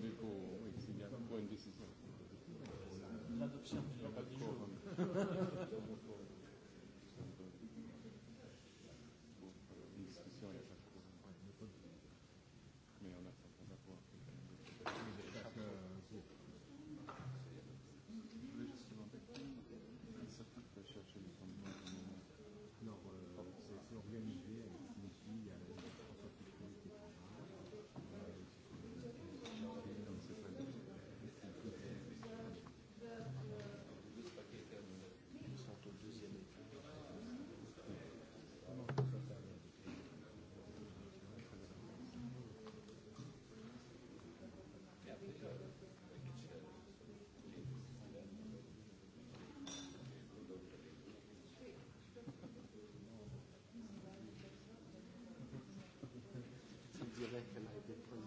attendu pour, oui, s'il y a, pour une décision. L'adoption du jour. dialecten uit dit van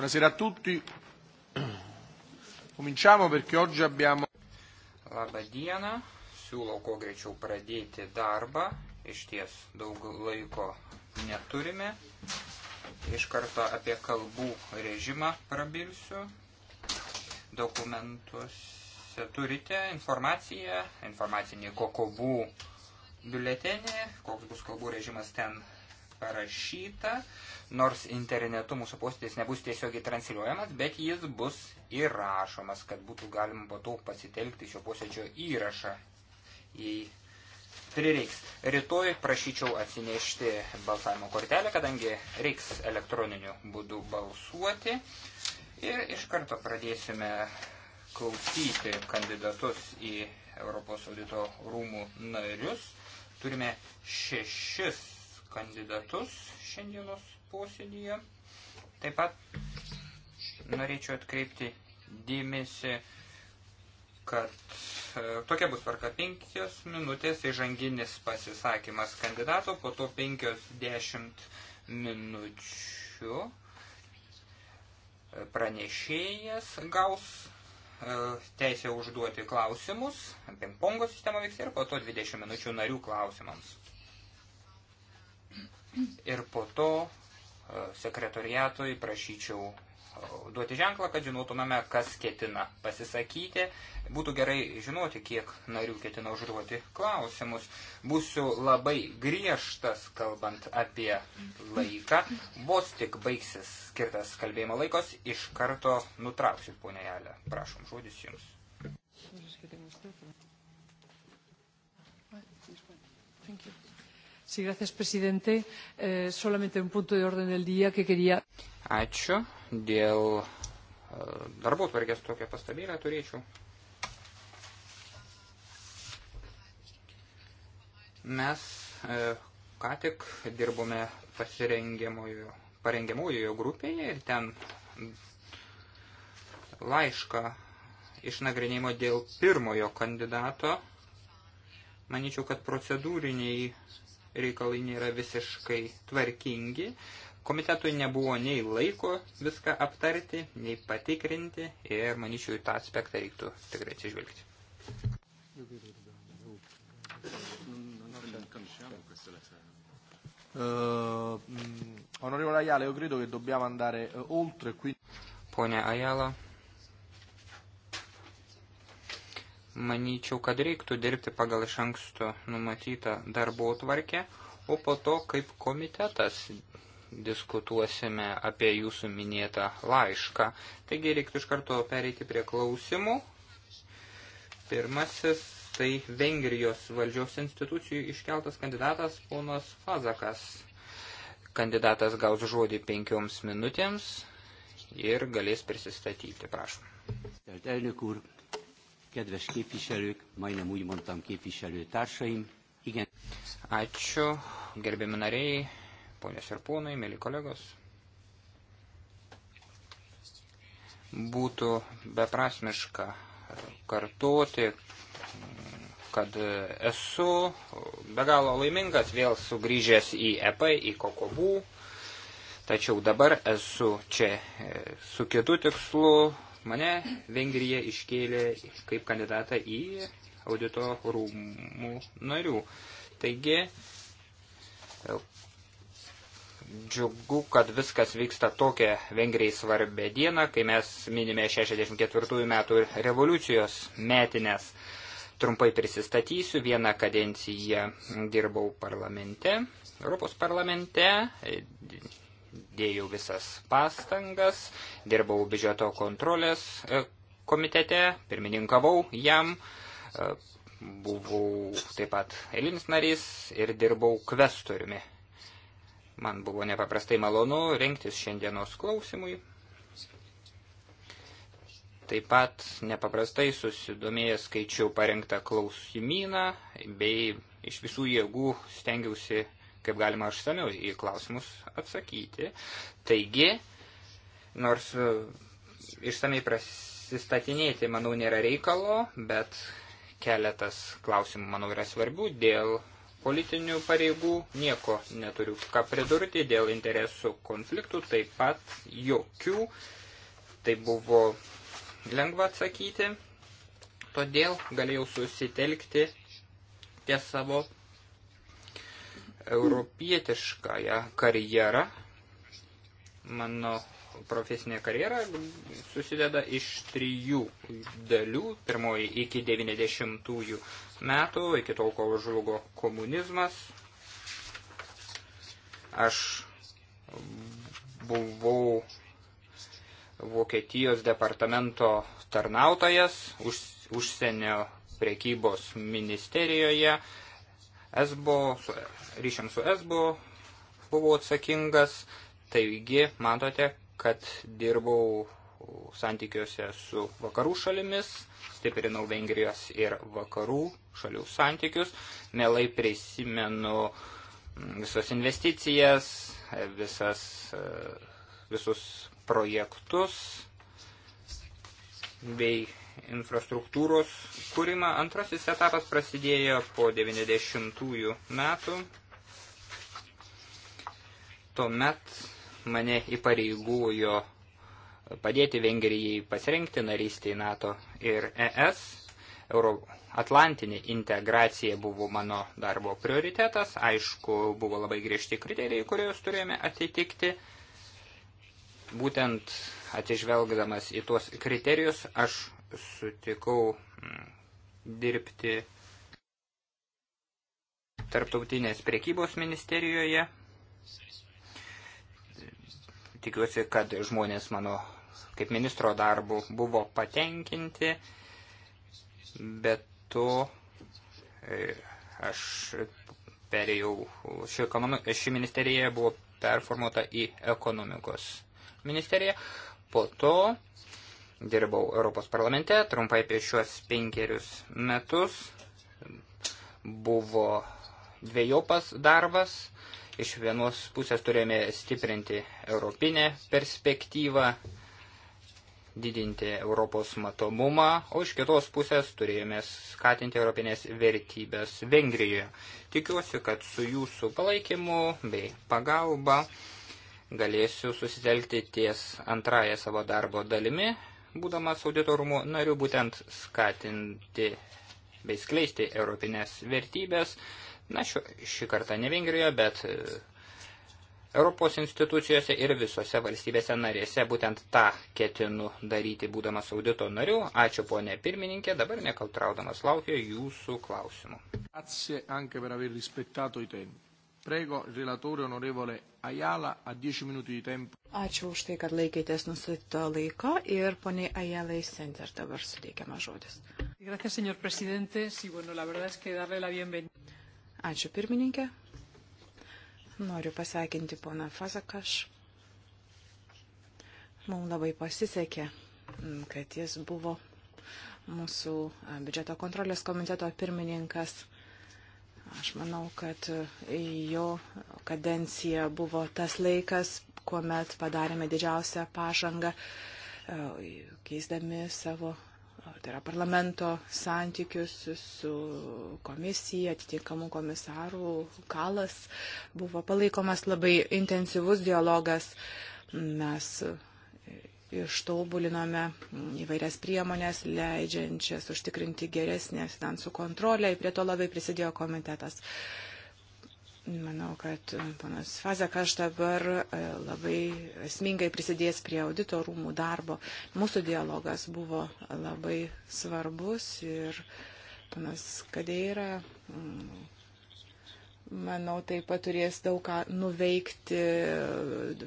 Buonasera a tutti. Cominciamo perché oggi abbiamo. Labą dieną. Siūlau kuo greičiau pradėti darbą. Iš ties daug laiko neturime. Iš karto apie kalbų režimą prabilsiu. Dokumentuose turite informaciją, informacinį kokobų biuletenį, koks bus kalbų režimas ten parašyta, nors internetu mūsų postis nebus tiesiogiai transliuojamas, bet jis bus įrašomas, kad būtų galima po to pasitelkti šio posėdžio įrašą, jei prireiks. Rytoj prašyčiau atsinešti balsavimo kortelę, kadangi reiks elektroniniu būdu balsuoti. Ir iš karto pradėsime klausyti kandidatus į Europos audito rūmų narius. Turime šešis kandidatus šiandienos posėdyje. Taip pat norėčiau atkreipti dėmesį, kad e, tokia bus tvarka 5 minutės įžanginis pasisakymas kandidato, po to 50 minučių e, pranešėjas gaus e, teisę užduoti klausimus, pingpongo sistema vyks ir po to 20 minučių narių klausimams ir po to e, sekretoriatui prašyčiau e, duoti ženklą, kad žinotumėme, kas ketina pasisakyti. Būtų gerai žinoti, kiek narių ketina užduoti klausimus. Būsiu labai griežtas, kalbant apie laiką. Vos tik baigsis skirtas kalbėjimo laikos, iš karto nutrauksiu, ponė Jelė. Prašom, žodis jums. Aš Señor sí, presidente, eh, solamente un punto de orden del día que quería. Ačiū dėl eh, darbo tvarkės tokią pastabėlę turėčiau. Mes e, ką tik dirbome parengiamojojo grupėje ir ten laišką išnagrinėjimo dėl pirmojo kandidato. Manyčiau, kad procedūriniai reikalai nėra visiškai tvarkingi. Komitetui nebuvo nei laiko viską aptarti, nei patikrinti ir, manyčiau, į tą aspektą reiktų tikrai atsižvelgti. Uh, onorevole Ayala, io credo che dobbiamo andare eh, oltre qui. Pone Ayala, Manyčiau, kad reiktų dirbti pagal iš anksto numatytą darbo tvarkę, o po to kaip komitetas diskutuosime apie jūsų minėtą laišką. Taigi reiktų iš karto pereiti prie klausimų. Pirmasis tai Vengrijos valdžios institucijų iškeltas kandidatas ponas Fazakas. Kandidatas gaus žodį penkioms minutėms ir galės prisistatyti, prašom. Elnök úr, Kedves képviselők, majdnem úgy mondtam képviselő társaim, igen. Ačiū, gerbiami nariai, ponios ir ponai, mėly kolegos. Būtų beprasmiška kartuoti, kad esu be galo laimingas vėl sugrįžęs į EP, į Kokobų, tačiau dabar esu čia e, su kitu tikslu Mane Vengrija iškėlė kaip kandidatą į audito rūmų narių. Taigi, džiugu, kad viskas vyksta tokią Vengrijai svarbę dieną, kai mes minime 64 metų revoliucijos metinės. Trumpai prisistatysiu, vieną kadenciją dirbau parlamente, Europos parlamente, dėjau visas pastangas, dirbau biudžeto kontrolės e, komitete, pirmininkavau jam, e, buvau taip pat eilinis narys ir dirbau kvestoriumi. Man buvo nepaprastai malonu rinktis šiandienos klausimui. Taip pat nepaprastai susidomėjęs skaičiau parengtą klausimyną bei iš visų jėgų stengiausi kaip galima išsamiau į klausimus atsakyti. Taigi, nors e, išsamei prasistatinėti, manau, nėra reikalo, bet keletas klausimų, manau, yra svarbių. Dėl politinių pareigų nieko neturiu ką pridurti, dėl interesų konfliktų taip pat jokių. Tai buvo lengva atsakyti, todėl galėjau susitelkti ties savo europietiškąją karjerą. Mano profesinė karjera susideda iš trijų dalių. Pirmoji iki 90-ųjų metų, iki tol, kol žlugo komunizmas. Aš buvau Vokietijos departamento tarnautojas už, užsienio prekybos ministerijoje esbo, su, ryšiam su esbo buvau atsakingas, taigi matote, kad dirbau santykiuose su vakarų šalimis, stiprinau Vengrijos ir vakarų šalių santykius, mielai prisimenu mm, visas investicijas, visas, e, visus projektus bei infrastruktūros kūrimą. Antrasis etapas prasidėjo po 90-ųjų metų. Tuomet mane įpareigojo padėti Vengrijai pasirinkti narystį į NATO ir ES. Euroatlantinė integracija buvo mano darbo prioritetas. Aišku, buvo labai griežti kriterijai, kuriuos turėjome atitikti. Būtent atsižvelgdamas į tuos kriterijus, aš sutikau mm, dirbti Tarptautinės priekybos ministerijoje. Tikiuosi, kad žmonės mano kaip ministro darbų buvo patenkinti, bet to e, aš perėjau, ši, ekonomi, ši ministerija buvo performuota į ekonomikos ministeriją. Po to dirbau Europos parlamente, trumpai apie šiuos penkerius metus buvo dviejopas darbas. Iš vienos pusės turėjome stiprinti europinę perspektyvą, didinti Europos matomumą, o iš kitos pusės turėjome skatinti europinės vertybės Vengrijoje. Tikiuosi, kad su jūsų palaikymu bei pagalba galėsiu susitelkti ties antrąją savo darbo dalimi būdamas auditorumų nariu, būtent skatinti bei skleisti europinės vertybės. Na, šio, šį kartą ne Vengrijoje, bet e, Europos institucijose ir visose valstybėse narėse būtent tą ketinu daryti, būdamas audito nariu. Ačiū ponė pirmininkė, dabar nekaltraudamas laukia jūsų klausimų. Grazie anche per aver rispettato i tempi. Prego, relatore onorevole Ajala, a 10 minutų į tempą. Ačiū už tai, kad laikėtės nusatyto laiko ir poniai Ajalai Center dabar suteikiama žodis. Gracias, señor presidente. Sí, bueno, la verdad es que darle la bienvenida. Ačiū pirmininkė. Noriu pasveikinti poną Fazakaš. Mums labai pasisekė, mm, kad jis buvo mūsų biudžeto kontrolės komiteto pirmininkas Aš manau, kad jo kadencija buvo tas laikas, kuomet padarėme didžiausią pažangą, e, keisdami savo, e, tai yra parlamento santykius su komisija, atitinkamų komisarų kalas. Buvo palaikomas labai intensyvus dialogas. Mes ištobulinome įvairias priemonės, leidžiančias užtikrinti geresnę finansų kontrolę. Prie to labai prisidėjo komitetas. Manau, kad e, panas Fazekas dabar e, labai esmingai prisidės prie audito rūmų darbo. Mūsų dialogas buvo labai svarbus ir panas Kadeira, manau, taip pat turės daug ką nuveikti.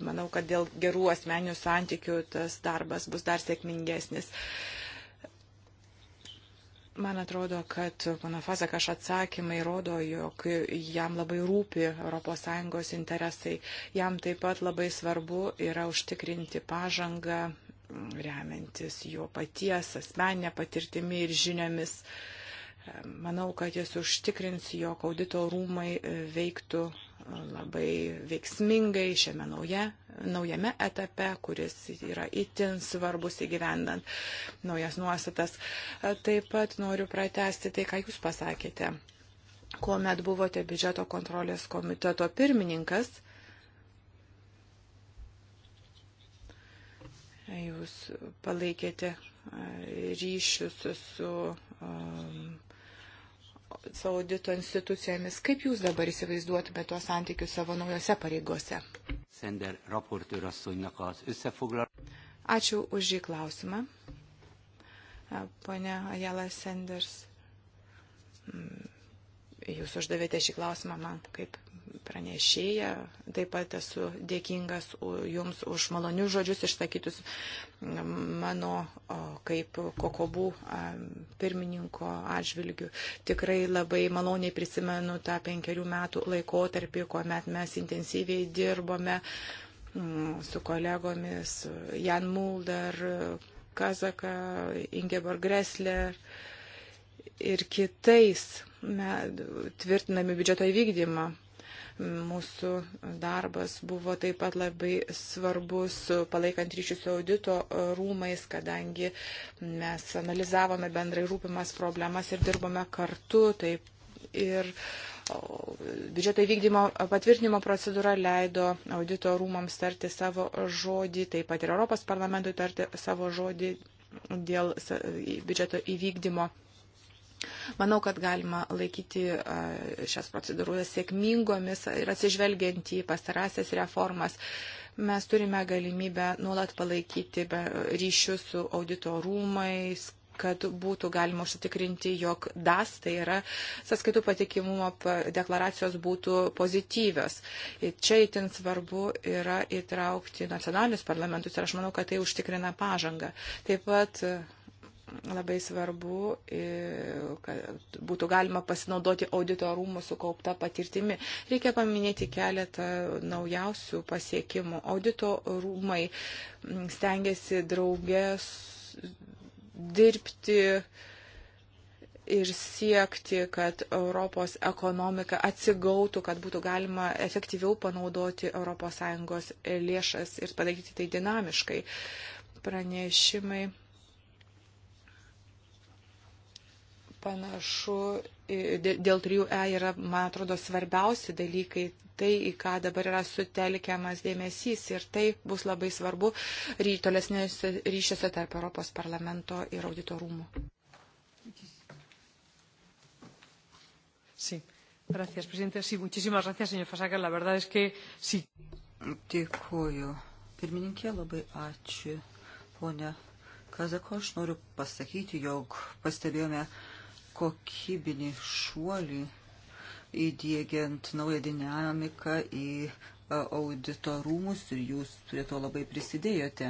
Manau, kad dėl gerų asmeninių santykių tas darbas bus dar sėkmingesnis. Man atrodo, kad mano Fazakaš atsakymai rodo, jog jam labai rūpi ES interesai. Jam taip pat labai svarbu yra užtikrinti pažangą, remiantis jo paties asmeninę patirtimį ir žiniomis. Uh, Manau, kad jis užtikrins, jog audito rūmai veiktų labai veiksmingai šiame nauja, naujame etape, kuris yra itin svarbus įgyvendant naujas nuostatas. Taip pat noriu pratesti tai, ką Jūs pasakėte. Kuomet buvote biudžeto kontrolės komiteto pirmininkas, Jūs palaikėte ryšius su. Um, su audito institucijomis. Kaip jūs dabar įsivaizduotumėte tuos santykius savo naujose pareigose? Sender raportőr asszonynak az összefoglal. Ačiū už šį klausimą. Pone Ajala Senders, jūs uždavėte šį klausimą man kaip pranešėja. Taip pat esu dėkingas Jums už malonius žodžius išsakytus mano kaip kokobų pirmininko atžvilgių. Tikrai labai maloniai prisimenu tą penkerių metų laikotarpį, kuomet mes intensyviai dirbome mm, su kolegomis Jan Mulder, Kazaka, Ingeborg Gressler ir kitais me, tvirtinami biudžeto įvykdymą. Mūsų darbas buvo taip pat labai svarbus, palaikant ryšius su audito rūmais, kadangi mes analizavome bendrai rūpimas problemas ir dirbome kartu. Taip, ir biudžeto įvykdymo patvirtinimo procedūra leido audito rūmams tarti savo žodį, taip pat ir Europos parlamentui tarti savo žodį dėl biudžeto įvykdymo. Manau, kad galima laikyti šias procedūras sėkmingomis ir atsižvelgiant į pastarąsias reformas. Mes turime galimybę nuolat palaikyti ryšius su auditorumais, kad būtų galima užsitikrinti, jog DAS, tai yra sąskaitų patikimumo deklaracijos, būtų pozityvios. Ir čia itin svarbu yra įtraukti nacionalinius parlamentus ir aš manau, kad tai užtikrina pažangą. Taip pat labai svarbu, kad būtų galima pasinaudoti audito rūmų sukaupta patirtimi. Reikia paminėti keletą naujausių pasiekimų. Audito rūmai stengiasi draugės dirbti ir siekti, kad Europos ekonomika atsigautų, kad būtų galima efektyviau panaudoti ES lėšas ir padaryti tai dinamiškai. Pranešimai panašu, dėl 3E yra, man atrodo, svarbiausi dalykai, tai, į ką dabar yra sutelkiamas dėmesys ir tai bus labai svarbu tolesnėse ryšiuose tarp Europos parlamento ir auditorumų. Sí. Gracias, presidente. Sí, muchísimas gracias, señor Fasakas. La verdad es que sí. Dėkuoju. Pirmininkė, labai ačiū, ponia Kazako. Aš noriu pasakyti, jog pastebėjome uh, kokybinį šuolį įdėgiant naują dinamiką į e, auditorumus ir jūs prie to labai prisidėjote.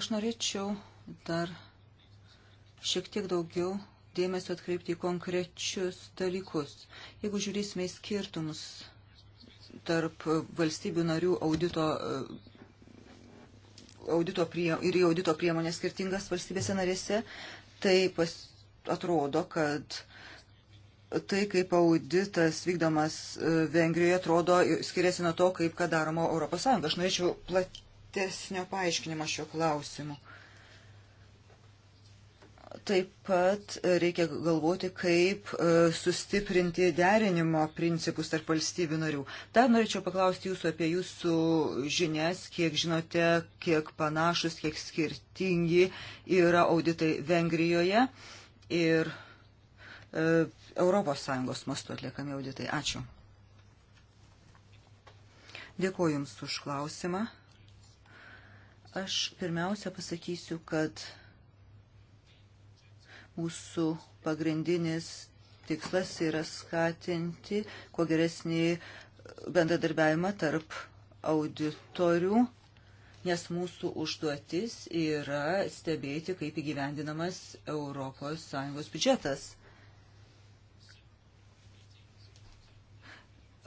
Aš norėčiau dar šiek tiek daugiau dėmesio atkreipti į konkrečius dalykus. Jeigu žiūrėsime į skirtumus tarp valstybių narių audito, e, audito prie, ir į audito priemonę skirtingas valstybėse narėse, tai pas, atrodo, kad tai, kaip auditas vykdomas e, Vengrijoje, atrodo, skiriasi nuo to, kaip ką daroma ES. Aš norėčiau platesnio paaiškinimo šiuo klausimu. Taip pat reikia galvoti, kaip e, sustiprinti derinimo principus tarp valstybių narių. Dar norėčiau paklausti jūsų apie jūsų žinias, kiek žinote, kiek panašus, kiek skirtingi yra auditai Vengrijoje ir ES mastu atliekami auditai. Ačiū. Dėkuoju Jums už klausimą. Aš pirmiausia pasakysiu, kad Mūsų pagrindinis tikslas yra skatinti kuo geresnį bendradarbiavimą tarp auditorių, nes mūsų užduotis yra stebėti, kaip įgyvendinamas ES biudžetas.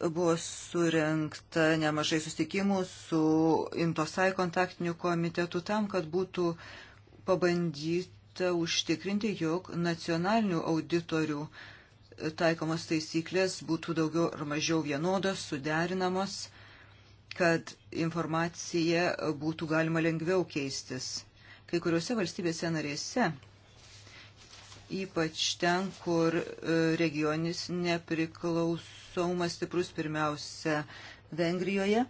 Buvo surinkta nemažai sustikimų su Intosai kontaktiniu komitetu tam, kad būtų pabandyta numatyta užtikrinti, jog nacionalinių auditorių taikomos taisyklės būtų daugiau ar mažiau vienodos, suderinamos, kad informacija būtų galima lengviau keistis. Kai kuriuose valstybėse narėse ypač ten, kur e, regionis nepriklausomas stiprus pirmiausia Vengrijoje.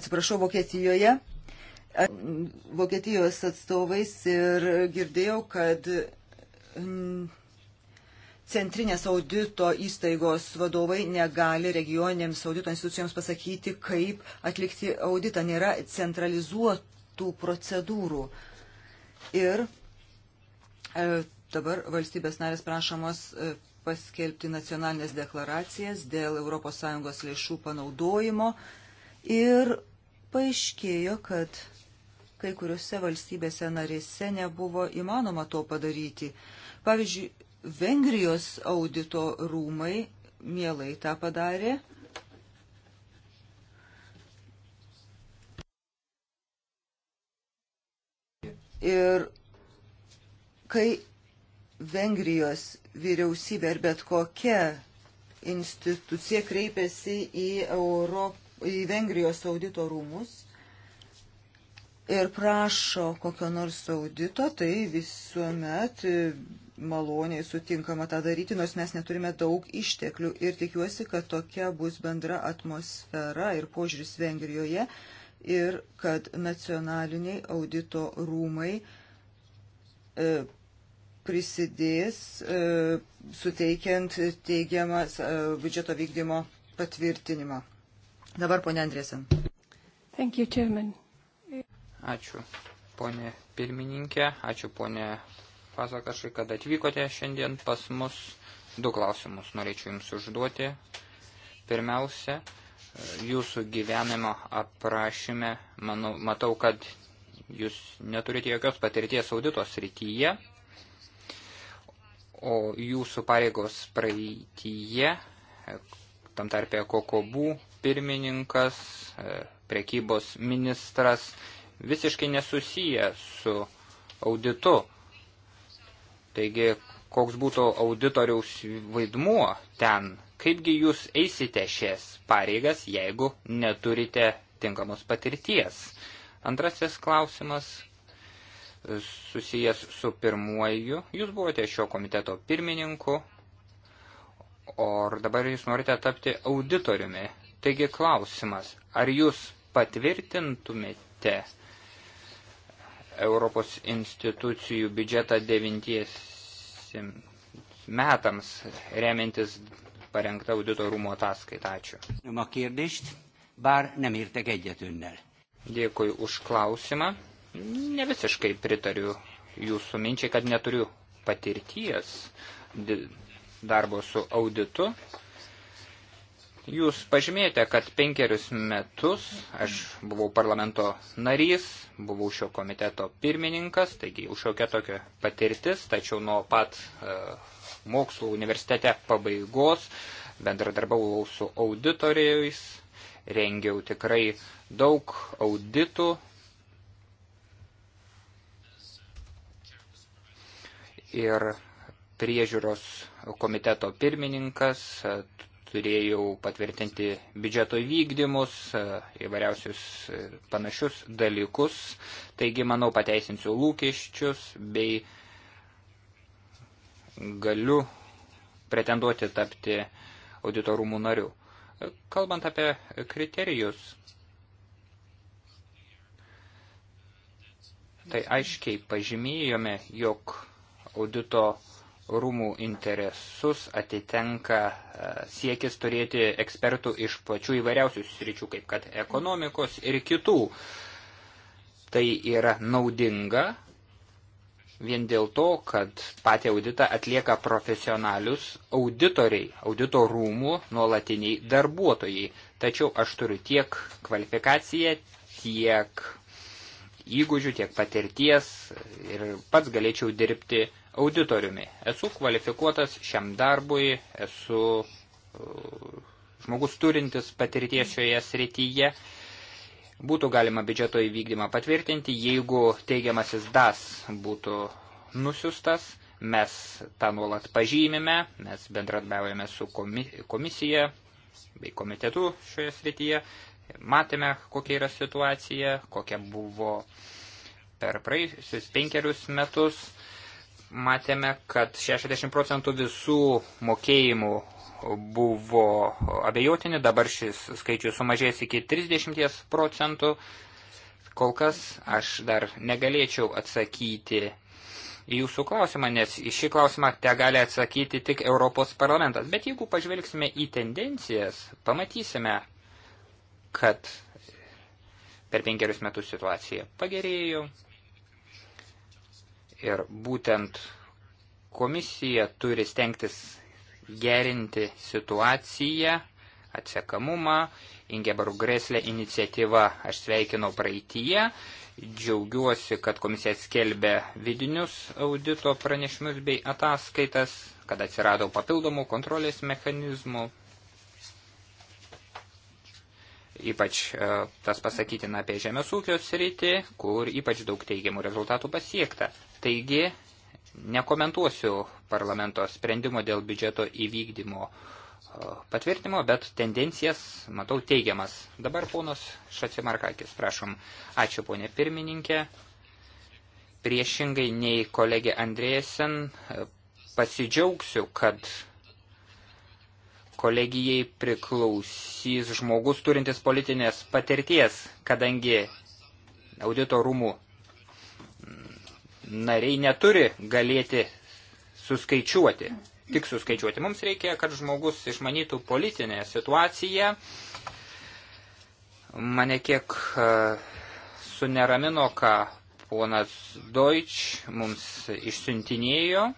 atsiprašau, Vokietijoje, Vokietijos atstovais ir girdėjau, kad mm, centrinės audito įstaigos vadovai negali regioninėms audito institucijoms pasakyti, kaip atlikti auditą. Nėra centralizuotų procedūrų. Ir e, dabar valstybės narės prašomos e, paskelbti nacionalinės deklaracijas dėl ES lėšų panaudojimo ir paaiškėjo, kad kai kuriuose valstybėse narėse nebuvo įmanoma to padaryti. Pavyzdžiui, Vengrijos audito rūmai mielai tą padarė. Ir kai Vengrijos vyriausybė ar bet kokia institucija kreipėsi į Europą, į Vengrijos audito rūmus ir prašo kokio nors audito, tai visuomet maloniai sutinkama tą daryti, nors mes neturime daug išteklių. Ir tikiuosi, kad tokia bus bendra atmosfera ir požiūris Vengrijoje ir kad nacionaliniai audito rūmai e, prisidės e, suteikiant teigiamą e, biudžeto vykdymo patvirtinimą. Dabar ponė Andrėsen. Thank you, Chairman. Ačiū, ponė pirmininkė, ačiū ponė Fazakašai, kad atvykote šiandien pas mus. Du klausimus norėčiau Jums užduoti. Pirmiausia, Jūsų gyvenimo aprašyme, manau, matau, kad Jūs neturite jokios patirties audito srityje, o Jūsų pareigos praeityje, tam tarpė kokobų pirmininkas, e, prekybos ministras visiškai nesusiję su auditu. Taigi, koks būtų auditoriaus vaidmuo ten, kaipgi jūs eisite šias pareigas, jeigu neturite tinkamos patirties. Antrasis klausimas e, susijęs su pirmuoju. Jūs buvote šio komiteto pirmininku, o dabar jūs norite tapti auditoriumi. Taigi klausimas, ar jūs patvirtintumėte Europos institucijų biudžetą devintiesiam metams remiantis parengta auditorumo ataskaita. Ačiū. Dėkui už klausimą. Ne visiškai pritariu jūsų minčiai, kad neturiu patirties darbo su auditu. Jūs pažymėjote, kad penkerius metus aš buvau parlamento narys, buvau šio komiteto pirmininkas, taigi užšiokia tokia patirtis, tačiau nuo pat e, mokslo universitete pabaigos bendradarbiavau su auditoriais, rengiau tikrai daug auditų. Ir priežiūros komiteto pirmininkas, turėjau patvirtinti biudžeto vykdymus, e, įvairiausius e, panašius dalykus, taigi, manau, pateisinsiu lūkesčius bei galiu pretenduoti tapti auditorumų nariu. Kalbant apie kriterijus, tai aiškiai pažymėjome, jog audito rūmų interesus atitenka e, siekis turėti ekspertų iš pačių įvairiausių sričių, kaip kad ekonomikos ir kitų. Tai yra naudinga vien dėl to, kad patį auditą atlieka profesionalius auditoriai, audito rūmų nuolatiniai darbuotojai. Tačiau aš turiu tiek kvalifikaciją, tiek įgūdžių, tiek patirties ir pats galėčiau dirbti auditoriumi. Esu kvalifikuotas šiam darbui, esu e, žmogus turintis patirties šioje srityje. Būtų galima biudžeto įvykdymą patvirtinti, jeigu teigiamasis DAS būtų nusiustas. Mes tą nuolat pažymime, mes bendradarbiaujame su komisija bei komitetu šioje srityje. Matėme, kokia yra situacija, kokia buvo per praėjusius penkerius metus matėme, kad 60 procentų visų mokėjimų buvo abejotini, dabar šis skaičius sumažės iki 30 procentų. Kol kas aš dar negalėčiau atsakyti į jūsų klausimą, nes į šį klausimą te gali atsakyti tik Europos parlamentas. Bet jeigu pažvelgsime į tendencijas, pamatysime, kad per penkerius metus situacija pagerėjo, Ir būtent komisija turi stengtis gerinti situaciją, atsekamumą. Ingeborg Greslė iniciatyva aš sveikinau praeitįje. Džiaugiuosi, kad komisija skelbė vidinius audito pranešimus bei ataskaitas, kad atsirado papildomų kontrolės mechanizmų. Ypač e, tas pasakytina apie žemės ūkio sritį, kur ypač daug teigiamų rezultatų pasiekta. Taigi, nekomentuosiu parlamento sprendimo dėl biudžeto įvykdymo e, patvirtimo, bet tendencijas matau teigiamas. Dabar ponas Šacimarkakis, prašom. Ačiū, ponė pirmininkė. Priešingai nei kolegė Andrėsen, e, pasidžiaugsiu, kad kolegijai priklausys žmogus turintis politinės patirties, kadangi audito rūmų nariai neturi galėti suskaičiuoti, tik suskaičiuoti. Mums reikia, kad žmogus išmanytų politinę situaciją. Mane kiek e, suneramino, ką ponas Deutsch mums išsiuntinėjo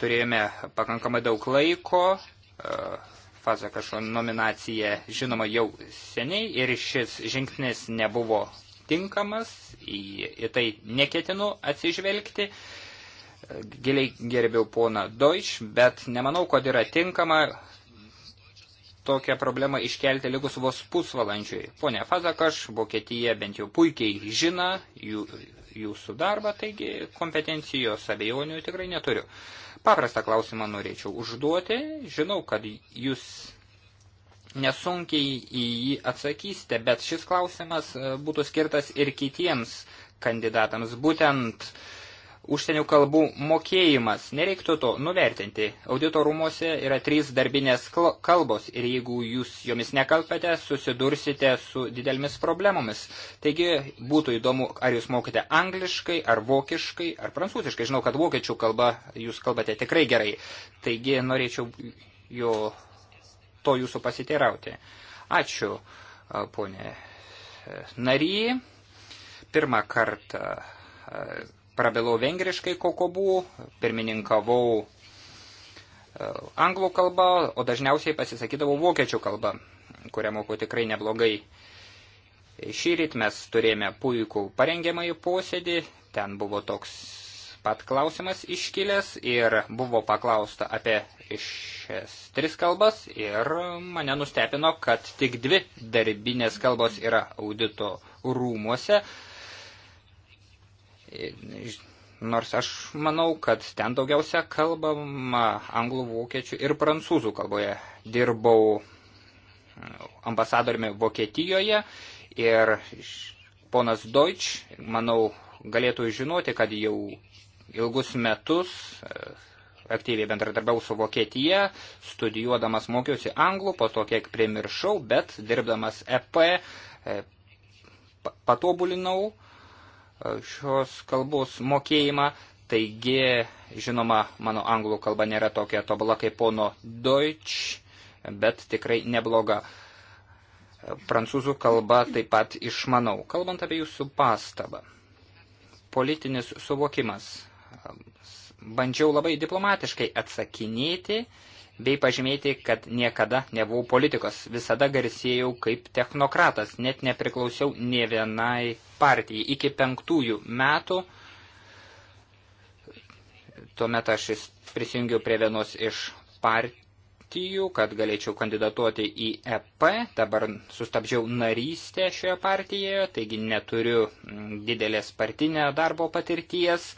turėjome pakankamai daug laiko, e, Fazakašo nominacija žinoma jau seniai ir šis žingsnis nebuvo tinkamas, į, į tai neketinu atsižvelgti. Giliai gerbiau poną Deutsch, bet nemanau, kad yra tinkama tokią problemą iškelti likus vos pusvalandžiui. Pone Fazakaš, Vokietija bent jau puikiai žina, jų, jūsų darbą, taigi kompetencijos abejonių tikrai neturiu. Paprastą klausimą norėčiau užduoti. Žinau, kad jūs nesunkiai į jį atsakysite, bet šis klausimas e, būtų skirtas ir kitiems kandidatams. Būtent uh, užsienio kalbų mokėjimas. Nereiktų to nuvertinti. Audito rūmose yra trys darbinės kalbos ir jeigu jūs jomis nekalbate, susidursite su didelėmis problemomis. Taigi būtų įdomu, ar jūs mokite angliškai, ar vokiškai, ar prancūziškai. Žinau, kad vokiečių kalba jūs kalbate tikrai gerai. Taigi norėčiau jo, to jūsų pasiteirauti. Ačiū, ponė e, nary. Pirmą kartą prabilau vengriškai kokobų, pirmininkavau e, anglų kalbą, o dažniausiai pasisakydavau vokiečių kalbą, kurią moku tikrai neblogai. Šįryt mes turėjome puikų parengiamąjį posėdį, ten buvo toks pat klausimas iškilęs ir buvo paklausta apie šias tris kalbas ir mane nustebino, kad tik dvi darbinės kalbos yra audito rūmuose, Nors aš manau, kad ten daugiausia kalbama anglų, vokiečių ir prancūzų kalboje. Dirbau ambasadoriumi Vokietijoje ir ponas Deutsch, manau, galėtų žinoti, kad jau ilgus metus e, aktyviai bendradarbiau su Vokietija, studijuodamas mokiausi anglų, po to kiek primiršau, bet dirbdamas EP e, patobulinau šios kalbos mokėjimą, taigi, žinoma, mano anglų kalba nėra tokia tobula kaip pono Deutsch, bet tikrai nebloga. Prancūzų kalba taip pat išmanau. Kalbant apie jūsų pastabą, politinis suvokimas. Bandžiau labai diplomatiškai atsakinėti, bei pažymėti, kad niekada nebuvau politikos, visada garsėjau kaip technokratas, net nepriklausiau ne vienai partijai. Iki penktųjų metų, tuomet aš prisijungiau prie vienos iš partijų, kad galėčiau kandidatuoti į EP, dabar sustabdžiau narystę šioje partijoje, taigi neturiu didelės partinio darbo patirties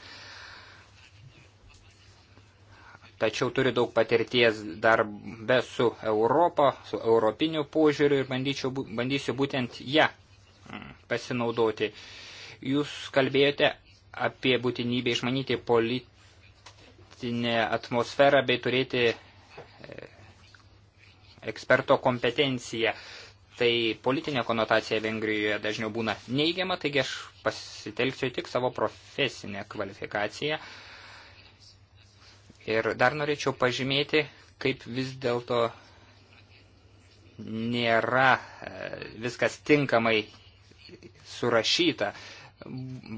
tačiau turiu daug patirties darbe su Europą, su europiniu požiūriu ir bandyčiau, bandysiu būtent ją mm, pasinaudoti. Jūs kalbėjote apie būtinybę išmanyti politinę atmosferą bei turėti e, eksperto kompetenciją. Tai politinė konotacija Vengrijoje dažniau būna neigiama, taigi aš pasitelksiu tik savo profesinę kvalifikaciją. Uh, Ir dar norėčiau pažymėti, kaip vis dėlto nėra e, viskas tinkamai surašyta.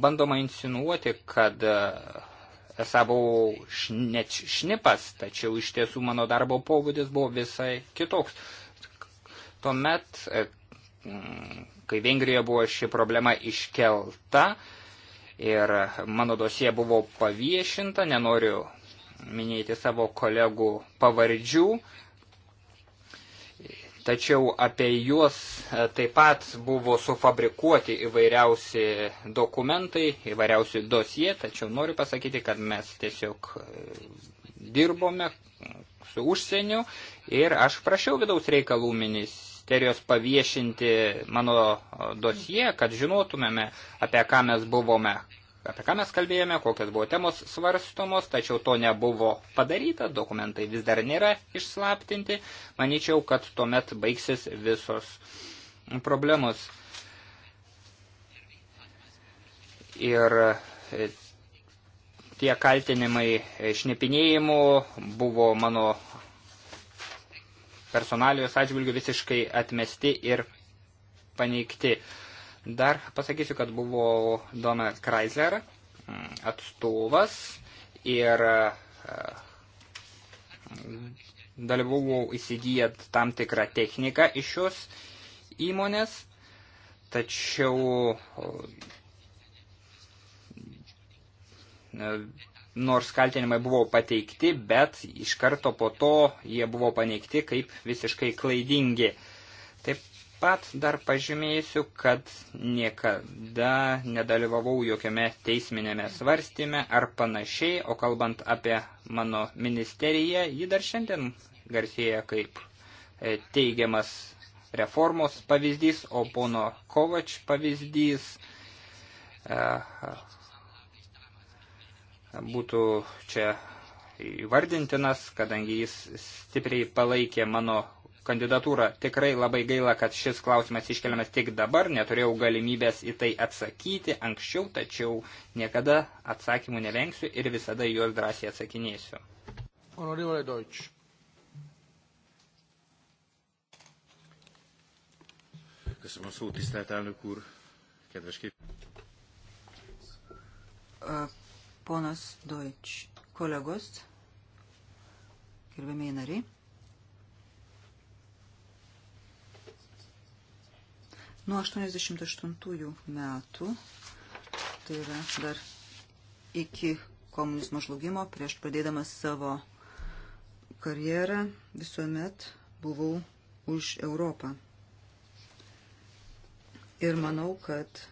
Bandoma insinuoti, kad e, esą buvau net šnipas, tačiau iš tiesų mano darbo pobūdis buvo visai kitoks. Tuomet, e, kai Vengrijoje buvo ši problema iškelta ir mano dosie buvo paviešinta, nenoriu minėti savo kolegų pavardžių, tačiau apie juos e, taip pat buvo sufabrikuoti įvairiausi dokumentai, įvairiausi dosie, tačiau noriu pasakyti, kad mes tiesiog e, dirbome su užsieniu ir aš prašiau vidaus reikalų ministerijos paviešinti mano dosie, kad žinotumėme, apie ką mes buvome apie ką mes kalbėjome, kokios buvo temos svarstomos, tačiau to nebuvo padaryta, dokumentai vis dar nėra išslaptinti. Manyčiau, kad tuomet baigsis visos problemos. Ir e, tie kaltinimai šnipinėjimu buvo mano personalijos atžvilgių visiškai atmesti ir paneigti. Dar pasakysiu, kad buvo Donald Chrysler mm, atstovas ir e, dalyvavau įsigijant tam tikrą techniką iš šios įmonės, tačiau e, nors kaltinimai buvo pateikti, bet iš karto po to jie buvo paneigti kaip visiškai klaidingi. Taip pat dar pažymėsiu, kad niekada nedalyvavau jokiame teisminėme svarstyme ar panašiai, o kalbant apie mano ministeriją, ji dar šiandien garsėja kaip e, teigiamas reformos pavyzdys, o pono Kovač pavyzdys e, būtų čia įvardintinas, kadangi jis stipriai palaikė mano kandidatūrą. Tikrai labai gaila, kad šis klausimas iškeliamas tik dabar, neturėjau galimybės į tai atsakyti anksčiau, tačiau niekada atsakymų nevengsiu ir visada juos drąsiai atsakinėsiu. Honorable Deutsch. Köszönöm a szót, tisztelt elnök úr, kedves kép. Ponas Deutsch, kolegos, gerbėmiai nariai. Nuo 88 metų, tai yra dar iki komunizmo žlugimo, prieš pradėdamas savo karjerą, visuomet buvau už Europą. Ir manau, kad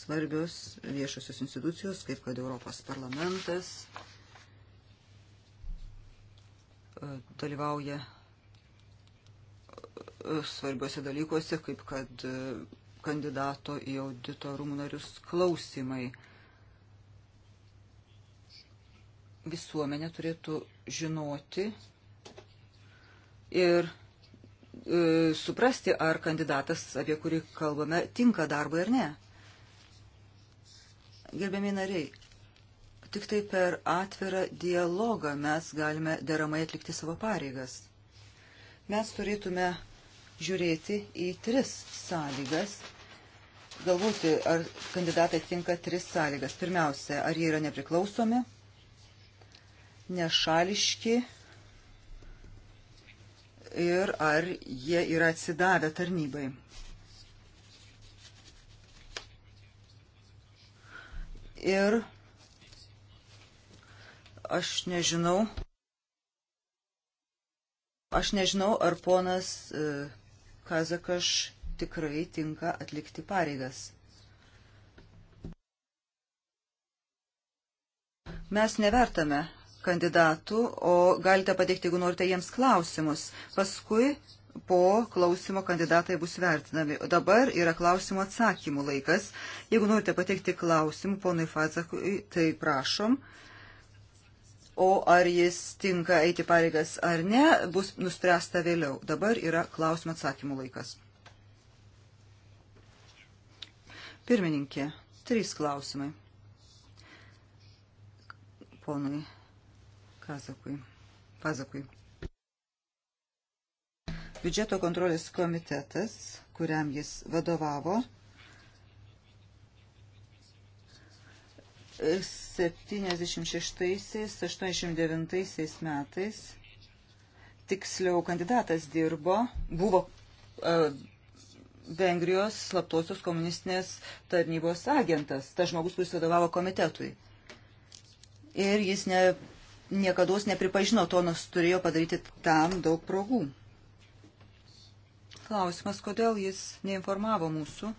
svarbios viešosios institucijos, kaip kad Europos parlamentas, e, dalyvauja svarbiuose dalykuose, kaip kad e, kandidato į audito rūmų narius klausimai. Visuomenė turėtų žinoti ir e, suprasti, ar kandidatas, apie kurį kalbame, tinka darbui ar ne. Gerbiami nariai, tik tai per atvirą dialogą mes galime deramai atlikti savo pareigas. Mes turėtume žiūrėti į tris sąlygas, galvoti, ar kandidatai tinka tris sąlygas. Pirmiausia, ar jie yra nepriklausomi, nešališki ir ar jie yra atsidavę tarnybai. Ir aš nežinau, aš nežinau, ar ponas. E, Kazakaš tikrai tinka atlikti pareigas. Mes nevertame kandidatų, o galite pateikti, jeigu norite, jiems klausimus. Paskui po klausimo kandidatai bus vertinami. O dabar yra klausimo atsakymų laikas. Jeigu norite pateikti klausimų ponui Fazakui, tai prašom o ar jis tinka eiti pareigas ar ne, bus nuspręsta vėliau. Dabar yra klausimų atsakymų laikas. Pirmininkė, trys klausimai. Ponui Kazakui. Pazakui. Biudžeto kontrolės komitetas, kuriam jis vadovavo, 76-89 metais tiksliau kandidatas dirbo, buvo e, Vengrijos slaptosios komunistinės tarnybos agentas, tas žmogus, kuris vadovavo komitetui. Ir jis ne, niekada nepripažino to, nors turėjo padaryti tam daug progų. Klausimas, kodėl jis neinformavo mūsų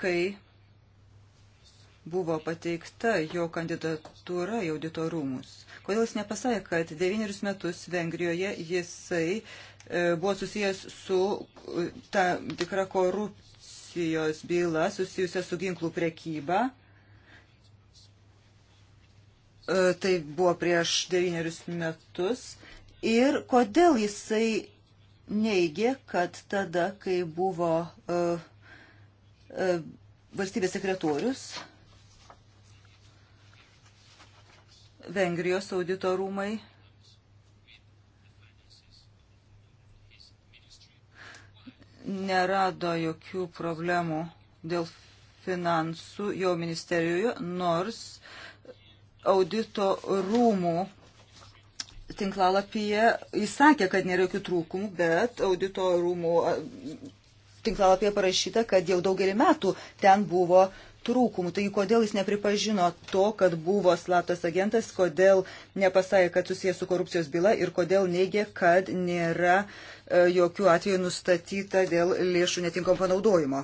kai buvo pateikta jo kandidatūra į auditorumus. Kodėl jis nepasakė, kad devynerius metus Vengrijoje jisai e, buvo susijęs su e, ta tikra korupcijos byla susijusia su ginklų prekyba. E, tai buvo prieš devynerius metus. Ir kodėl jisai neigė, kad tada, kai buvo uh, E, valstybės sekretorius, Vengrijos audito rūmai, nerado jokių problemų dėl finansų jo ministerijoje, nors audito rūmų tinklalapyje įsakė, kad nėra jokių trūkumų, bet audito rūmų tinklalapyje parašyta, kad jau daugelį metų ten buvo trūkumų. Taigi, kodėl jis nepripažino to, kad buvo slaptas agentas, kodėl nepasakė, kad susijęs su korupcijos byla ir kodėl neigė, kad nėra E, jokių atvejų nustatyta dėl lėšų netinkom panaudojimo.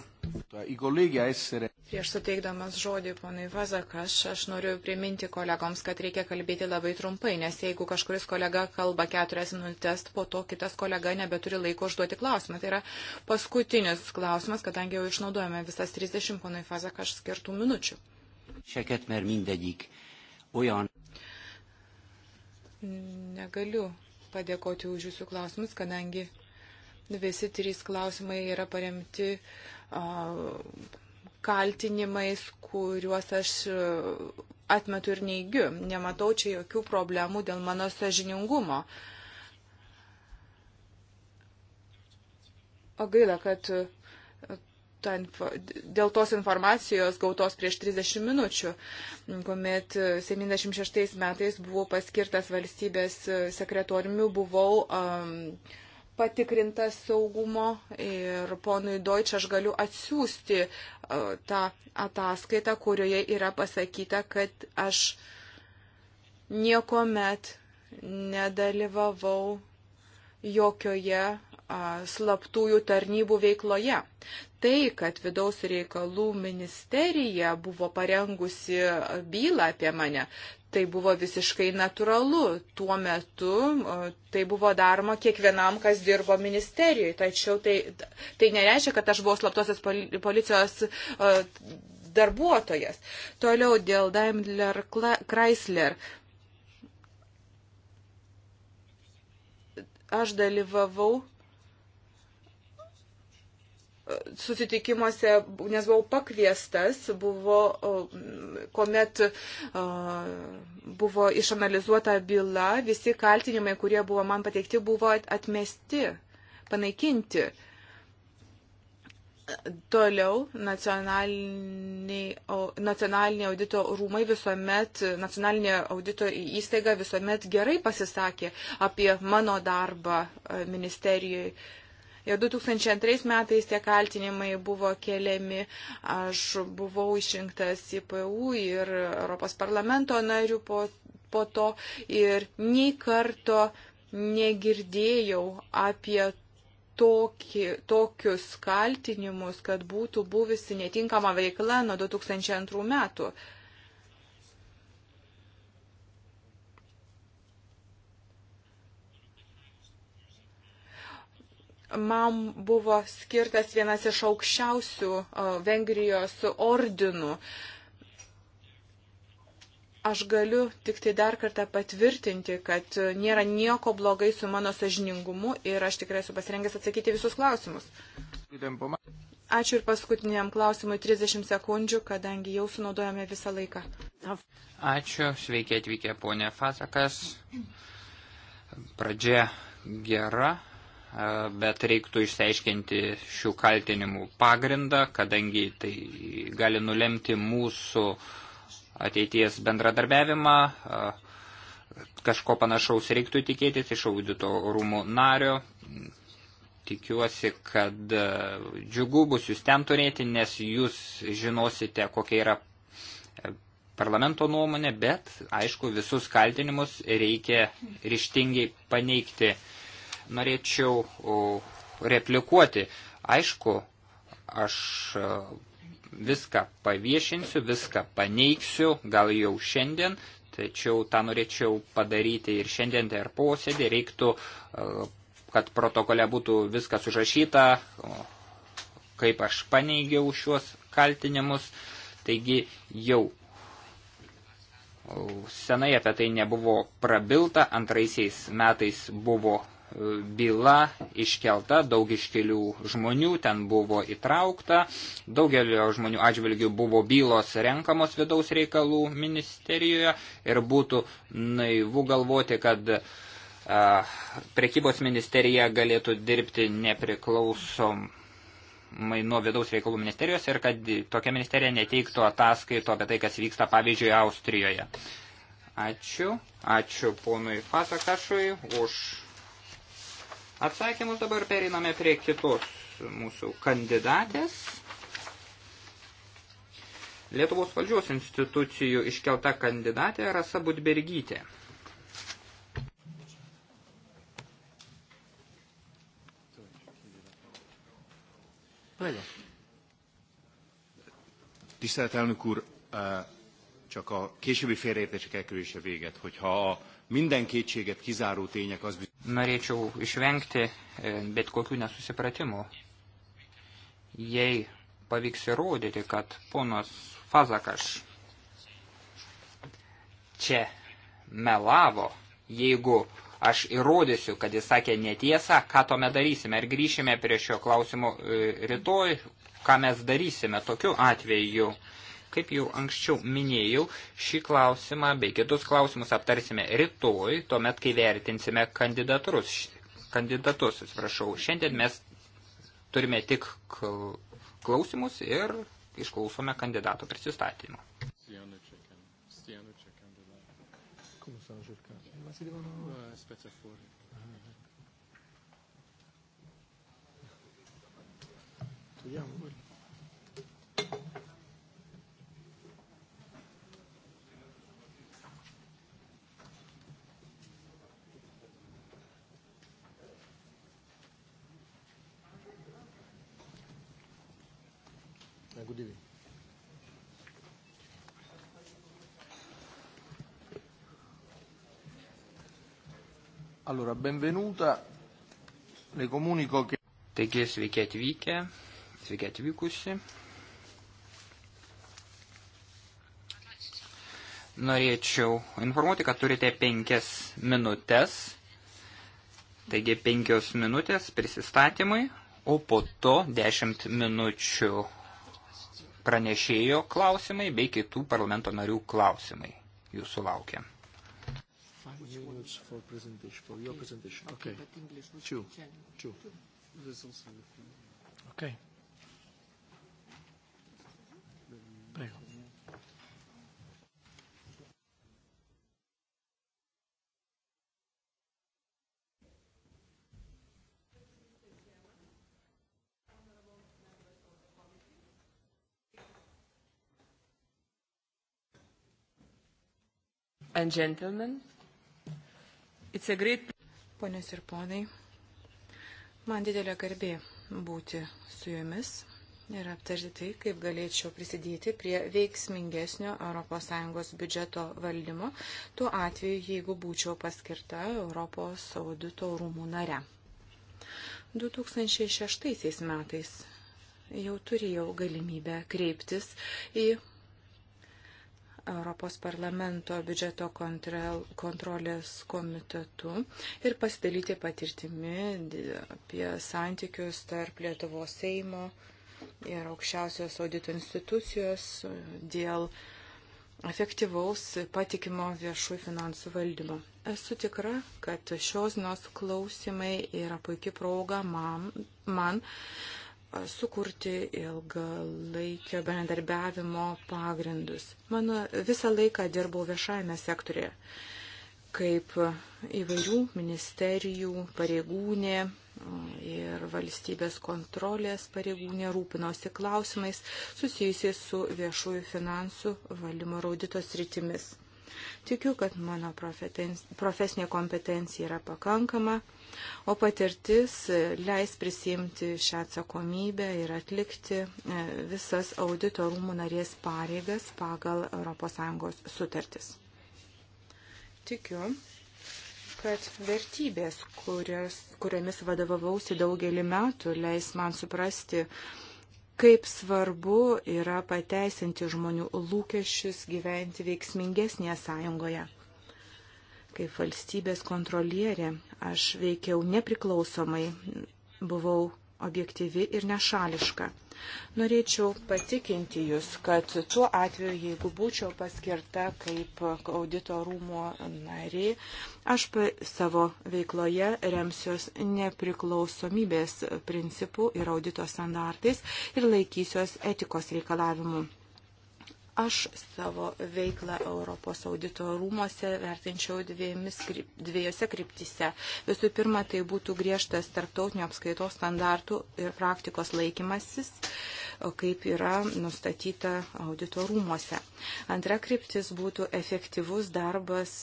Prieš suteikdamas žodį ponai Vazakas, aš noriu priminti kolegoms, kad reikia kalbėti labai trumpai, nes jeigu kažkuris kolega kalba keturias minutės, po to kitas kolega nebeturi laiko užduoti klausimą. Tai yra paskutinis klausimas, kadangi jau išnaudojame visas 30 ponai Vazakas skirtų minučių. Seket, mert mindegyik olyan. Negaliu padėkoti už Jūsų klausimus, kadangi visi trys klausimai yra paremti kaltinimais, kuriuos aš atmetu ir neigiu. Nematau čia jokių problemų dėl mano sažiningumo. O gaila, kad ta, dėl tos informacijos gautos prieš 30 minučių, kuomet 76 metais buvau paskirtas valstybės sekretoriumi, buvau um, patikrintas saugumo ir ponui Deutsch aš galiu atsiųsti uh, tą ataskaitą, kurioje yra pasakyta, kad aš nieko met nedalyvavau jokioje slaptųjų tarnybų veikloje. Tai, kad vidaus reikalų ministerija buvo parengusi bylą apie mane, tai buvo visiškai natūralu. Tuo metu tai buvo daroma kiekvienam, kas dirbo ministerijoje. Tačiau tai, tai nereiškia, kad aš buvau slaptosios policijos darbuotojas. Toliau dėl Daimler Chrysler. Aš dalyvavau susitikimuose, nes buvau pakviestas, buvo, kuomet buvo išanalizuota byla, visi kaltinimai, kurie buvo man pateikti, buvo atmesti, panaikinti. Toliau nacionaliniai, nacionaliniai audito rūmai visuomet, nacionalinė audito įstaiga visuomet gerai pasisakė apie mano darbą ministerijoje Jau 2002 metais tie kaltinimai buvo keliami. Aš buvau išrinktas į PU ir Europos parlamento narių po, po to ir nei karto negirdėjau apie tokį, tokius kaltinimus, kad būtų buvusi netinkama veikla nuo 2002 metų. man buvo skirtas vienas iš aukščiausių Vengrijos ordinų. Aš galiu tik tai dar kartą patvirtinti, kad nėra nieko blogai su mano sažiningumu ir aš tikrai esu pasirengęs atsakyti visus klausimus. Ačiū ir paskutiniam klausimui 30 sekundžių, kadangi jau sunaudojame visą laiką. Ačiū, sveiki atvykę ponė Fasakas. Pradžia gera, bet reiktų išsiaiškinti šių kaltinimų pagrindą, kadangi tai gali nulemti mūsų ateities bendradarbiavimą. Kažko panašaus reiktų tikėtis iš audito rūmų nario. Tikiuosi, kad džiugu bus jūs ten turėti, nes jūs žinosite, kokia yra parlamento nuomonė, bet, aišku, visus kaltinimus reikia ryštingai paneigti norėčiau replikuoti. Aišku, aš e, viską paviešinsiu, viską paneigsiu, gal jau šiandien, tačiau tą norėčiau padaryti ir šiandien, tai ir posėdį, reiktų, e, kad protokole būtų viskas užrašyta, kaip aš paneigiau šiuos kaltinimus, taigi jau senai apie tai nebuvo prabilta, antraisiais metais buvo byla iškelta, daug iškelių žmonių ten buvo įtraukta, daugelio žmonių atžvilgių buvo bylos renkamos vidaus reikalų ministerijoje ir būtų naivu galvoti, kad a, prekybos ministerija galėtų dirbti nepriklausom nuo vidaus reikalų ministerijos ir kad tokia ministerija neteiktų ataskaito apie tai, kas vyksta, pavyzdžiui, Austrijoje. Ačiū. Ačiū ponui Fasakašui už atsakymus. Dabar periname prie kitos mūsų kandidatės. Lietuvos valdžios institucijų iškelta kandidatė Rasa Budbergytė. Tisztelt elnök úr, eh, csak a későbbi félreértések elkerülése véget, hogyha a minden kétséget kizáró tények az... Norėčiau išvengti e, bet kokių nesusipratimų. Jei pavyks įrodyti, kad ponas Fazakaš čia melavo, jeigu aš įrodysiu, kad jis sakė netiesą, ką tome darysime, ar grįšime prie šio klausimo e, rytoj, ką mes darysime tokiu atveju. Kaip jau anksčiau minėjau, šį klausimą bei kitus klausimus aptarsime rytoj, tuomet, kai vertinsime kandidatus. kandidatus atsiprašau. Šiandien mes turime tik klausimus ir išklausome kandidato prisistatymą. Come stanno cercando? Ah, Ma si devono... Aspetta fuori. Togliamo quello. Allora, benvenuta. Le comunico che... Taigi, sveiki atvykę, sveiki atvykusi. Norėčiau informuoti, kad turite penkias minutės. Taigi, penkios minutės prisistatymui, o po to dešimt minučių pranešėjo klausimai bei kitų parlamento narių klausimai jūsų laukia. Which minutes one? for presentation, for okay. your presentation. Okay. okay. But English was Two. Two. Two. There's also the thing. Okay. Prego. and gentlemen Great... Ponės ir ponai, man didelė garbė būti su jumis ir aptarti tai, kaip galėčiau prisidėti prie veiksmingesnio ES biudžeto valdymo, tuo atveju, jeigu būčiau paskirta Europos audito rūmų nare. 2006 metais jau turėjau galimybę kreiptis į Europos parlamento biudžeto kontrolės komitetu ir pasidalyti patirtimi apie santykius tarp Lietuvos Seimo ir aukščiausios audito institucijos dėl efektyvaus patikimo viešų finansų valdymo. Esu tikra, kad šios dienos klausimai yra puikia proga man, man sukurti ilgalaikio bendarbiavimo pagrindus. Mano visą laiką dirbau viešajame sektorėje kaip įvairių ministerijų pareigūnė ir valstybės kontrolės pareigūnė rūpinosi klausimais susijusiais su viešųjų finansų valymo rauditos rytimis. Tikiu, kad mano profesinė kompetencija yra pakankama o patirtis leis prisimti šią atsakomybę ir atlikti e, visas audito rūmų narės pareigas pagal ES sutartis. Tikiu, kad vertybės, kurios, kuriomis vadovavausi daugelį metų, leis man suprasti, kaip svarbu yra pateisinti žmonių lūkesčius gyventi veiksmingesnėje sąjungoje. Kaip valstybės kontrolierė aš veikiau nepriklausomai, buvau objektyvi ir nešališka. Norėčiau patikinti Jūs, kad tuo atveju, jeigu būčiau paskirta kaip audito rūmo nari, aš savo veikloje remsiuos nepriklausomybės principų ir audito standartais ir laikysiuos etikos reikalavimų. Aš savo veiklą Europos audito rūmose vertinčiau kryp, dviejose kryptise. Visų pirma, tai būtų griežtas tarptautinio apskaitos standartų ir praktikos laikymasis, kaip yra nustatyta audito rūmose. Antra kryptis būtų efektyvus darbas,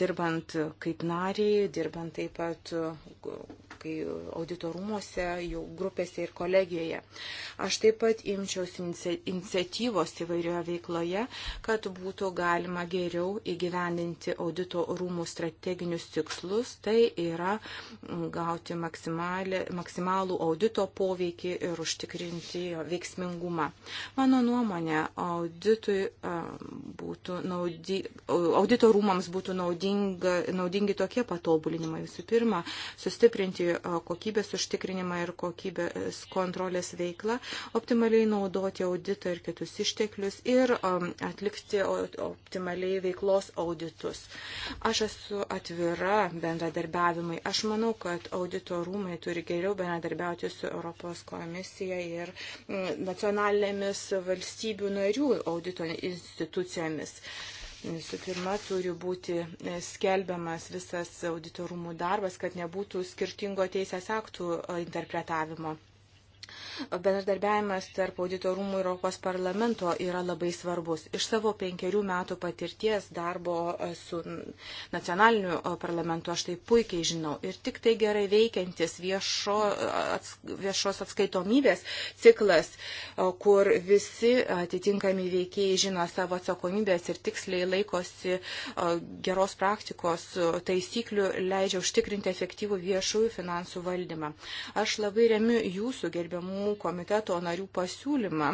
dirbant kaip nariai, dirbant taip pat kai auditorumuose, jų grupėse ir kolegijoje. Aš taip pat imčiausi iniciatyvos įvairioje veikloje, kad būtų galima geriau įgyvendinti auditorumų strateginius tikslus, tai yra gauti maksimalų audito poveikį ir užtikrinti jo veiksmingumą. Mano nuomonė, auditui, būtų naudi, audito rūmams būtų naudinga, naudingi tokie patobulinimai. Visų pirma, sustiprinti kokybės užtikrinimą ir kokybės kontrolės veiklą, optimaliai naudoti auditą ir kitus išteklius ir atlikti optimaliai veiklos auditus. Aš esu atvira bendradarbiavimai. Aš manau, kad audito rūmai turi geriau bendradarbiauti su Europos komisija ir nacionalinėmis valstybių narių audito institucijomis. Visų pirma, turi būti e, skelbiamas visas auditorumų darbas, kad nebūtų skirtingo teisės aktų e, interpretavimo bendradarbiavimas tarp auditorumų ir Europos parlamento yra labai svarbus. Iš savo penkerių metų patirties darbo e, su nacionaliniu e, parlamentu aš tai puikiai žinau. Ir tik tai gerai veikiantis viešo, e, ats, viešos atskaitomybės ciklas, kur visi atitinkami veikėjai žino savo atsakomybės ir tiksliai laikosi geros praktikos taisyklių, leidžia užtikrinti efektyvų viešųjų finansų valdymą. Aš labai remiu jūsų gerbiamų aptariamų komiteto narių pasiūlymą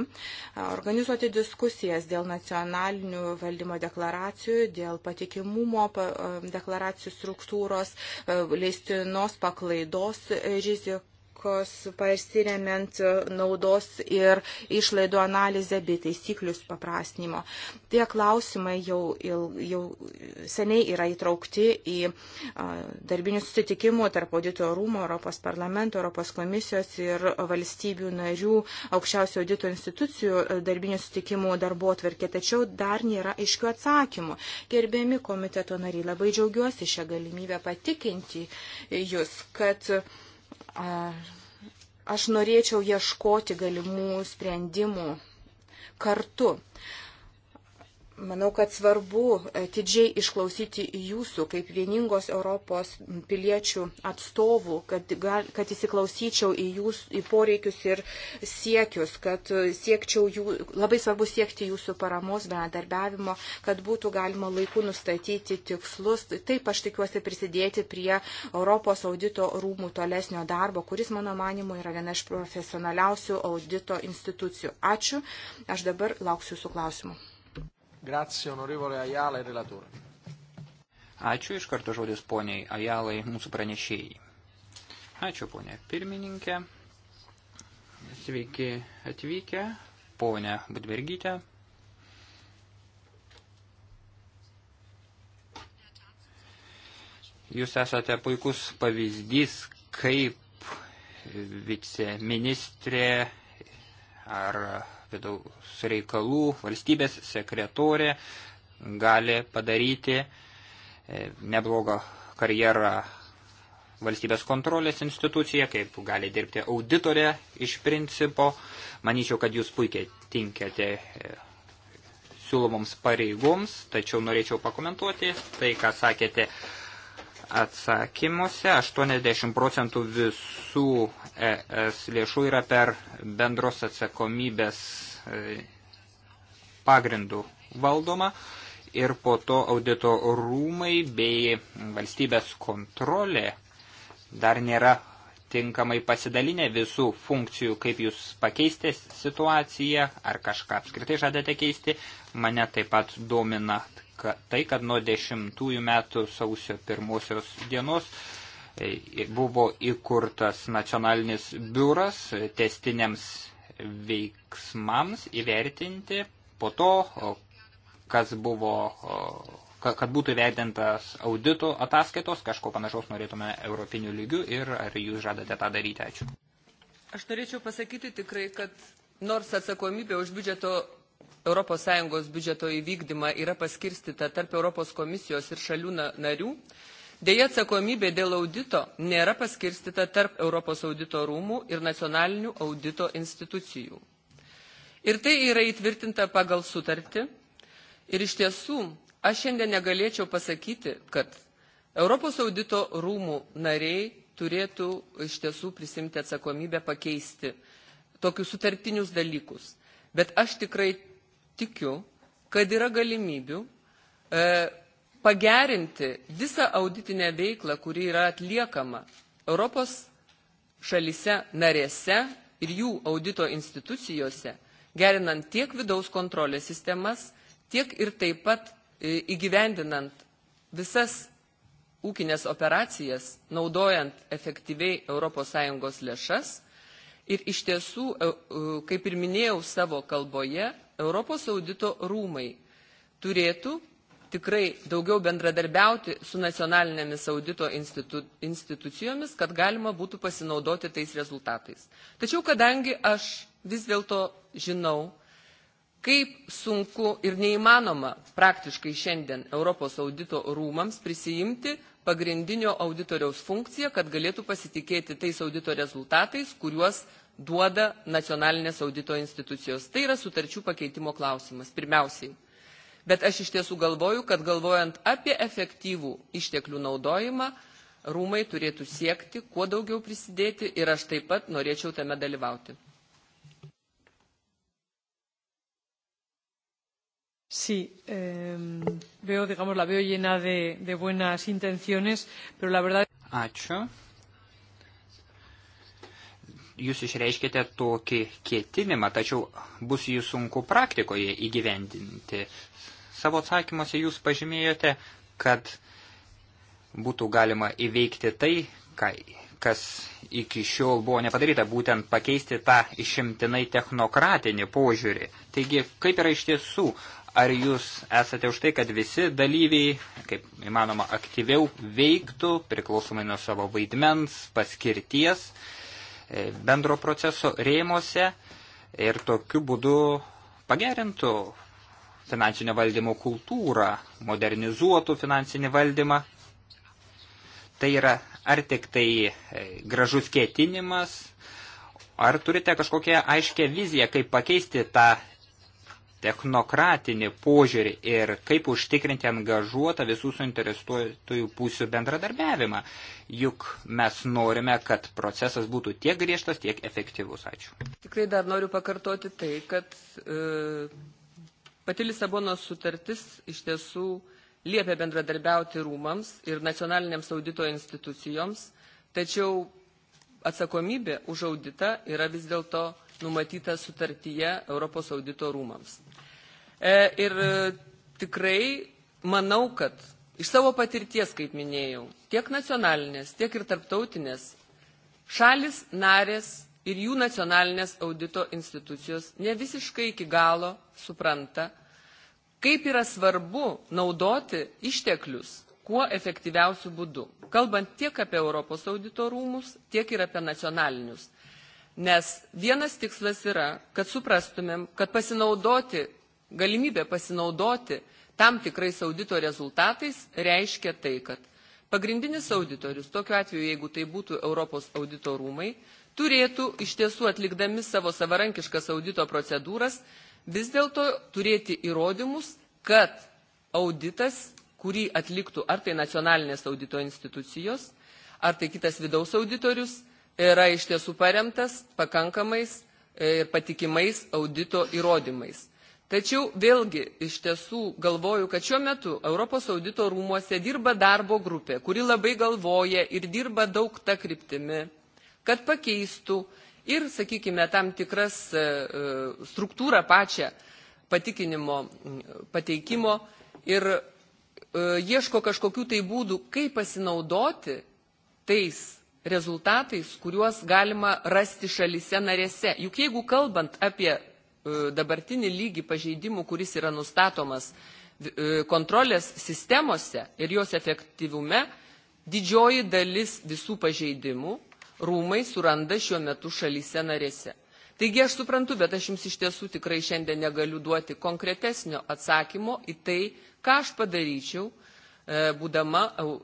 organizuoti diskusijas dėl nacionalinių valdymo deklaracijų, dėl patikimumo deklaracijų struktūros, leistinos paklaidos rizikų politikos pasiremiant naudos ir išlaidų analizę bei taisyklių supaprastinimo. Tie klausimai jau, jau seniai yra įtraukti į darbinių susitikimų tarp audito rūmo, Europos parlamento, Europos komisijos ir valstybių narių aukščiausio audito institucijų darbinių susitikimų darbo atverkė, tačiau dar nėra aiškių atsakymų. Gerbiami komiteto nariai, labai džiaugiuosi šią galimybę patikinti jūs, kad Aš norėčiau ieškoti galimų sprendimų kartu. Manau, kad svarbu atidžiai išklausyti jūsų kaip vieningos Europos piliečių atstovų, kad, kad įsiklausyčiau į jūsų į poreikius ir siekius, kad siekčiau jų, labai svarbu siekti jūsų paramos bendarbiavimo, kad būtų galima laiku nustatyti tikslus. Taip aš tikiuosi prisidėti prie Europos audito rūmų tolesnio darbo, kuris mano manimu yra viena iš profesionaliausių audito institucijų. Ačiū, aš dabar lauksiu jūsų klausimų. Grazie, onorevole Ajala, relatore. Ačiū iš karto žodis poniai Ajalai, mūsų pranešėjai. Ačiū ponė pirmininkė. Sveiki atvykę, ponė Budvergytė. Jūs esate puikus pavyzdys, kaip viceministrė ar vidaus reikalų, valstybės sekretorė gali padaryti e, neblogą karjerą valstybės kontrolės institucija, kaip gali dirbti auditorė iš principo. Manyčiau, kad jūs puikiai tinkate e, siūlomoms pareigoms, tačiau norėčiau pakomentuoti tai, ką sakėte atsakymuose 80 procentų visų ES lėšų yra per bendros atsakomybės e, pagrindų valdoma ir po to audito rūmai bei valstybės kontrolė dar nėra tinkamai pasidalinę visų funkcijų, kaip jūs pakeistė situaciją ar kažką apskritai žadate keisti. Mane taip pat domina ka, tai, kad nuo 10 metų sausio pirmosios dienos e, buvo įkurtas nacionalinis biuras testiniams veiksmams įvertinti po to, kas buvo, kad būtų įvertintas audito ataskaitos, kažko panašaus norėtume europinių lygių ir ar jūs žadate tą daryti. Ačiū. Aš norėčiau pasakyti tikrai, kad nors atsakomybė už biudžeto ES biudžeto įvykdymą yra paskirstita tarp Europos komisijos ir šalių narių, dėja atsakomybė dėl audito nėra paskirstita tarp Europos audito rūmų ir nacionalinių audito institucijų. Ir tai yra įtvirtinta pagal sutartį. Ir iš tiesų, aš šiandien negalėčiau pasakyti, kad Europos audito rūmų nariai turėtų iš tiesų prisimti atsakomybę pakeisti tokius sutartinius dalykus. Bet aš tikrai tikiu, kad yra galimybių e, pagerinti visą auditinę veiklą, kuri yra atliekama Europos šalise narėse ir jų audito institucijose, gerinant tiek vidaus kontrolės sistemas, tiek ir taip pat e, įgyvendinant visas ūkinės operacijas, naudojant efektyviai ES lėšas. Ir iš tiesų, e, e, kaip ir minėjau savo kalboje, Europos audito rūmai turėtų tikrai daugiau bendradarbiauti su nacionalinėmis audito institu, institucijomis, kad galima būtų pasinaudoti tais rezultatais. Tačiau kadangi aš vis dėlto žinau, kaip sunku ir neįmanoma praktiškai šiandien Europos audito rūmams prisijimti pagrindinio auditoriaus funkciją, kad galėtų pasitikėti tais audito rezultatais, kuriuos duoda nacionalinės audito institucijos. Tai yra sutarčių pakeitimo klausimas pirmiausiai. Bet aš iš tiesų galvoju, kad galvojant apie efektyvų išteklių naudojimą, rūmai turėtų siekti, kuo daugiau prisidėti ir aš taip pat norėčiau tame dalyvauti. Sí, eh, veo, digamos, la veo llena de, de buenas intenciones, pero la verdad. Ačiū jūs išreiškite tokį kėtinimą, tačiau bus jį sunku praktikoje įgyvendinti. Savo atsakymuose jūs pažymėjote, kad būtų galima įveikti tai, kas iki šiol buvo nepadaryta, būtent pakeisti tą išimtinai technokratinį požiūrį. Taigi, kaip yra iš tiesų, ar jūs esate už tai, kad visi dalyviai, kaip įmanoma, aktyviau veiktų, priklausomai nuo savo vaidmens, paskirties, uh, E, bendro proceso rėmose ir tokiu būdu pagerintų finansinio valdymo kultūrą, modernizuotų finansinį valdymą. Tai yra ar tik tai e, gražus ketinimas, ar turite kažkokią aiškę viziją, kaip pakeisti tą technokratinį požiūrį ir kaip užtikrinti angažuotą visų suinteresuotųjų pusių bendradarbiavimą. Juk mes norime, kad procesas būtų tiek griežtas, tiek efektyvus. Ačiū. Tikrai dar noriu pakartoti tai, kad e, pati Lisabonos sutartis iš tiesų liepia bendradarbiauti rūmams ir nacionalinėms audito institucijoms, tačiau atsakomybė už auditą yra vis dėlto to numatyta sutartyje Europos audito rūmams. E, ir e, tikrai manau, kad iš savo patirties, kaip minėjau, tiek nacionalinės, tiek ir tarptautinės, šalis narės ir jų nacionalinės audito institucijos ne visiškai iki galo supranta, kaip yra svarbu naudoti išteklius kuo efektyviausių būdų, kalbant tiek apie Europos audito rūmus, tiek ir apie nacionalinius Nes vienas tikslas yra, kad suprastumėm, kad pasinaudoti, galimybė pasinaudoti tam tikrais audito rezultatais reiškia tai, kad pagrindinis auditorius, tokiu atveju, jeigu tai būtų Europos audito rūmai, turėtų iš tiesų atlikdami savo savarankiškas audito procedūras vis dėlto turėti įrodymus, kad auditas, kurį atliktų ar tai nacionalinės audito institucijos, ar tai kitas vidaus auditorius, yra iš tiesų paremtas pakankamais e, ir patikimais audito įrodymais. Tačiau vėlgi iš tiesų galvoju, kad šiuo metu Europos audito rūmuose dirba darbo grupė, kuri labai galvoja ir dirba daug tą kryptimį, kad pakeistų ir, sakykime, tam tikras e, e, struktūrą pačią patikinimo pateikimo ir ieško kažkokių tai būdų, kaip pasinaudoti tais rezultatais, kuriuos galima rasti šalise narėse. Juk jeigu kalbant apie e, dabartinį lygį pažeidimų, kuris yra nustatomas e, kontrolės sistemose ir jos efektyvume, didžioji dalis visų pažeidimų rūmai suranda šiuo metu šalyse narėse. Taigi aš suprantu, bet aš jums iš tiesų tikrai šiandien negaliu duoti konkretesnio atsakymo į tai, ką aš padaryčiau, E, būdama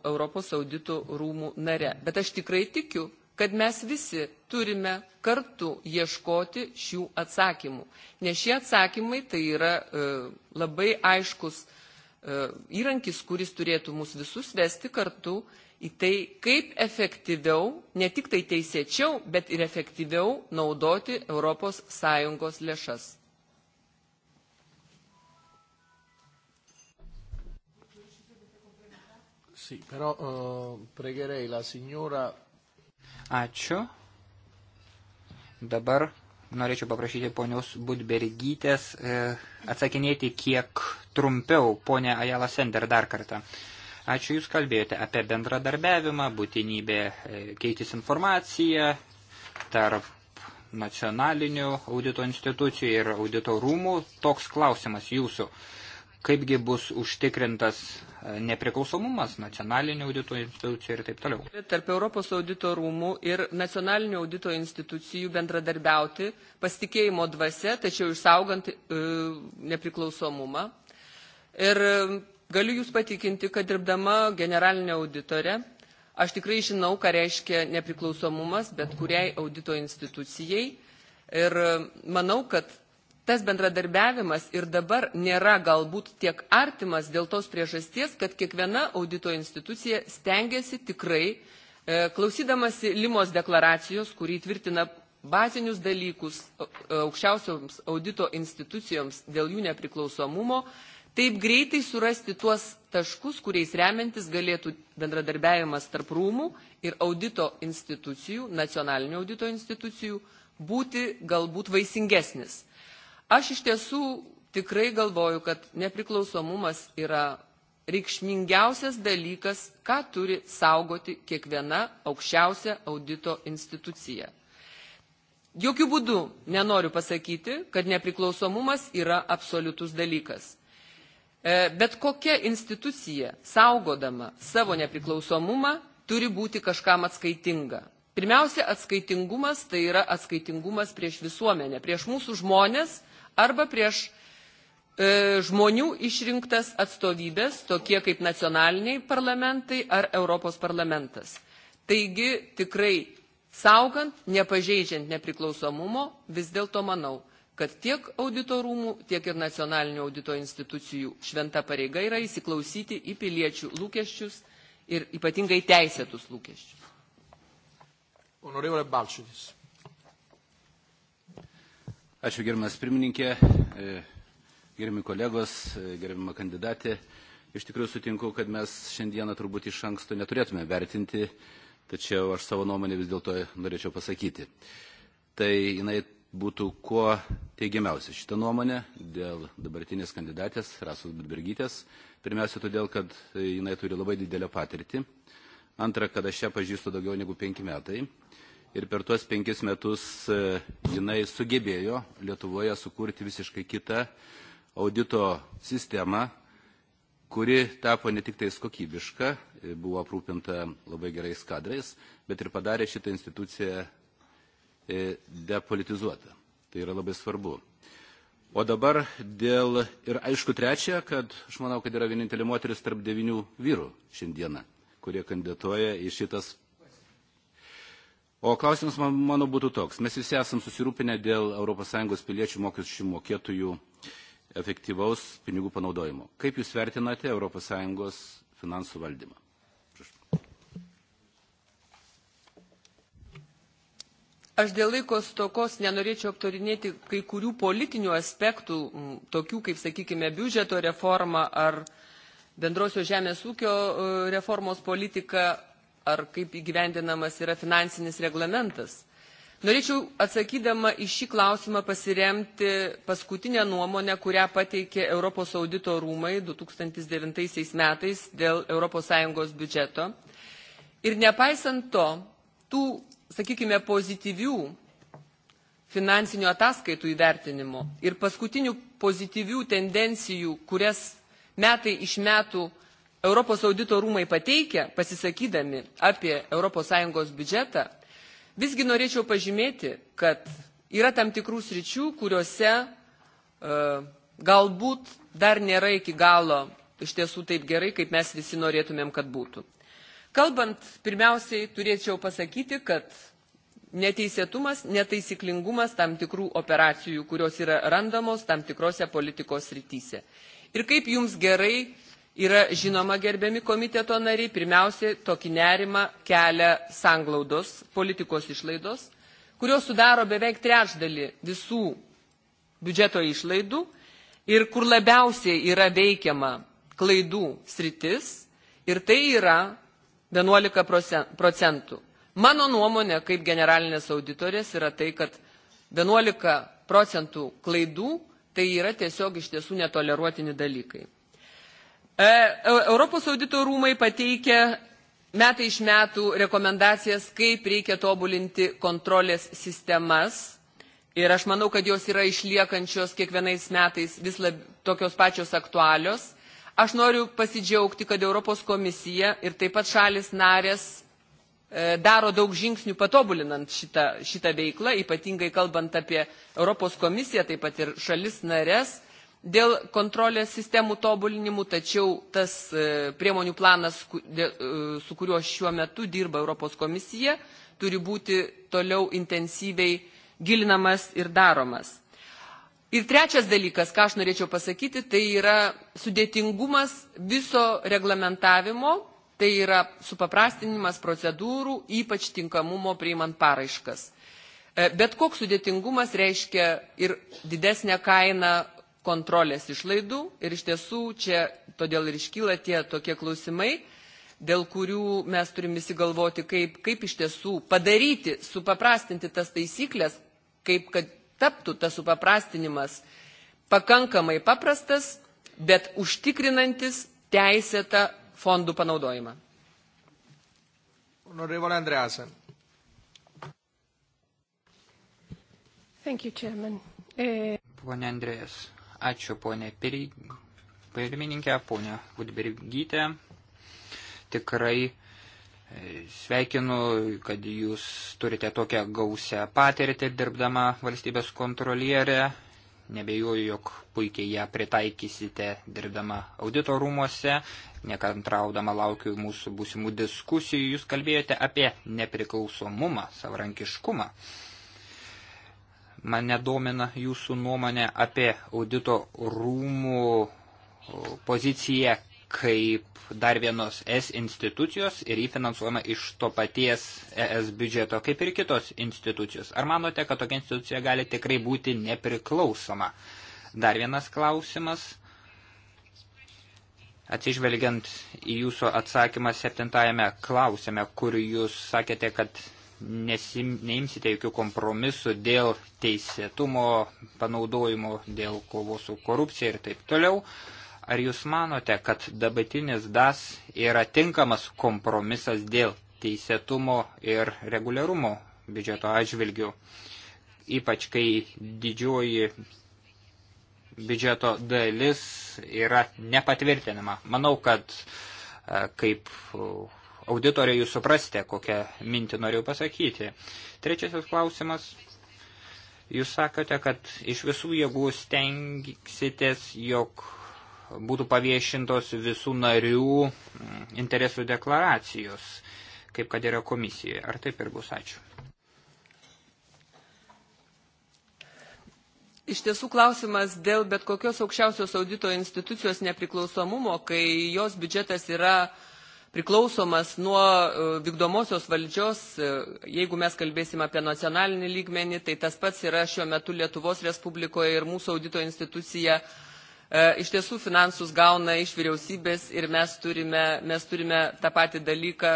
Europos audito rūmų nare. Bet aš tikrai tikiu, kad mes visi turime kartu ieškoti šių atsakymų. Nes šie atsakymai tai yra e, labai aiškus e, įrankis, kuris turėtų mus visus vesti kartu į tai, kaip efektyviau, ne tik tai teisėčiau, bet ir efektyviau naudoti ES lėšas. Sì, però uh, pregherei la signora. Ačiū. Dabar norėčiau paprašyti ponios Budbergytės e, atsakinėti kiek trumpiau, ponė Ajala Sender, dar kartą. Ačiū, jūs kalbėjote apie bendradarbiavimą, būtinybę e, keitis informaciją tarp nacionalinių audito institucijų ir audito rūmų. Toks klausimas jūsų, kaipgi bus užtikrintas nepriklausomumas nacionalinių audito institucijų ir taip toliau. Tarp Europos audito rūmų ir nacionalinių audito institucijų bendradarbiauti pasitikėjimo dvasia, tačiau išsaugant e, nepriklausomumą. Ir e, galiu Jūs patikinti, kad dirbdama generalinė auditorė, aš tikrai žinau, ką reiškia nepriklausomumas bet kuriai audito institucijai. Ir e, manau, kad tas bendradarbiavimas ir dabar nėra galbūt tiek artimas dėl tos priežasties, kad kiekviena audito institucija stengiasi tikrai, e, klausydamasi Limos deklaracijos, kurį tvirtina bazinius dalykus e, aukščiausioms audito institucijoms dėl jų nepriklausomumo, taip greitai surasti tuos taškus, kuriais remiantis galėtų bendradarbiavimas tarp rūmų ir audito institucijų, nacionalinio audito institucijų, būti galbūt vaisingesnis. Aš iš tiesų tikrai galvoju, kad nepriklausomumas yra reikšmingiausias dalykas, ką turi saugoti kiekviena aukščiausia audito institucija. Jokių būdų nenoriu pasakyti, kad nepriklausomumas yra absoliutus dalykas. E, bet kokia institucija, saugodama savo nepriklausomumą, turi būti kažkam atskaitinga. Pirmiausia, atskaitingumas tai yra atskaitingumas prieš visuomenę, prieš mūsų žmonės, arba prieš e, žmonių išrinktas atstovybės, tokie kaip nacionaliniai parlamentai ar Europos parlamentas. Taigi tikrai saugant, nepažeidžiant nepriklausomumo, vis dėlto manau, kad tiek audito rūmų, tiek ir nacionalinių audito institucijų šventa pareiga yra įsiklausyti į piliečių lūkesčius ir ypatingai teisėtus lūkesčius. Honorevole Balčytis. Ačiū gerbiamas pirmininkė, e, gerbiami kolegos, e, gerbiama kandidatė. Iš tikrųjų sutinku, kad mes šiandieną turbūt iš anksto neturėtume vertinti, tačiau aš savo nuomonę vis dėlto norėčiau pasakyti. Tai jinai būtų kuo teigiamiausia šitą nuomonę dėl dabartinės kandidatės Rasos Budbergytės. Pirmiausia, todėl, kad jinai turi labai didelę patirtį. Antra, kad aš ją pažįstu daugiau negu penki metai ir per tuos penkis metus e, jinai sugebėjo Lietuvoje sukurti visiškai kitą audito sistemą, kuri tapo ne tik tais kokybiška, e, buvo aprūpinta labai gerais kadrais, bet ir padarė šitą instituciją e, depolitizuotą. Tai yra labai svarbu. O dabar dėl, ir aišku trečia, kad aš manau, kad yra vienintelė moteris tarp devinių vyrų šiandieną, kurie kandidatuoja į šitas O klausimas man, mano būtų toks. Mes visi esam susirūpinę dėl ES piliečių mokesčių mokėtojų efektyvaus pinigų panaudojimo. Kaip Jūs vertinate ES finansų valdymą? Aš dėl laiko stokos nenorėčiau aptarinėti kai kurių politinių aspektų, tokių kaip, sakykime, biudžeto reforma ar bendrosios žemės ūkio e, reformos politika ar kaip įgyvendinamas yra finansinis reglamentas. Norėčiau atsakydama į šį klausimą pasiremti paskutinę nuomonę, kurią pateikė Europos audito rūmai 2009 metais dėl ES biudžeto. Ir nepaisant to, tų, sakykime, pozityvių finansinių ataskaitų įvertinimo ir paskutinių pozityvių tendencijų, kurias metai iš metų Europos audito rūmai pateikia, pasisakydami apie ES biudžetą, visgi norėčiau pažymėti, kad yra tam tikrų sričių, kuriuose uh, galbūt dar nėra iki galo iš tiesų taip gerai, kaip mes visi norėtumėm, kad būtų. Kalbant, pirmiausiai turėčiau pasakyti, kad neteisėtumas, netaisyklingumas tam tikrų operacijų, kurios yra randamos tam tikrose politikos rytise. Ir kaip jums gerai Yra žinoma gerbiami komiteto nariai, pirmiausiai tokį nerimą kelia sanglaudos politikos išlaidos, kurios sudaro beveik trečdalį visų biudžeto išlaidų ir kur labiausiai yra veikiama klaidų sritis ir tai yra 11 procentų. Mano nuomonė kaip generalinės auditorės yra tai, kad 11 procentų klaidų tai yra tiesiog iš tiesų netoleruotini dalykai. E, e, Europos audito rūmai pateikia metai iš metų rekomendacijas, kaip reikia tobulinti kontrolės sistemas. Ir aš manau, kad jos yra išliekančios kiekvienais metais vis lab, tokios pačios aktualios. Aš noriu pasidžiaugti, kad Europos komisija ir taip pat šalis narės e, daro daug žingsnių patobulinant šitą, šitą veiklą, ypatingai kalbant apie Europos komisiją, taip pat ir šalis narės, dėl kontrolės sistemų tobulinimų, tačiau tas e, priemonių planas, e, su kuriuo šiuo metu dirba Europos komisija, turi būti toliau intensyviai gilinamas ir daromas. Ir trečias dalykas, ką aš norėčiau pasakyti, tai yra sudėtingumas viso reglamentavimo, tai yra supaprastinimas procedūrų, ypač tinkamumo priimant paraiškas. E, bet koks sudėtingumas reiškia ir didesnę kainą kontrolės išlaidų ir iš tiesų čia todėl ir iškyla tie tokie klausimai, dėl kurių mes turime įsigalvoti, kaip, kaip iš tiesų padaryti, supaprastinti tas taisyklės, kaip kad taptų tas supaprastinimas pakankamai paprastas, bet užtikrinantis teisėtą fondų panaudojimą. Honorable Andreasen. Thank you, Chairman. E... Pone Andrėjas. Ačiū, ponė pirmininkė, ponė Gudbergytė. Tikrai e, sveikinu, kad jūs turite tokią gausią patirtį dirbdama valstybės kontrolierė. Nebejoju, jog puikiai ją pritaikysite dirbdama audito rūmose. Nekantraudama laukiu mūsų būsimų diskusijų. Jūs kalbėjote apie nepriklausomumą, savrankiškumą. Mane domina jūsų nuomonė apie audito rūmų poziciją kaip dar vienos S institucijos ir jį finansuojama iš to paties ES biudžeto, kaip ir kitos institucijos. Ar manote, kad tokia institucija gali tikrai būti nepriklausoma? Dar vienas klausimas. Atsižvelgiant į jūsų atsakymą septintajame klausime, kur jūs sakėte, kad nesim, neimsite jokių kompromisų dėl teisėtumo panaudojimo, dėl kovos su korupcija ir taip toliau. Ar jūs manote, kad dabartinis DAS yra tinkamas kompromisas dėl teisėtumo ir reguliarumo biudžeto atžvilgių, ypač kai didžioji biudžeto dalis yra nepatvirtinama? Manau, kad e, kaip auditoriai jūs suprastė, kokią mintį norėjau pasakyti. Trečiasis klausimas. Jūs sakote, kad iš visų jėgų stengsitės, jog būtų paviešintos visų narių mm, interesų deklaracijos, kaip kad yra komisijoje. Ar taip ir bus? Ačiū. Iš tiesų klausimas dėl bet kokios aukščiausios audito institucijos nepriklausomumo, kai jos biudžetas yra uh, priklausomas nuo e, vykdomosios valdžios, e, jeigu mes kalbėsim apie nacionalinį lygmenį, tai tas pats yra šiuo metu Lietuvos Respublikoje ir mūsų audito institucija e, iš tiesų finansus gauna iš vyriausybės ir mes turime, mes turime tą patį dalyką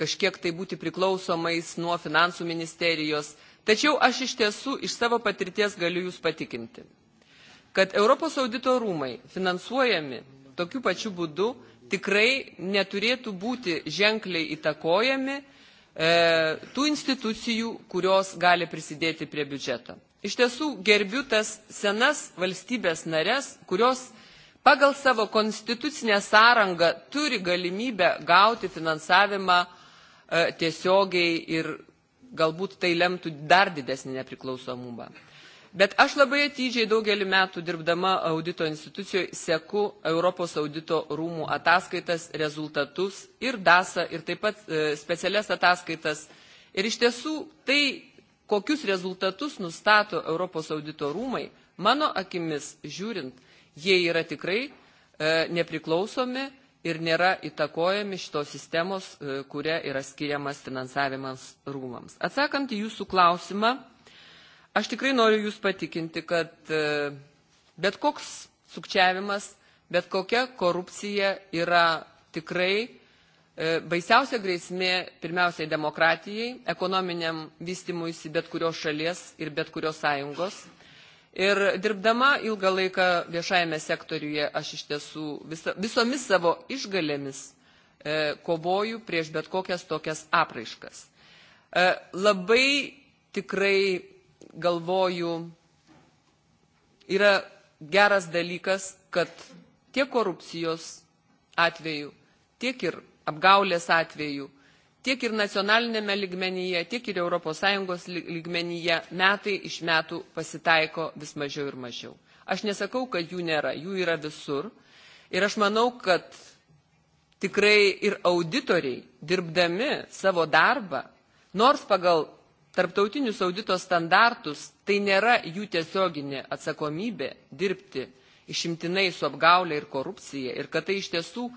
kažkiek tai būti priklausomais nuo finansų ministerijos. Tačiau aš iš tiesų iš savo patirties galiu Jūs patikinti, kad Europos audito rūmai finansuojami tokiu pačiu būdu tikrai neturėtų būti ženkliai įtakojami e, tų institucijų, kurios gali prisidėti prie biudžeto. Iš tiesų gerbiu tas senas valstybės narės, kurios pagal savo konstitucinę sąrangą turi galimybę gauti finansavimą e, tiesiogiai ir galbūt tai lemtų dar didesnį nepriklausomumą. Bet aš labai atidžiai daugelį metų dirbdama audito institucijoje seku Europos audito rūmų ataskaitas, rezultatus ir DASA, ir taip pat e, specialias ataskaitas. Ir iš tiesų tai, kokius rezultatus nustato Europos audito rūmai, mano akimis žiūrint, jie yra tikrai e, nepriklausomi ir nėra įtakojami šitos sistemos, e, kuria yra skiriamas finansavimas rūmams. Atsakant į jūsų klausimą, Aš tikrai noriu Jūs patikinti, kad e, bet koks sukčiavimas, bet kokia korupcija yra tikrai e, baisiausia grėsmė pirmiausiai demokratijai, ekonominiam vystimuisi bet kurios šalies ir bet kurios sąjungos. Ir dirbdama ilgą laiką viešajame sektoriuje aš iš tiesų visa, visomis savo išgalėmis e, kovoju prieš bet kokias tokias apraiškas. E, labai tikrai galvoju, yra geras dalykas, kad tiek korupcijos atveju, tiek ir apgaulės atveju, tiek ir nacionalinėme ligmenyje, tiek ir ES ligmenyje metai iš metų pasitaiko vis mažiau ir mažiau. Aš nesakau, kad jų nėra, jų yra visur. Ir aš manau, kad tikrai ir auditoriai, dirbdami savo darbą, nors pagal tarptautinius audito standartus, tai nėra jų tiesioginė atsakomybė dirbti išimtinai su apgaulė ir korupcija ir kad tai iš tiesų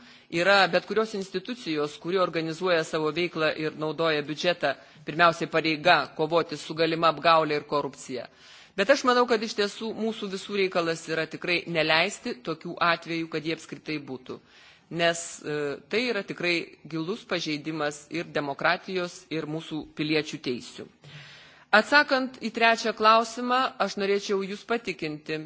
yra bet kurios institucijos, kuri organizuoja savo veiklą ir naudoja biudžetą, pirmiausiai pareiga kovoti su galima apgaulė ir korupcija. Bet aš manau, kad iš tiesų mūsų visų reikalas yra tikrai neleisti tokių atvejų, kad jie apskritai būtų nes e, tai yra tikrai gilus pažeidimas ir demokratijos, ir mūsų piliečių teisių. Atsakant į trečią klausimą, aš norėčiau Jūs patikinti,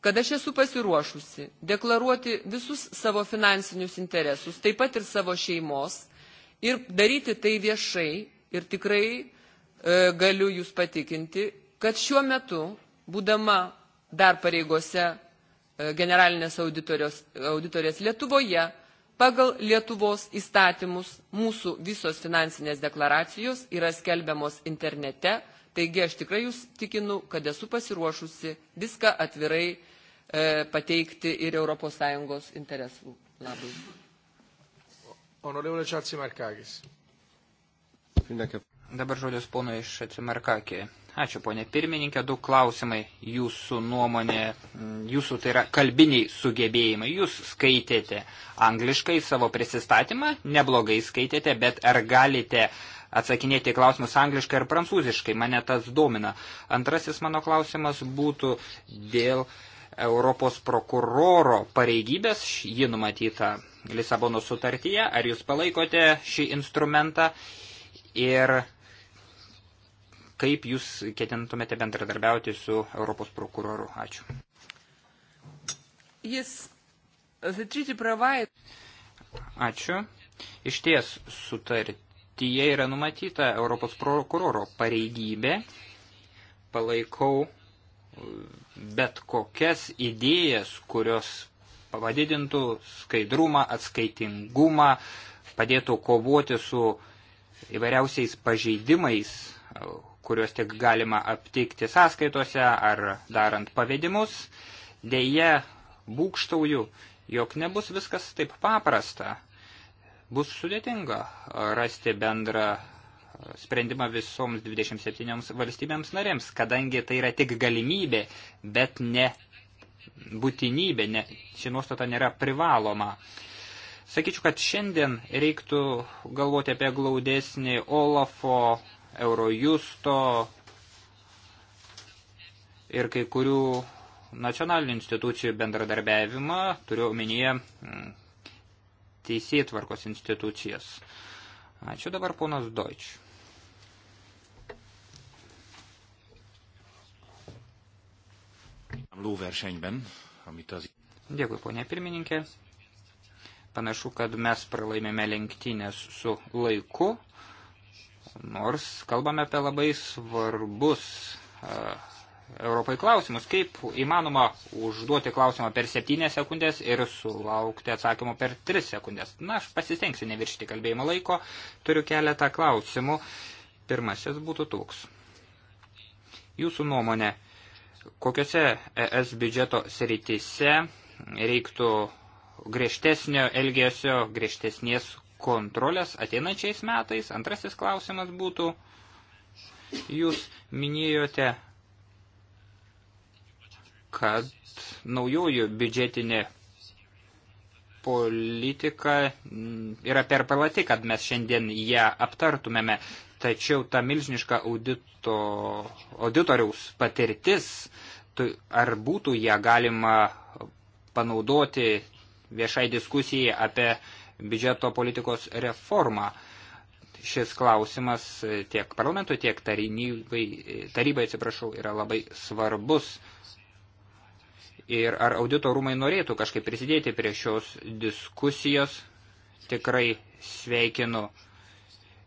kad aš esu pasiruošusi deklaruoti visus savo finansinius interesus, taip pat ir savo šeimos, ir daryti tai viešai, ir tikrai e, galiu Jūs patikinti, kad šiuo metu, būdama dar pareigose E, generalinės auditorės Lietuvoje pagal Lietuvos įstatymus mūsų visos finansinės deklaracijos yra skelbiamos internete, taigi aš tikrai jūs tikinu, kad esu pasiruošusi viską atvirai e, pateikti ir ES interesų labai. Onorevole Čarci Markagis. Dabar žodis pono iš Atsimarkakė. Ačiū, ponė pirmininkė. Du klausimai jūsų nuomonė, mm, jūsų tai yra kalbiniai sugebėjimai. Jūs skaitėte angliškai savo prisistatymą, neblogai skaitėte, bet ar galite atsakinėti klausimus angliškai ar prancūziškai? Mane tas domina. Antrasis mano klausimas būtų dėl Europos prokuroro pareigybės, ji numatyta Lisabono sutartyje. Ar jūs palaikote šį instrumentą? Ir kaip jūs ketintumėte bendradarbiauti su Europos prokuroru? Ačiū. Jis atsitryti pravai. Ačiū. Iš ties sutartyje yra numatyta Europos prokuroro pareigybė. Palaikau uh, bet kokias idėjas, kurios pavadidintų skaidrumą, atskaitingumą, padėtų kovoti su įvairiausiais pažeidimais, uh, kuriuos tik galima aptikti sąskaitose ar darant pavedimus. Deja, būkštauju, jog nebus viskas taip paprasta. Bus sudėtinga rasti bendrą sprendimą visoms 27 valstybėms narėms, kadangi tai yra tik galimybė, bet ne būtinybė, ne, ši nuostata nėra privaloma. Sakyčiau, kad šiandien reiktų galvoti apie glaudesnį Olafo Eurojusto ir kai kurių nacionalinių institucijų bendradarbiavimą, turiu omenyje mm, teisėtvarkos institucijas. Ačiū dabar ponas Deutsch. lóversenyben, amit az... Dėkui, ponė pirmininkė. Panašu, kad mes pralaimėme lenktynės su laiku. Nors kalbame apie labai svarbus e, Europai klausimus, kaip įmanoma užduoti klausimą per 7 sekundės ir sulaukti atsakymo per 3 sekundės. Na, aš pasistengsiu neviršti kalbėjimo laiko, turiu keletą klausimų. Pirmasis būtų toks. Jūsų nuomonė, kokiuose ES biudžeto sritise reiktų griežtesnio elgesio, griežtesnės kontrolės ateinančiais metais? Antrasis klausimas būtų, jūs minėjote, kad naujoji biudžetinė politika yra per palati, kad mes šiandien ją aptartumėme. Tačiau ta milžiniška audito, auditoriaus patirtis, ar būtų ją galima panaudoti viešai diskusijai apie biudžeto politikos reformą. Šis klausimas tiek parlamentui, tiek tarybai, tarybai atsiprašau, yra labai svarbus. Ir ar audito rūmai norėtų kažkaip prisidėti prie šios diskusijos, tikrai sveikinu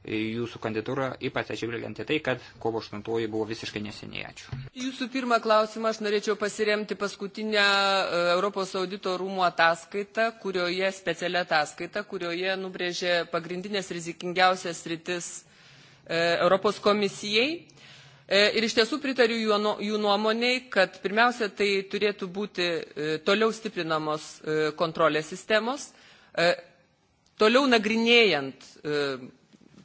jūsų kandidatūrą, ypač atsižvelgiant į tai, kad kovo 8 buvo visiškai neseniai. Ačiū. Jūsų pirmą klausimą aš norėčiau pasiremti paskutinę e, Europos audito rūmų ataskaitą, kurioje specialia ataskaita, kurioje nubrėžė pagrindinės rizikingiausias rytis e, Europos komisijai. E, ir iš tiesų pritariu jų nuomoniai, kad pirmiausia, tai turėtų būti toliau stiprinamos kontrolės sistemos, toliau nagrinėjant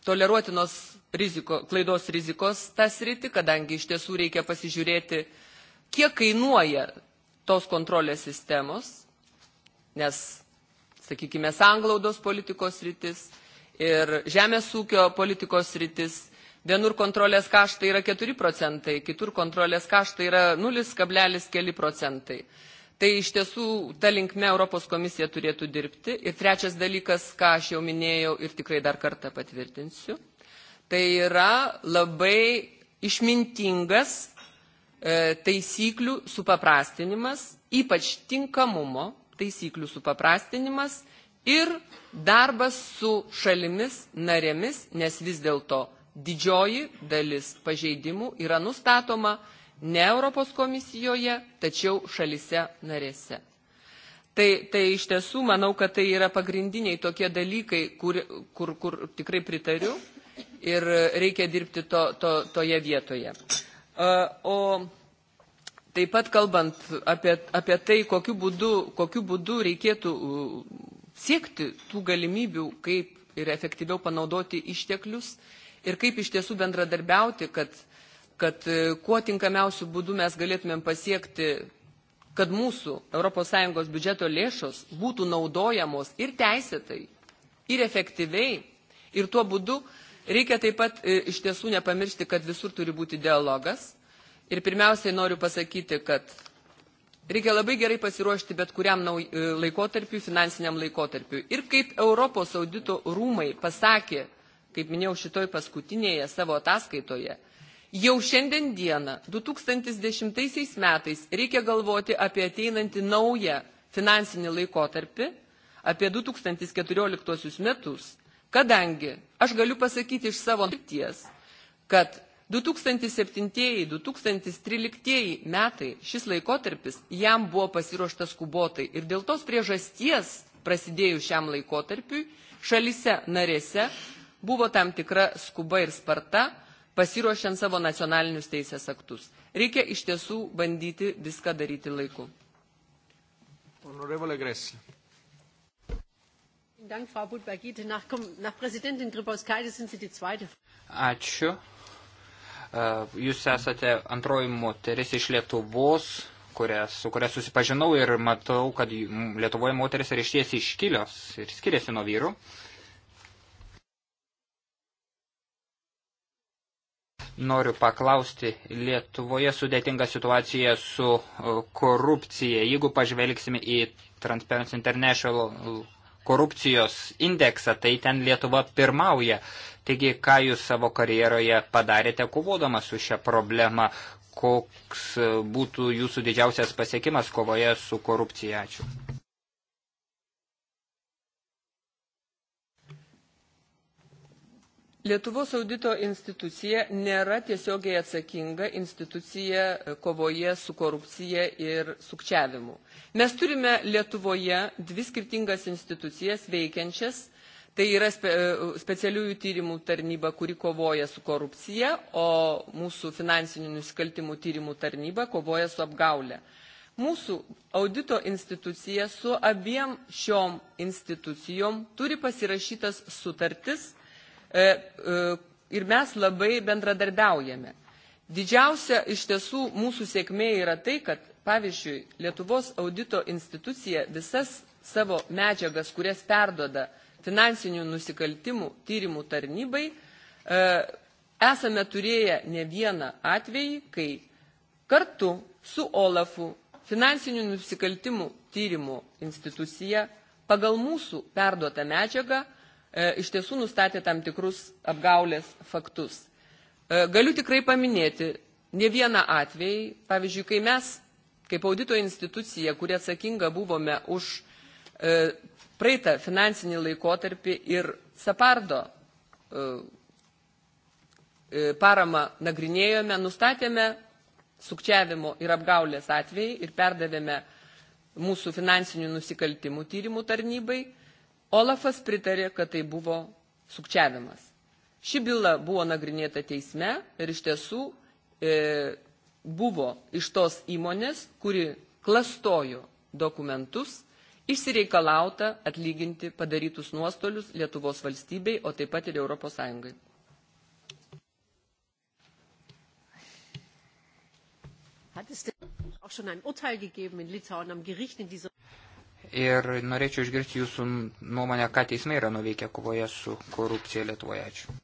toleruotinos riziko, klaidos rizikos tą sritį, kadangi iš tiesų reikia pasižiūrėti, kiek kainuoja tos kontrolės sistemos, nes, sakykime, sanglaudos politikos rytis ir žemės ūkio politikos rytis, vienur kontrolės kaštai yra 4 procentai, kitur kontrolės kaštai yra 0,5 procentai. Tai iš tiesų ta linkme Europos komisija turėtų dirbti. Ir trečias dalykas, ką aš jau minėjau ir tikrai dar kartą patvirtinsiu, tai yra labai išmintingas e, taisyklių supaprastinimas, ypač tinkamumo taisyklių supaprastinimas ir darbas su šalimis narėmis, nes vis dėlto didžioji dalis pažeidimų yra nustatoma ne Europos komisijoje, tačiau šalise narėse. Tai, tai iš tiesų manau, kad tai yra pagrindiniai tokie dalykai, kur, kur, kur tikrai pritariu ir reikia dirbti to, to, toje vietoje. O taip pat kalbant apie, apie tai, kokiu būdu, kokiu būdu reikėtų siekti tų galimybių, kaip ir efektyviau panaudoti išteklius ir kaip iš tiesų bendradarbiauti, kad uh, kad e, kuo tinkamiausių būdų mes galėtumėm pasiekti, kad mūsų ES biudžeto lėšos būtų naudojamos ir teisėtai, ir efektyviai, ir tuo būdu reikia taip pat e, iš tiesų nepamiršti, kad visur turi būti dialogas. Ir pirmiausiai noriu pasakyti, kad reikia labai gerai pasiruošti bet kuriam e, laikotarpiu, finansiniam laikotarpiu. Ir kaip Europos audito rūmai pasakė, kaip minėjau šitoj paskutinėje savo ataskaitoje, Jau šiandien dieną, 2010 metais, reikia galvoti apie ateinantį naują finansinį laikotarpį, apie 2014 metus, kadangi aš galiu pasakyti iš savo patirties, kad 2007-2013 metai šis laikotarpis jam buvo pasiruoštas skubotai ir dėl tos priežasties prasidėjus šiam laikotarpiui šalise narėse buvo tam tikra skuba ir sparta pasiruošiant savo nacionalinius teisės aktus. Reikia iš tiesų bandyti viską daryti laiku. Honorevole Gressle. Dank, Frau Budbergite. Nach, nach Präsidentin Grybauskaitė sind Sie die zweite. Ačiū. Jūs esate antroji moteris iš Lietuvos, kuria, su kuria susipažinau ir matau, kad Lietuvoje moteris yra išties iškilios ir skiriasi nuo vyrų. Uh, Noriu paklausti, Lietuvoje sudėtinga situacija su e, korupcija. Jeigu pažvelgsime į Transparency International korupcijos indeksą, tai ten Lietuva pirmauja. Taigi, ką jūs savo karjeroje padarėte kovodama su šią problemą, koks e, būtų jūsų didžiausias pasiekimas kovoje su korupcija? Ačiū. Lietuvos audito institucija nėra tiesiogiai atsakinga institucija e, kovoje su korupcija ir sukčiavimu. Mes turime Lietuvoje dvi skirtingas institucijas veikiančias. Tai yra spe, e, specialiųjų tyrimų tarnyba, kuri kovoja su korupcija, o mūsų finansinių nusikaltimų tyrimų tarnyba kovoja su apgaulė. Mūsų audito institucija su abiem šiom institucijom turi pasirašytas sutartis – E, e, ir mes labai bendradarbiaujame. Didžiausia iš tiesų mūsų sėkmė yra tai, kad, pavyzdžiui, Lietuvos audito institucija visas savo medžiagas, kurias perdoda finansinių nusikaltimų tyrimų tarnybai, e, esame turėję ne vieną atvejį, kai kartu su OLAFu finansinių nusikaltimų tyrimų institucija pagal mūsų perduotą medžiagą E, iš tiesų nustatė tam tikrus apgaulės faktus. E, galiu tikrai paminėti ne vieną atvejį, pavyzdžiui, kai mes, kaip audito institucija, kurie atsakinga buvome už e, praeitą finansinį laikotarpį ir Sapardo paramą nagrinėjome, nustatėme sukčiavimo ir apgaulės atvejai ir perdavėme mūsų finansinių nusikaltimų tyrimų tarnybai. Olafas pritarė, kad tai buvo sukčiavimas. Ši byla buvo nagrinėta teisme ir iš tiesų e, buvo iš tos įmonės, kuri klastojo dokumentus, išsireikalauta atlyginti padarytus nuostolius Lietuvos valstybei, o taip pat ir Europos Sąjungai. Hat es denn auch schon ein Urteil gegeben in Litauen am Gericht in dieser ir norėčiau išgirsti jūsų nuomonę, ką teismai yra nuveikę kovoje su korupcija Lietuvoje. Ačiū.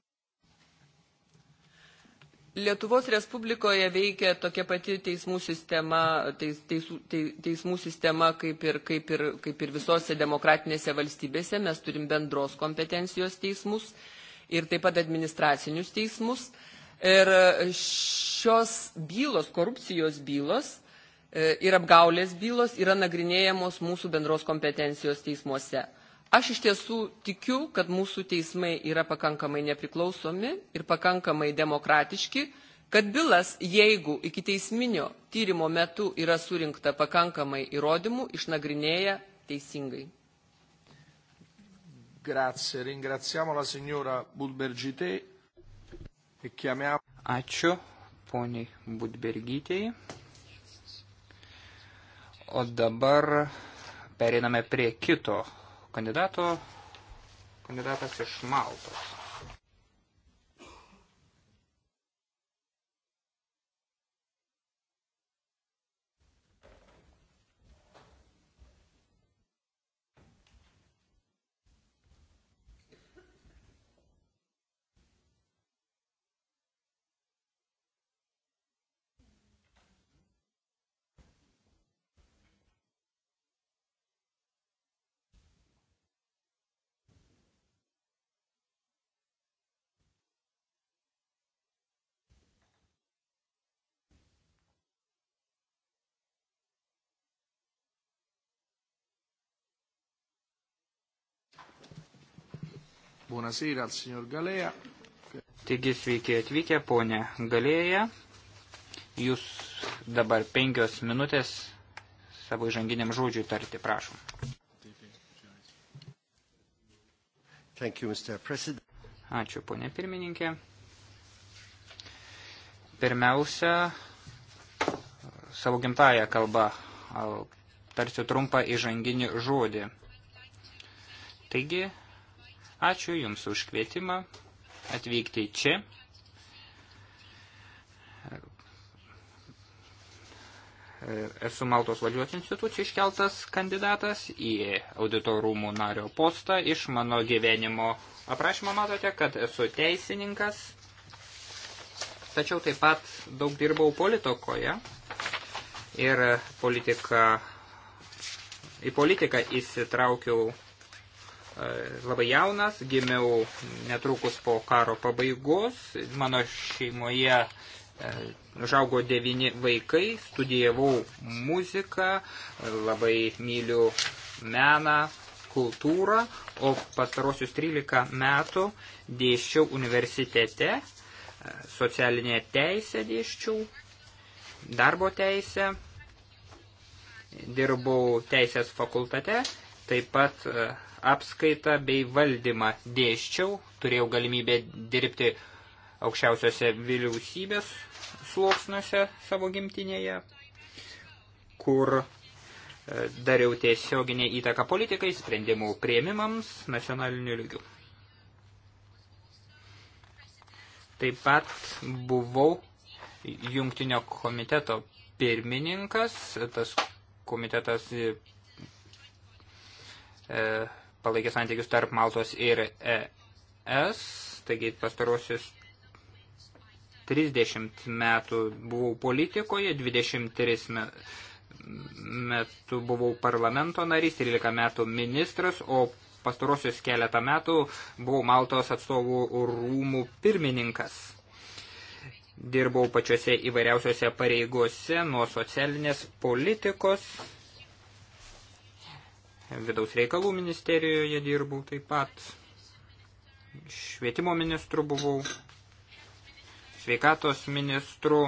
Lietuvos Respublikoje veikia tokia pati teismų sistema, teis, teis, teis, teismų sistema kaip, ir, kaip, ir, kaip ir visose demokratinėse valstybėse. Mes turim bendros kompetencijos teismus ir taip pat administracinius teismus. Ir šios bylos, korupcijos bylos, E, ir apgaulės bylos yra nagrinėjamos mūsų bendros kompetencijos teismuose. Aš iš tiesų tikiu, kad mūsų teismai yra pakankamai nepriklausomi ir pakankamai demokratiški, kad bylas, jeigu iki teisminio tyrimo metu yra surinkta pakankamai įrodymų, išnagrinėja teisingai. Grazie, ringraziamo la signora Budbergite e chiamiamo. Ačiū, poniai Budbergitei. O dabar pereiname prie kito kandidato, kandidatas iš Maltos. Buonasera al signor Galea. Taigi sveiki atvykę, ponė Galėja. Jūs dabar penkios minutės savo įžanginiam žodžiui tarti, prašom. Thank you, Ačiū, ponė pirmininkė. Pirmiausia, savo gimtają kalbą tarsiu trumpą įžanginį žodį. Taigi, Ačiū Jums už kvietimą atvykti čia. Esu Maltos valdžios institucijų iškeltas kandidatas į auditorumų nario postą. Iš mano gyvenimo aprašymo matote, kad esu teisininkas, tačiau taip pat daug dirbau politikoje ir politika, į politiką įsitraukiau labai jaunas, gimiau netrukus po karo pabaigos, mano šeimoje e, užaugo devini vaikai, studijavau muziką, labai myliu meną, kultūrą, o pastarosius 13 metų dėščiau universitete, e, socialinė teisė dėščiau, darbo teisė, dirbau teisės fakultete, taip pat e, apskaitą bei valdymą dėščiau, turėjau galimybę dirbti aukščiausiose vyriausybės sluoksniuose savo gimtinėje, kur e, dariau tiesioginę įtaką politikai, sprendimų prieimimams nacionaliniu lygiu. Taip pat buvau jungtinio komiteto pirmininkas, tas komitetas e, palaikė santykius tarp Maltos ir ES, taigi pastarosius 30 metų buvau politikoje, 23 metų buvau parlamento narys, 13 metų ministras, o pastarosius keletą metų buvau Maltos atstovų rūmų pirmininkas. Dirbau pačiose įvairiausiose pareigose nuo socialinės politikos vidaus reikalų ministerijoje dirbau taip pat, švietimo ministru buvau, sveikatos ministru.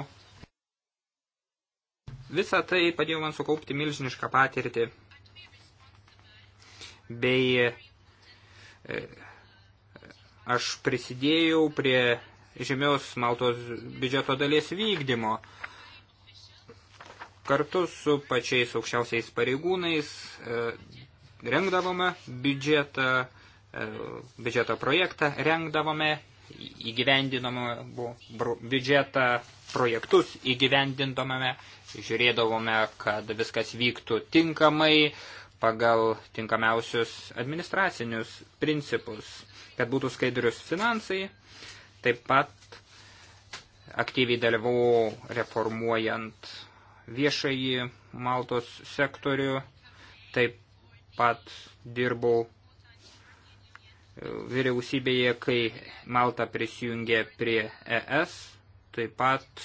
Visa tai padėjo man sukaupti milžinišką patirtį bei e, aš prisidėjau prie žemiaus Maltos biudžeto dalies vykdymo. Kartu su pačiais aukščiausiais pareigūnais e, rengdavome biudžetą, e, biudžeto projektą, rengdavome įgyvendinamą biudžetą, projektus įgyvendindamame, žiūrėdavome, kad viskas vyktų tinkamai, pagal tinkamiausius administracinius principus, kad būtų skaidrius finansai. Taip pat aktyviai dalyvau reformuojant viešąjį Maltos sektorių, taip pat dirbau e, vyriausybėje, kai Malta prisijungė prie ES, taip pat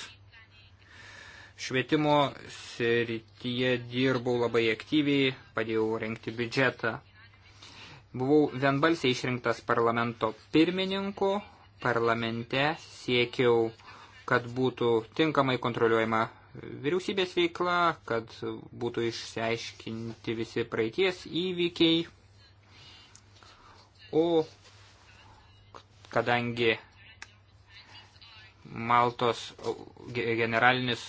švietimo srityje dirbau labai aktyviai, padėjau renkti biudžetą. Buvau vienbalsiai išrinktas parlamento pirmininku, parlamente siekiau, kad būtų tinkamai kontroliuojama vyriausybės veikla, kad būtų išsiaiškinti visi praeities įvykiai. O kadangi Maltos generalinis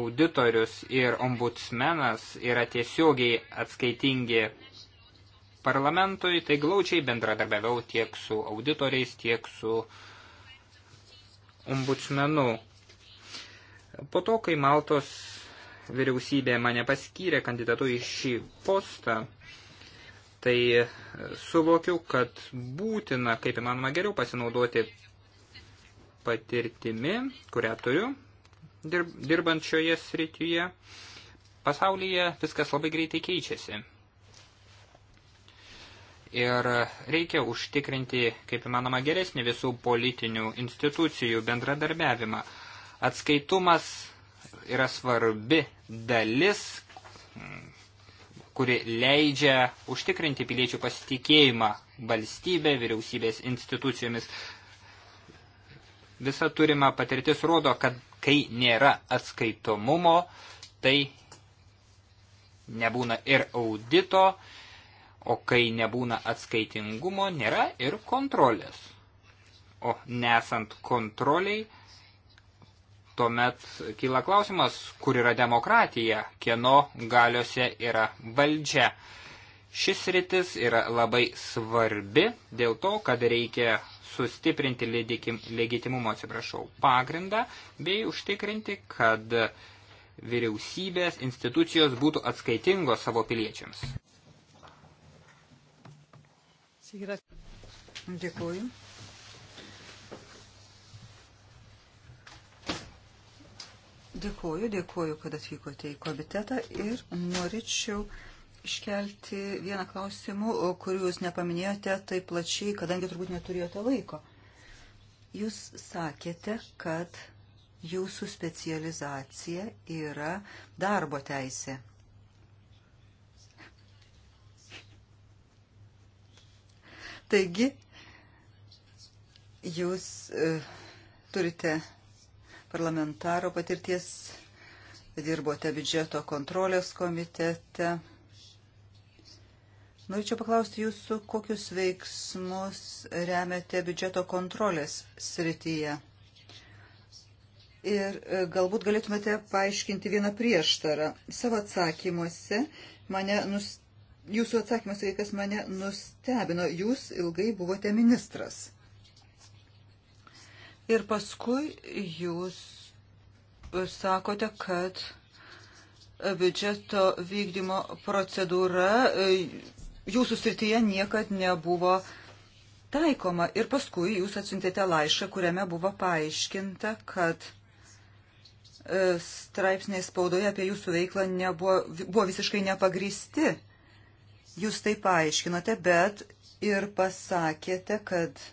auditorius ir ombudsmenas yra tiesiogiai atskaitingi parlamentui, tai glaučiai bendradarbiaviau tiek su auditoriais, tiek su ombudsmenu. Po to, kai Maltos vyriausybė mane paskyrė kandidatu į šį postą, tai e, suvokiau, kad būtina, kaip įmanoma geriau, pasinaudoti patirtimi, kurią turiu dirbant šioje srityje. Pasaulyje viskas labai greitai keičiasi. Ir reikia užtikrinti, kaip įmanoma, geresnį visų politinių institucijų bendradarbiavimą. Atskaitumas yra svarbi dalis, kuri leidžia užtikrinti piliečių pasitikėjimą valstybė, vyriausybės institucijomis. Visa turima patirtis rodo, kad kai nėra atskaitomumo, tai nebūna ir audito, o kai nebūna atskaitingumo, nėra ir kontrolės. O nesant kontroliai, tuomet kyla klausimas, kur yra demokratija, kieno galiuose yra valdžia. Šis rytis yra labai svarbi dėl to, kad reikia sustiprinti legitimumo, atsiprašau, pagrindą bei užtikrinti, kad vyriausybės institucijos būtų atskaitingos savo piliečiams. Dėkuoju. Dėkuoju, dėkuoju, kad atvykote į komitetą ir norėčiau iškelti vieną klausimą, kurį jūs nepaminėjote taip plačiai, kadangi turbūt neturėjote laiko. Jūs sakėte, kad jūsų specializacija yra darbo teisė. Taigi, jūs e, turite parlamentaro patirties, dirbote biudžeto kontrolės komitete. Norėčiau paklausti jūsų, kokius veiksmus remiate biudžeto kontrolės srityje. Ir e, galbūt galėtumėte paaiškinti vieną prieštarą. Savo atsakymuose mane nus... Jūsų atsakymas, kas mane nustebino, jūs ilgai buvote ministras. Ir paskui jūs sakote, kad biudžeto vykdymo procedūra e, jūsų srityje niekad nebuvo taikoma. Ir paskui jūs atsintėte laišką, kuriame buvo paaiškinta, kad e, straipsniai spaudoje apie jūsų veiklą nebuvo, buvo visiškai nepagristi. Jūs tai paaiškinote, bet ir pasakėte, kad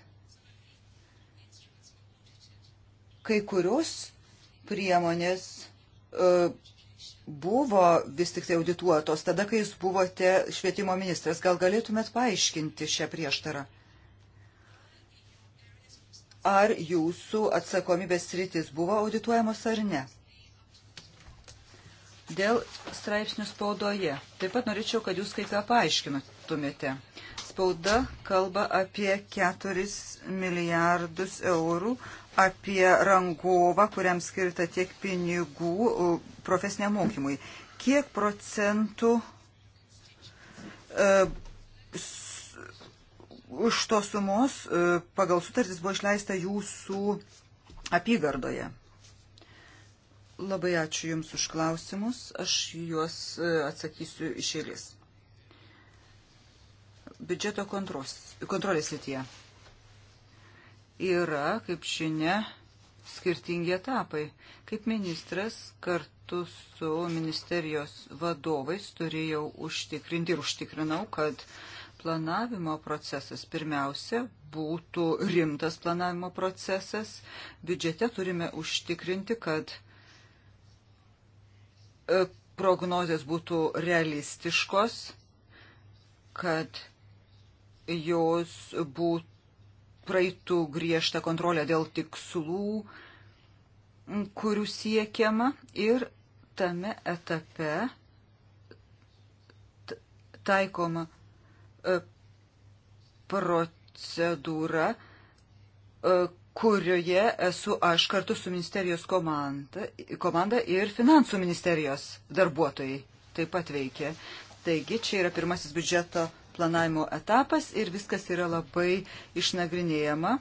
Kai kurios priemonės e, buvo vis tik tai audituotos tada, kai jūs buvote švietimo ministras. Gal galėtumėt paaiškinti šią prieštarą? Ar jūsų atsakomybės rytis buvo audituojamos ar ne? Dėl straipsnių spaudoje. Taip pat norėčiau, kad jūs kai ką paaiškintumėte. Spauda kalba apie 4 milijardus eurų apie rangovą, kuriam skirta tiek pinigų profesiniam mokymui. Kiek procentų uh, s, už to sumos uh, pagal sutartis buvo išleista jūsų apygardoje? Labai ačiū Jums už klausimus, aš juos uh, atsakysiu iš eilės. Biudžeto kontros, kontrolės srityje. Kontrolės yra, kaip žinia, skirtingi etapai. Kaip ministras kartu su ministerijos vadovais turėjau užtikrinti ir užtikrinau, kad planavimo procesas pirmiausia būtų rimtas planavimo procesas. Biudžete turime užtikrinti, kad e, prognozijas būtų realistiškos, kad jos būtų praeitų griežtą kontrolę dėl tikslų, kurių siekiama ir tame etape taikoma e, procedūra, e, kurioje esu aš kartu su ministerijos komanda, komanda ir finansų ministerijos darbuotojai taip pat veikia. Taigi čia yra pirmasis biudžeto planavimo etapas ir viskas yra labai išnagrinėjama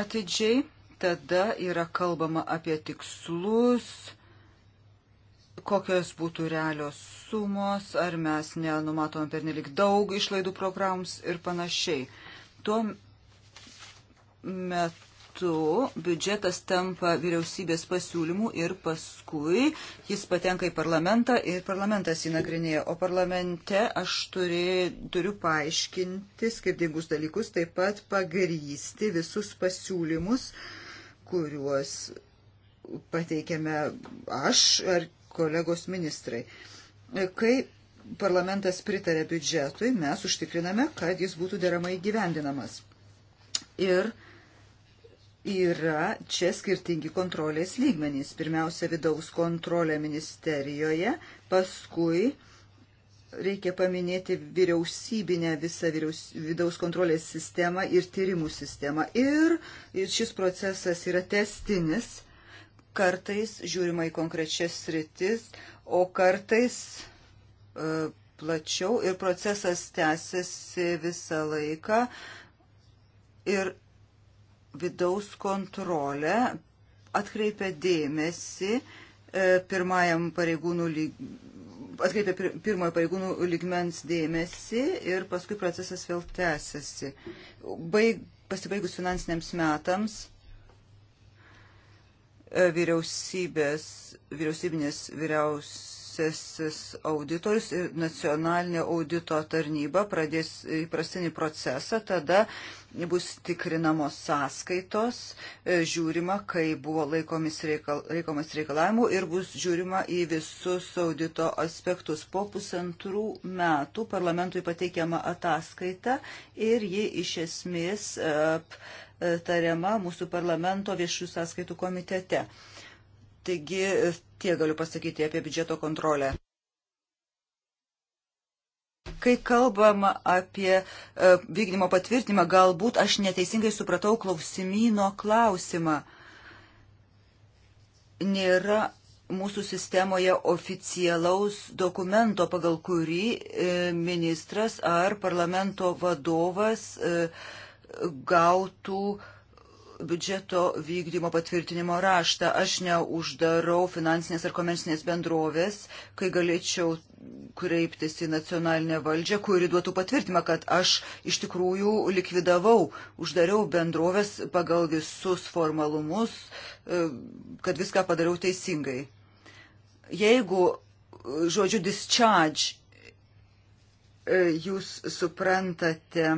atidžiai. Tada yra kalbama apie tikslus, kokios būtų realios sumos, ar mes nenumatome pernelik daug išlaidų programs ir panašiai. Tuo metu metu biudžetas tampa vyriausybės pasiūlymų ir paskui jis patenka į parlamentą ir parlamentas jį nagrinėja. O parlamente aš turi, turiu paaiškinti skirtingus dalykus, taip pat pagrysti visus pasiūlymus, kuriuos pateikiame aš ar kolegos ministrai. Kai parlamentas pritarė biudžetui, mes užtikriname, kad jis būtų deramai gyvendinamas. Ir yra čia skirtingi kontrolės lygmenys. Pirmiausia, vidaus kontrolė ministerijoje, paskui reikia paminėti vyriausybinę visą vyriaus, vidaus kontrolės sistemą ir tyrimų sistemą. Ir, ir šis procesas yra testinis, kartais žiūrima į konkrečias sritis, o kartais e, plačiau ir procesas tęsiasi visą laiką. Ir vidaus kontrolė atkreipia dėmesį e, pirmajam pareigūnų lyg... atkreipia pirmojo pareigūnų lygmens dėmesį ir paskui procesas vėl tęsiasi. Baig, pasibaigus finansiniams metams e, vyriausybės, vyriausybinės vyriaus vyriausiasis auditorius ir nacionalinė audito tarnyba pradės įprastinį procesą, tada bus tikrinamos sąskaitos, e, žiūrima, kai buvo laikomis reikal, reikomas reikalavimų ir bus žiūrima į visus audito aspektus. Po pusantrų metų parlamentui pateikiama ataskaita ir ji iš esmės e, e, tariama mūsų parlamento viešų sąskaitų komitete. Taigi Tiek galiu pasakyti apie biudžeto kontrolę. Kai kalbam apie e, vykdymo patvirtinimą, galbūt aš neteisingai supratau klausimyno klausimą. Nėra mūsų sistemoje oficialaus dokumento, pagal kurį e, ministras ar parlamento vadovas e, gautų biudžeto vykdymo patvirtinimo raštą. Aš neuždarau finansinės ar komersinės bendrovės, kai galėčiau kreiptis į nacionalinę valdžią, kuri duotų patvirtimą, kad aš iš tikrųjų likvidavau, uždariau bendrovės pagal visus formalumus, e, kad viską padariau teisingai. Jeigu, žodžiu, discharge, e, jūs suprantate,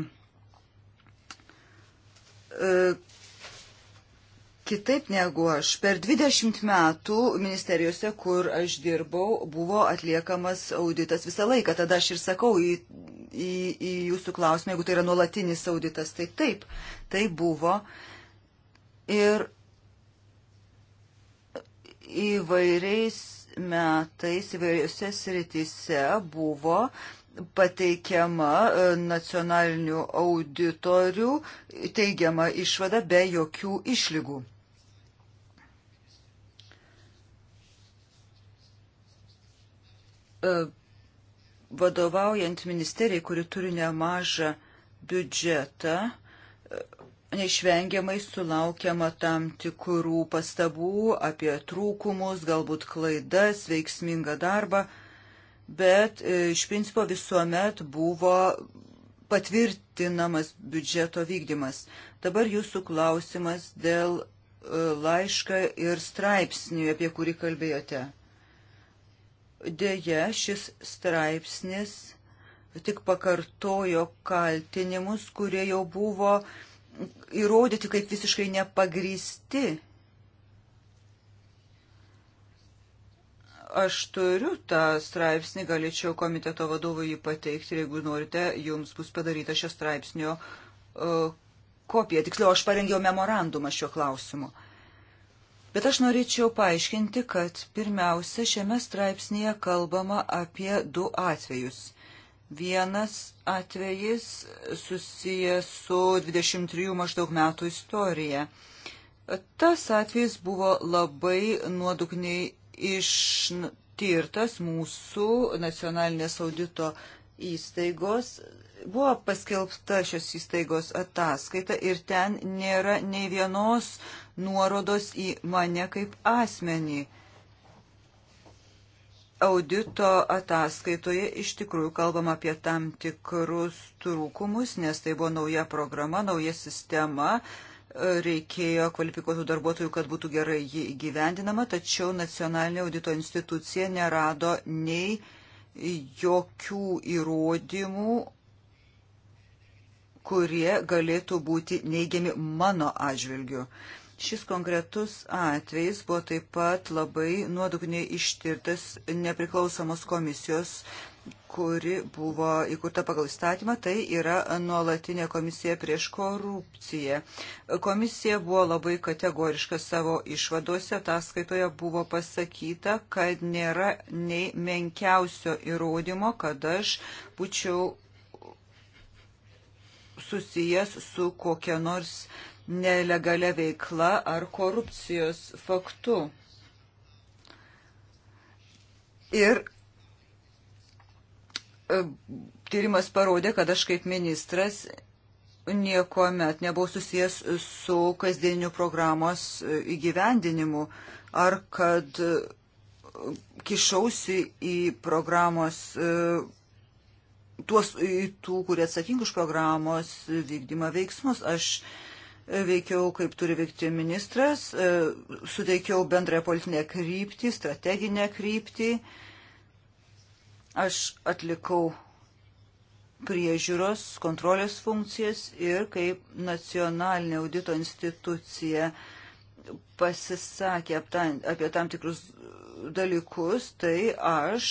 e, kitaip negu aš. Per 20 metų ministerijose, kur aš dirbau, buvo atliekamas auditas visą laiką. Tada aš ir sakau į, į, į jūsų klausimą, jeigu tai yra nuolatinis auditas, tai taip, tai buvo. Ir įvairiais metais įvairiose sritise buvo pateikiama e, nacionalinių auditorių teigiama išvada be jokių išlygų. E, vadovaujant ministerijai, kuri turi nemažą biudžetą, e, neišvengiamai sulaukiama tam tikrų pastabų apie trūkumus, galbūt klaidas, veiksmingą darbą, bet e, iš principo visuomet buvo patvirtinamas biudžeto vykdymas. Dabar jūsų klausimas dėl laišką ir straipsnį, apie kurį kalbėjote. Deja, šis straipsnis tik pakartojo kaltinimus, kurie jau buvo įrodyti kaip visiškai nepagrysti. Aš turiu tą straipsnį, galėčiau komiteto vadovui jį pateikti, jeigu norite, jums bus padaryta šio straipsnio uh, kopija. Tiksliau, aš parengiau memorandumą šiuo klausimu. Uh, Bet aš norėčiau paaiškinti, kad pirmiausia šiame straipsnėje kalbama apie du atvejus. Vienas atvejis susijęs su 23 maždaug metų istorija. Tas atvejis buvo labai nuodugniai ištirtas mūsų nacionalinės audito įstaigos. Buvo paskelbta šios įstaigos ataskaita ir ten nėra nei vienos nuorodos į mane kaip asmenį. Audito ataskaitoje iš tikrųjų kalbam apie tam tikrus trūkumus, nes tai buvo nauja programa, nauja sistema, reikėjo kvalifikuotų darbuotojų, kad būtų gerai jį įgyvendinama, tačiau nacionalinė audito institucija nerado nei jokių įrodymų, kurie galėtų būti neigiami mano atžvilgiu. Šis konkretus atvejis buvo taip pat labai nuodugniai ištirtas nepriklausomos komisijos kuri buvo įkurta pagal įstatymą, tai yra nuolatinė komisija prieš korupciją. Komisija buvo labai kategoriška savo išvadose, ataskaitoje buvo pasakyta, kad nėra nei menkiausio įrodymo, kad aš būčiau susijęs su kokia nors nelegalia veikla ar korupcijos faktu. Ir e, tyrimas parodė, kad aš kaip ministras nieko met nebuvau susijęs su kasdieniu programos e, įgyvendinimu ar kad e, kišausi į programos, tuos, į tų, kurie atsakingi už programos vykdymą veiksmus. Aš veikiau, kaip turi veikti ministras, e, suteikiau bendrąją politinę kryptį, strateginę kryptį. Aš atlikau priežiūros, kontrolės funkcijas ir kaip nacionalinė audito institucija pasisakė apie tam tikrus dalykus, tai aš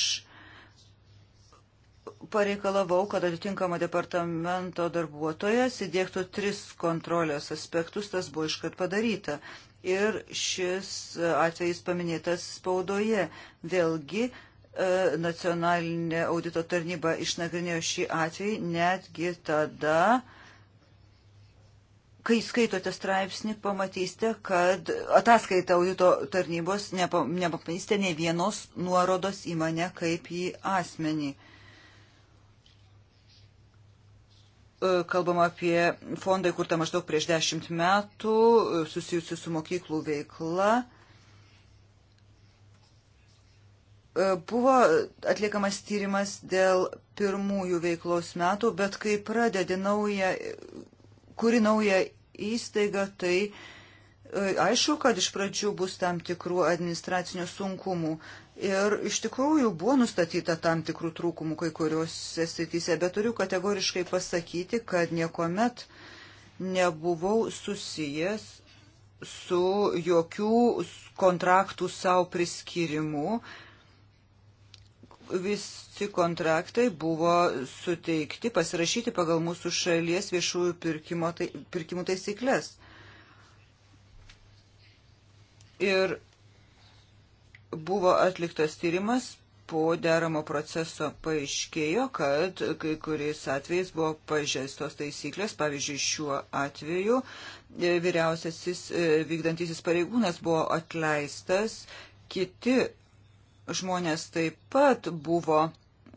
pareikalavau, kad atitinkamo departamento darbuotojas įdėktų tris kontrolės aspektus, tas buvo iškart padaryta. Ir šis atvejis paminėtas spaudoje. Vėlgi, e, nacionalinė audito tarnyba išnagrinėjo šį atvejį netgi tada, kai skaitote straipsnį, pamatysite, kad ataskaita audito tarnybos nepamatysite ne vienodos nuorodos į mane kaip į asmenį. E, kalbama apie fondą įkurtą maždaug prieš dešimt metų, e, susijusi su mokyklų veikla. E, buvo atliekamas tyrimas dėl pirmųjų veiklos metų, bet kai pradedi naują, kuri naują įstaigą, tai aišku, kad iš pradžių bus tam tikrų administracinių sunkumų. Ir iš tikrųjų buvo nustatyta tam tikrų trūkumų kai kuriuose srityse, bet turiu kategoriškai pasakyti, kad niekuomet nebuvau susijęs su jokių kontraktų savo priskirimu. Visi kontraktai buvo suteikti, pasirašyti pagal mūsų šalies viešųjų pirkimo, tai, pirkimų taisyklės. Ir buvo atliktas tyrimas, po deramo proceso paaiškėjo, kad kai kuriais atvejais buvo pažeistos taisyklės, pavyzdžiui, šiuo atveju e, vyriausiasis e, vykdantisis pareigūnas buvo atleistas, kiti žmonės taip pat buvo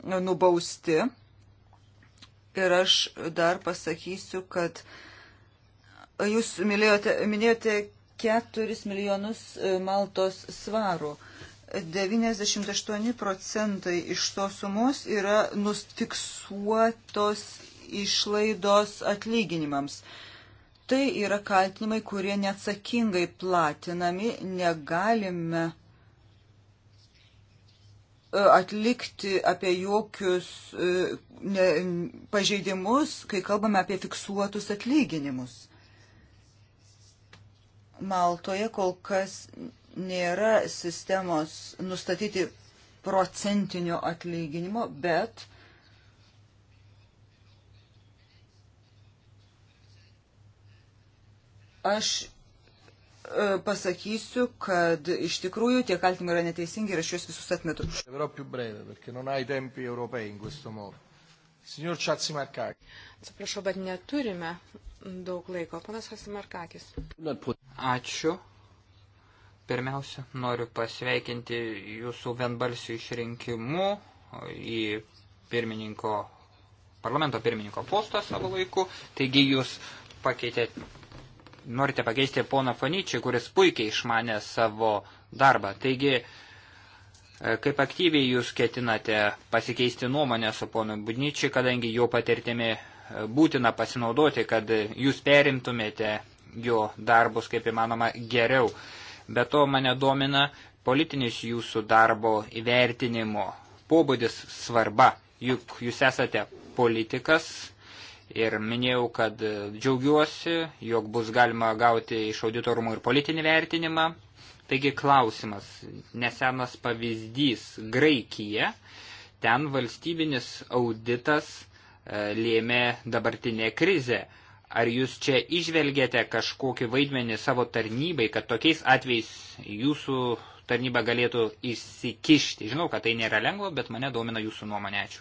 nubausti. Ir aš dar pasakysiu, kad jūs minėjote 4 milijonus e, Maltos svarų. 98 procentai iš tos sumos yra nufiksuotos išlaidos atlyginimams. Tai yra kaltinimai, kurie neatsakingai platinami, negalime e, atlikti apie jokius e, ne, pažeidimus, kai kalbame apie fiksuotus atlyginimus. Maltoje kol kas nėra sistemos nustatyti procentinio atlyginimo, bet aš e, pasakysiu, kad iš tikrųjų tie kaltinimai yra neteisingi ir aš juos visus atmetu. Atsiprašau, bet neturime daug laiko. Panas Hasimarkakis. Ačiū. Pirmiausia, noriu pasveikinti jūsų vienbalsių išrinkimu į pirmininko, parlamento pirmininko postą savo laiku. Taigi jūs pakeitėte, norite pakeisti poną Fanyčią, kuris puikiai išmanė savo darbą. Taigi, e, kaip aktyviai jūs ketinate pasikeisti nuomonę su ponu Budničiu, kadangi jo patirtimi e, būtina pasinaudoti, kad jūs perimtumėte jo darbus kaip įmanoma geriau. Be to mane domina politinis jūsų darbo įvertinimo pobūdis svarba, juk jūs esate politikas ir minėjau, kad džiaugiuosi, jog bus galima gauti iš auditorumų ir politinį vertinimą. Taigi klausimas, nesenas pavyzdys Graikija, ten valstybinis auditas e, lėmė dabartinė krizė. Ar jūs čia išvelgėte kažkokį vaidmenį savo tarnybai, kad tokiais atvejais jūsų tarnyba galėtų įsikišti? Žinau, kad tai nėra lengva, bet mane domina jūsų nuomonė. Ačiū.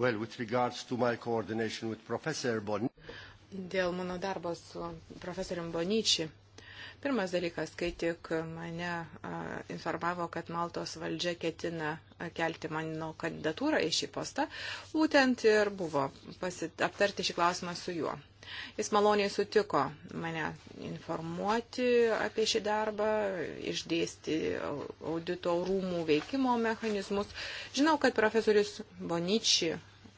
Well, Dėl mano darbo su profesoriumi Bonyčiu Pirmas dalykas, kai tik mane informavo, kad Maltos valdžia ketina kelti mano kandidatūrą į šį postą, būtent ir buvo pasit, aptarti šį klausimą su juo. Jis maloniai sutiko mane informuoti apie šį darbą, išdėsti audito rūmų veikimo mechanizmus. Žinau, kad profesorius Boniči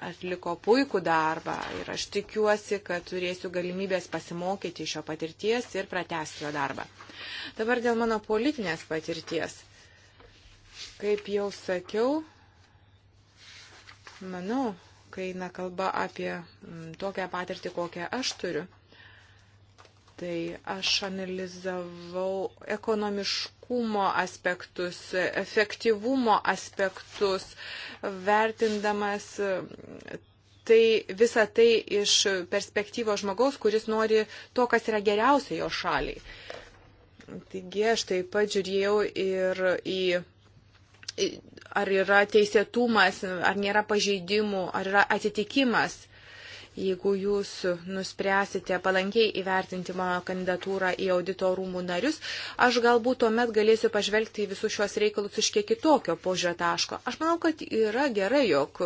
atliko puikų darbą ir aš tikiuosi, kad turėsiu galimybės pasimokyti iš jo patirties ir pratesti jo darbą. Dabar dėl mano politinės patirties. Kaip jau sakiau, manau, kai eina kalba apie mm, tokią patirtį, kokią aš turiu, tai aš analizavau ekonomiškų saveikumo aspektus, efektyvumo aspektus, vertindamas e, tai visą tai iš perspektyvos žmogaus, kuris nori to, kas yra geriausia jo šaliai. Taigi aš taip pat žiūrėjau ir į ar yra teisėtumas, ar nėra pažeidimų, ar yra atitikimas jeigu jūs nuspręsite palankiai įvertinti mano kandidatūrą į audito rūmų narius, aš galbūt tuomet galėsiu pažvelgti į visus šios reikalus iš kiek kitokio požiūrio taško. Aš manau, kad yra gerai, jog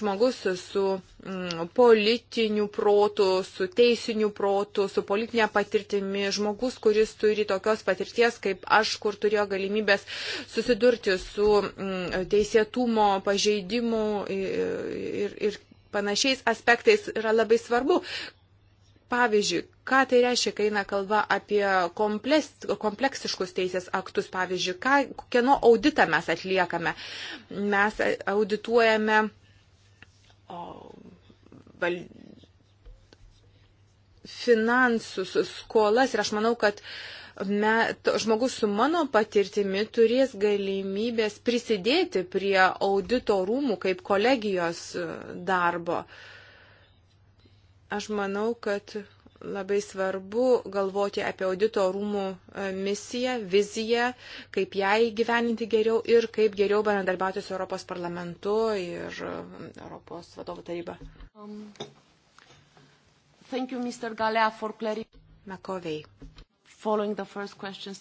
žmogus su mm, politiniu protu, su teisiniu protu, su politinė patirtimi, žmogus, kuris turi tokios patirties kaip aš, kur turėjo galimybės susidurti su mm, teisėtumo pažeidimu ir, ir, ir panašiais aspektais yra labai svarbu. Pavyzdžiui, ką tai reiškia, kai eina kalba apie kompleks, kompleksiškus teisės aktus, pavyzdžiui, ką, kieno auditą mes atliekame. Mes audituojame o, val, finansus, skolas ir aš manau, kad uh, me, to, žmogus su mano patirtimi turės galimybės prisidėti prie audito rūmų kaip kolegijos e, darbo. Aš manau, kad labai svarbu galvoti apie audito rūmų e, misiją, viziją, kaip ją įgyveninti geriau ir kaip geriau bendradarbiauti su Europos parlamentu ir e, Europos vadovų taryba. Um, thank you, Mr. Galea, for clarity. McAvey following the first questions.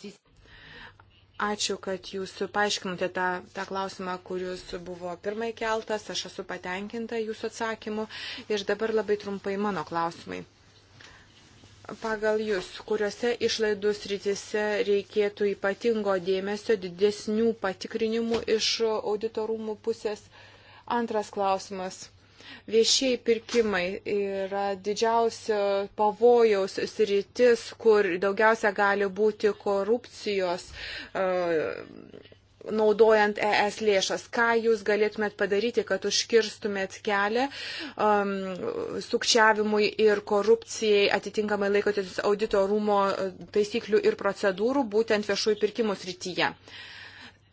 Ačiū, kad jūs paaiškinote tą, tą klausimą, kuris buvo pirmai keltas. Aš esu patenkinta jūsų atsakymu. Ir dabar labai trumpai mano klausimai. Pagal jūs, kuriuose išlaidų srityse reikėtų ypatingo dėmesio, didesnių patikrinimų iš auditorumų pusės? Antras klausimas Viešieji pirkimai yra didžiausio pavojaus sritis, kur daugiausia gali būti korupcijos. Uh, naudojant ES lėšas. Ką jūs galėtumėt padaryti, kad užkirstumėt kelią um, sukčiavimui ir korupcijai, atitinkamai laikotės audito rūmo taisyklių ir procedūrų, būtent viešųjų pirkimų srityje? Uh,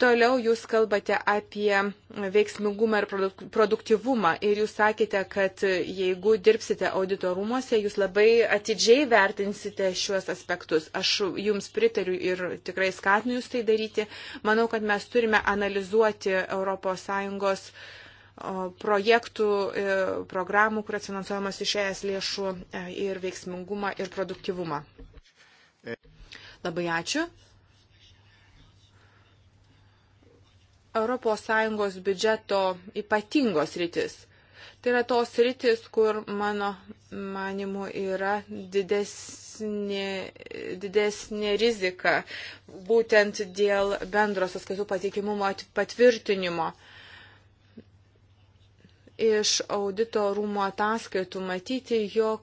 Toliau jūs kalbate apie veiksmingumą ir produktivumą ir jūs sakėte, kad jeigu dirbsite audito rūmose, jūs labai atidžiai vertinsite šiuos aspektus. Aš jums pritariu ir tikrai skatinu jūs tai daryti. Manau, kad mes turime analizuoti ES projektų, e, programų, kurios finansuojamas iš ES lėšų e, ir veiksmingumą ir produktivumą. Labai ačiū. ES biudžeto ypatingos rytis. Tai yra tos rytis, kur mano manimu yra didesnė, didesnė rizika būtent dėl bendro sąskaitų patikimumo patvirtinimo. Iš audito rūmo ataskaitų matyti, jog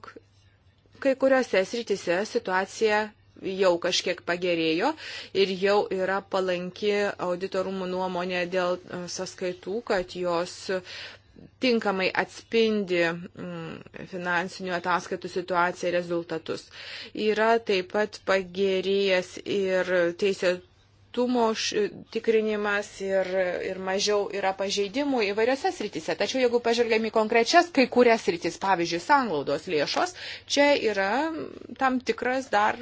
kai kuriuose srityse situacija jau kažkiek pagerėjo ir jau yra palanki auditorumų nuomonė dėl e, sąskaitų, kad jos tinkamai atspindi mm, finansinių ataskaitų situaciją rezultatus. Yra taip pat pagerėjęs ir teisės privatumo tikrinimas ir, ir mažiau yra pažeidimų įvairiose srityse. Tačiau jeigu pažvelgiam į konkrečias kai kurias sritis, pavyzdžiui, sanglaudos lėšos, čia yra tam tikras dar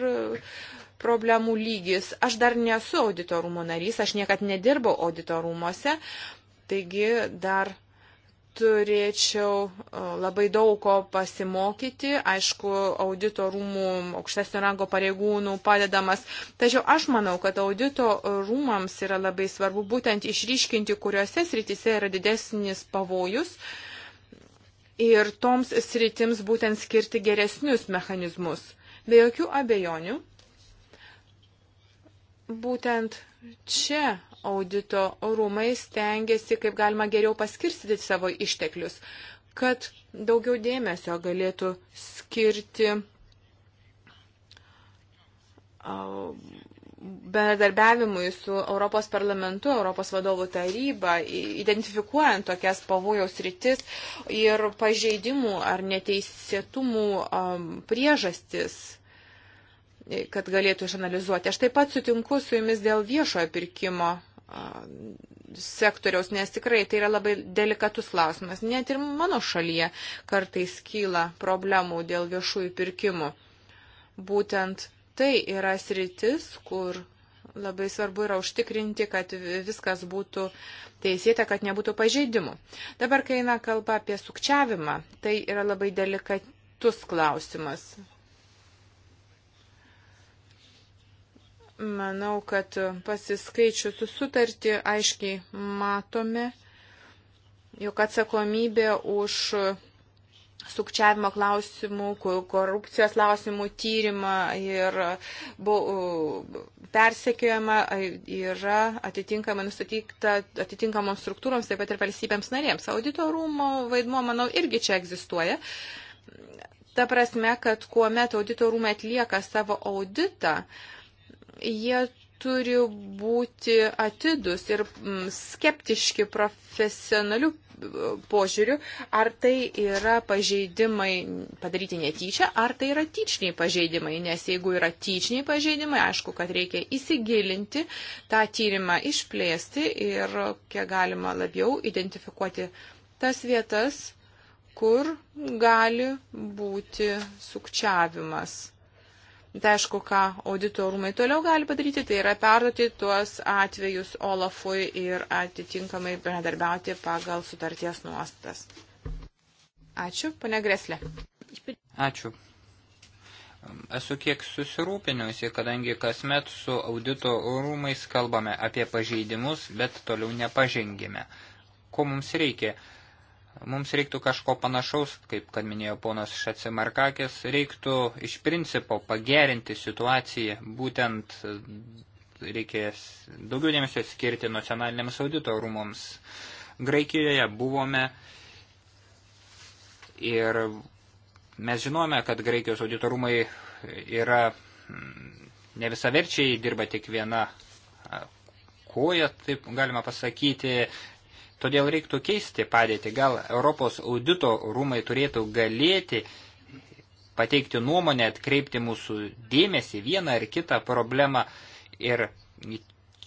problemų lygis. Aš dar nesu auditorumo narys, aš niekad nedirbau auditorumuose, taigi dar turėčiau e, labai daug ko pasimokyti, aišku, audito rūmų aukštesnio rango pareigūnų padedamas. Tačiau aš manau, kad audito rūmams yra labai svarbu būtent išryškinti, kuriuose srityse yra didesnis pavojus ir toms sritims būtent skirti geresnius mechanizmus. Be jokių abejonių, būtent čia audito rūmai stengiasi, kaip galima geriau paskirstyti savo išteklius, kad daugiau dėmesio galėtų skirti bendradarbiavimui su Europos parlamentu, Europos vadovų taryba, identifikuojant tokias pavojaus rytis ir pažeidimų ar neteisėtumų priežastis kad galėtų išanalizuoti. Aš taip pat sutinku su jumis dėl viešojo pirkimo sektoriaus, nes tikrai tai yra labai delikatus klausimas. Net ir mano šalyje kartais kyla problemų dėl viešųjų pirkimų. Būtent tai yra sritis, kur labai svarbu yra užtikrinti, kad viskas būtų teisėta, kad nebūtų pažeidimų. Dabar, kai eina kalba apie sukčiavimą, tai yra labai delikatus klausimas. Manau, kad pasiskaičius su sutartį aiškiai matome, jog atsakomybė už sukčiavimo klausimų, korupcijos klausimų tyrimą ir persekiojama yra atitinkamai nustatyta atitinkamoms struktūroms, taip pat ir valstybėms narėms. Auditorumo vaidmo, manau, irgi čia egzistuoja. Ta prasme, kad kuomet auditorumai atlieka savo auditą, uh, jie turi būti atidus ir mm, skeptiški profesionalių mm, požiūrių, ar tai yra pažeidimai padaryti netyčia, ar tai yra tyčiniai pažeidimai. Nes jeigu yra tyčiniai pažeidimai, aišku, kad reikia įsigilinti tą tyrimą, išplėsti ir kiek galima labiau identifikuoti tas vietas, kur gali būti sukčiavimas. Tai aišku, ką audito rūmai toliau gali padaryti, tai yra perduoti tuos atvejus Olafui ir atitinkamai bendarbiauti pagal sutarties nuostas. Ačiū, pane Greslė. Ačiū. Esu kiek susirūpinusi, kadangi kasmet su audito rūmais kalbame apie pažeidimus, bet toliau nepažengime. Ko mums reikia? Mums reiktų kažko panašaus, kaip kad minėjo ponas Šacimarkakis, reiktų iš principo pagerinti situaciją, būtent reikės daugiau dėmesio skirti nacionaliniams audito rūmams. Graikijoje buvome ir mes žinome, kad Graikijos audito rūmai yra mm, ne visaverčiai, dirba tik viena koja, taip galima pasakyti, Todėl reiktų keisti padėtį. Gal Europos audito rūmai turėtų galėti pateikti nuomonę, atkreipti mūsų dėmesį vieną ar kitą problemą. Ir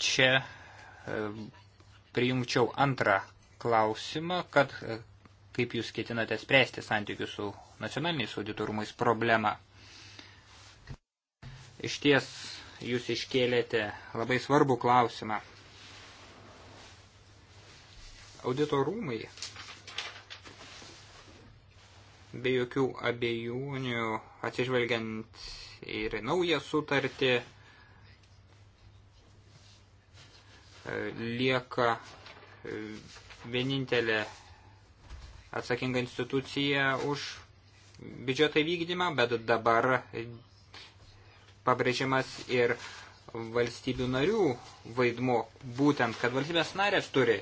čia e, prijungčiau antrą klausimą, kad e, kaip jūs ketinate spręsti santykių su nacionaliniais auditorumais problemą. Iš ties jūs iškėlėte labai svarbų klausimą. Audito rūmai be jokių abejonių, atsižvelgiant ir naują sutartį, lieka e, vienintelė atsakinga institucija už biudžetą vykdymą, bet dabar pabrėžiamas ir valstybių narių vaidmo, būtent, kad valstybės narės turi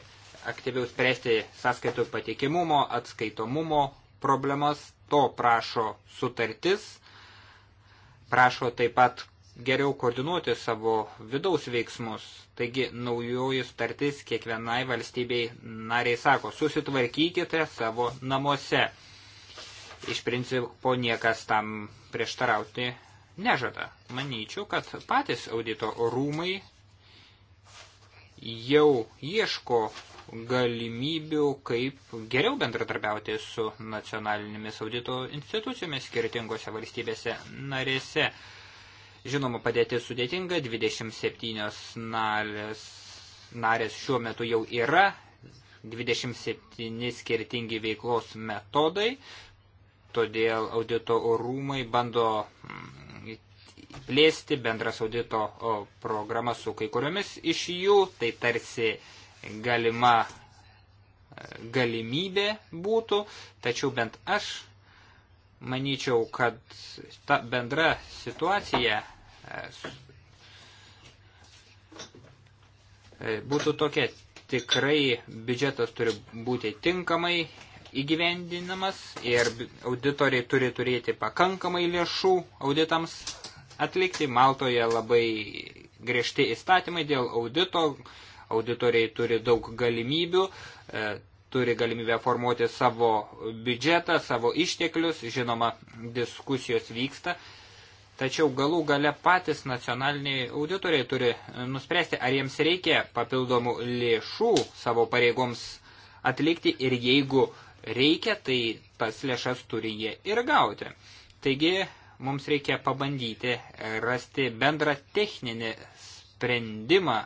aktyviau spręsti sąskaitų patikimumo, atskaitomumo problemas, to prašo sutartis, prašo taip pat geriau koordinuoti savo vidaus veiksmus. Taigi naujoji sutartis kiekvienai valstybei nariai sako, susitvarkykite savo namuose. Iš principo niekas tam prieštarauti nežada. Manyčiau, kad patys audito rūmai jau ieško galimybių, kaip geriau bendradarbiauti su nacionalinėmis audito institucijomis skirtingose valstybėse narėse. Žinoma, padėti sudėtinga, 27 narės, narės šiuo metu jau yra, 27 skirtingi veiklos metodai, todėl audito rūmai bando mm, plėsti bendras audito programas su kai kuriomis iš jų, tai tarsi galima e, galimybė būtų, tačiau bent aš manyčiau, kad ta bendra situacija e, e, būtų tokia, tikrai biudžetas turi būti tinkamai įgyvendinamas ir auditoriai turi turėti pakankamai lėšų auditams atlikti. Maltoje labai griežti įstatymai dėl audito, Auditoriai turi daug galimybių, e, turi galimybę formuoti savo biudžetą, savo išteklius, žinoma, diskusijos vyksta. Tačiau galų gale patys nacionaliniai auditoriai turi nuspręsti, ar jiems reikia papildomų lėšų savo pareigoms atlikti ir jeigu reikia, tai tas lėšas turi jie ir gauti. Taigi mums reikia pabandyti rasti bendrą techninį sprendimą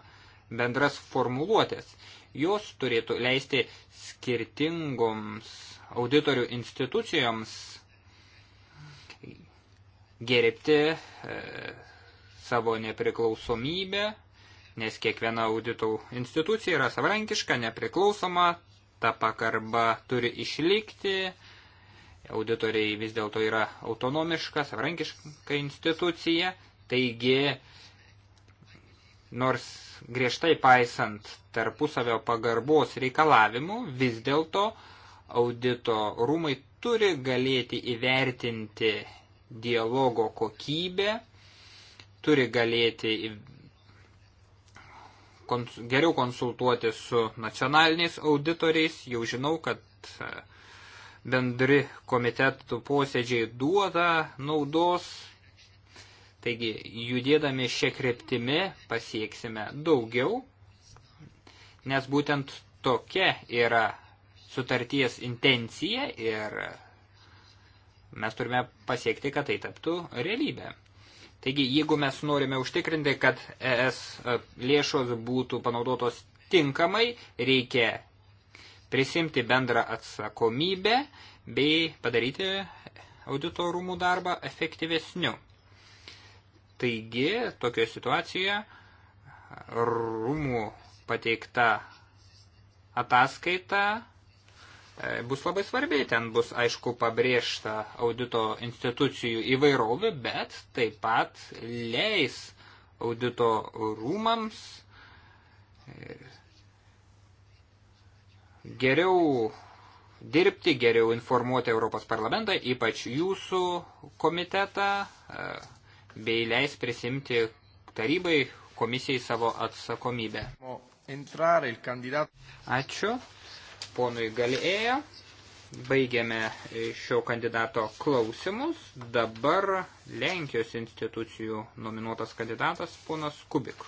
bendras formuluotės. Jos turėtų leisti skirtingoms auditorių institucijoms gerbti e, savo nepriklausomybę, nes kiekviena audito institucija yra savarankiška, nepriklausoma, ta pakarba turi išlikti, auditoriai vis dėlto yra autonomiška, savarankiška institucija, taigi Nors griežtai paisant tarpusavio pagarbos reikalavimų, vis dėlto audito rūmai turi galėti įvertinti dialogo kokybę, turi galėti kons geriau konsultuoti su nacionaliniais auditoriais. Jau žinau, kad e, bendri komitetų posėdžiai duoda naudos, Taigi, judėdami šią kryptimį pasieksime daugiau, nes būtent tokia yra sutarties intencija ir mes turime pasiekti, kad tai taptų realybė. Taigi, jeigu mes norime užtikrinti, kad ES lėšos būtų panaudotos tinkamai, reikia prisimti bendrą atsakomybę bei padaryti auditorumų darbą efektyvesniu. Taigi, tokioje situacijoje rūmų pateikta ataskaita e, bus labai svarbi, ten bus aišku pabrėžta audito institucijų įvairovė, bet taip pat leis audito rūmams e, geriau dirbti, geriau informuoti Europos parlamentą, ypač jūsų komitetą, e, bei leis prisimti tarybai komisijai savo atsakomybę. Ačiū ponui Galėja. Baigėme e, šio kandidato klausimus. Dabar Lenkijos institucijų nominuotas kandidatas ponas Kubik.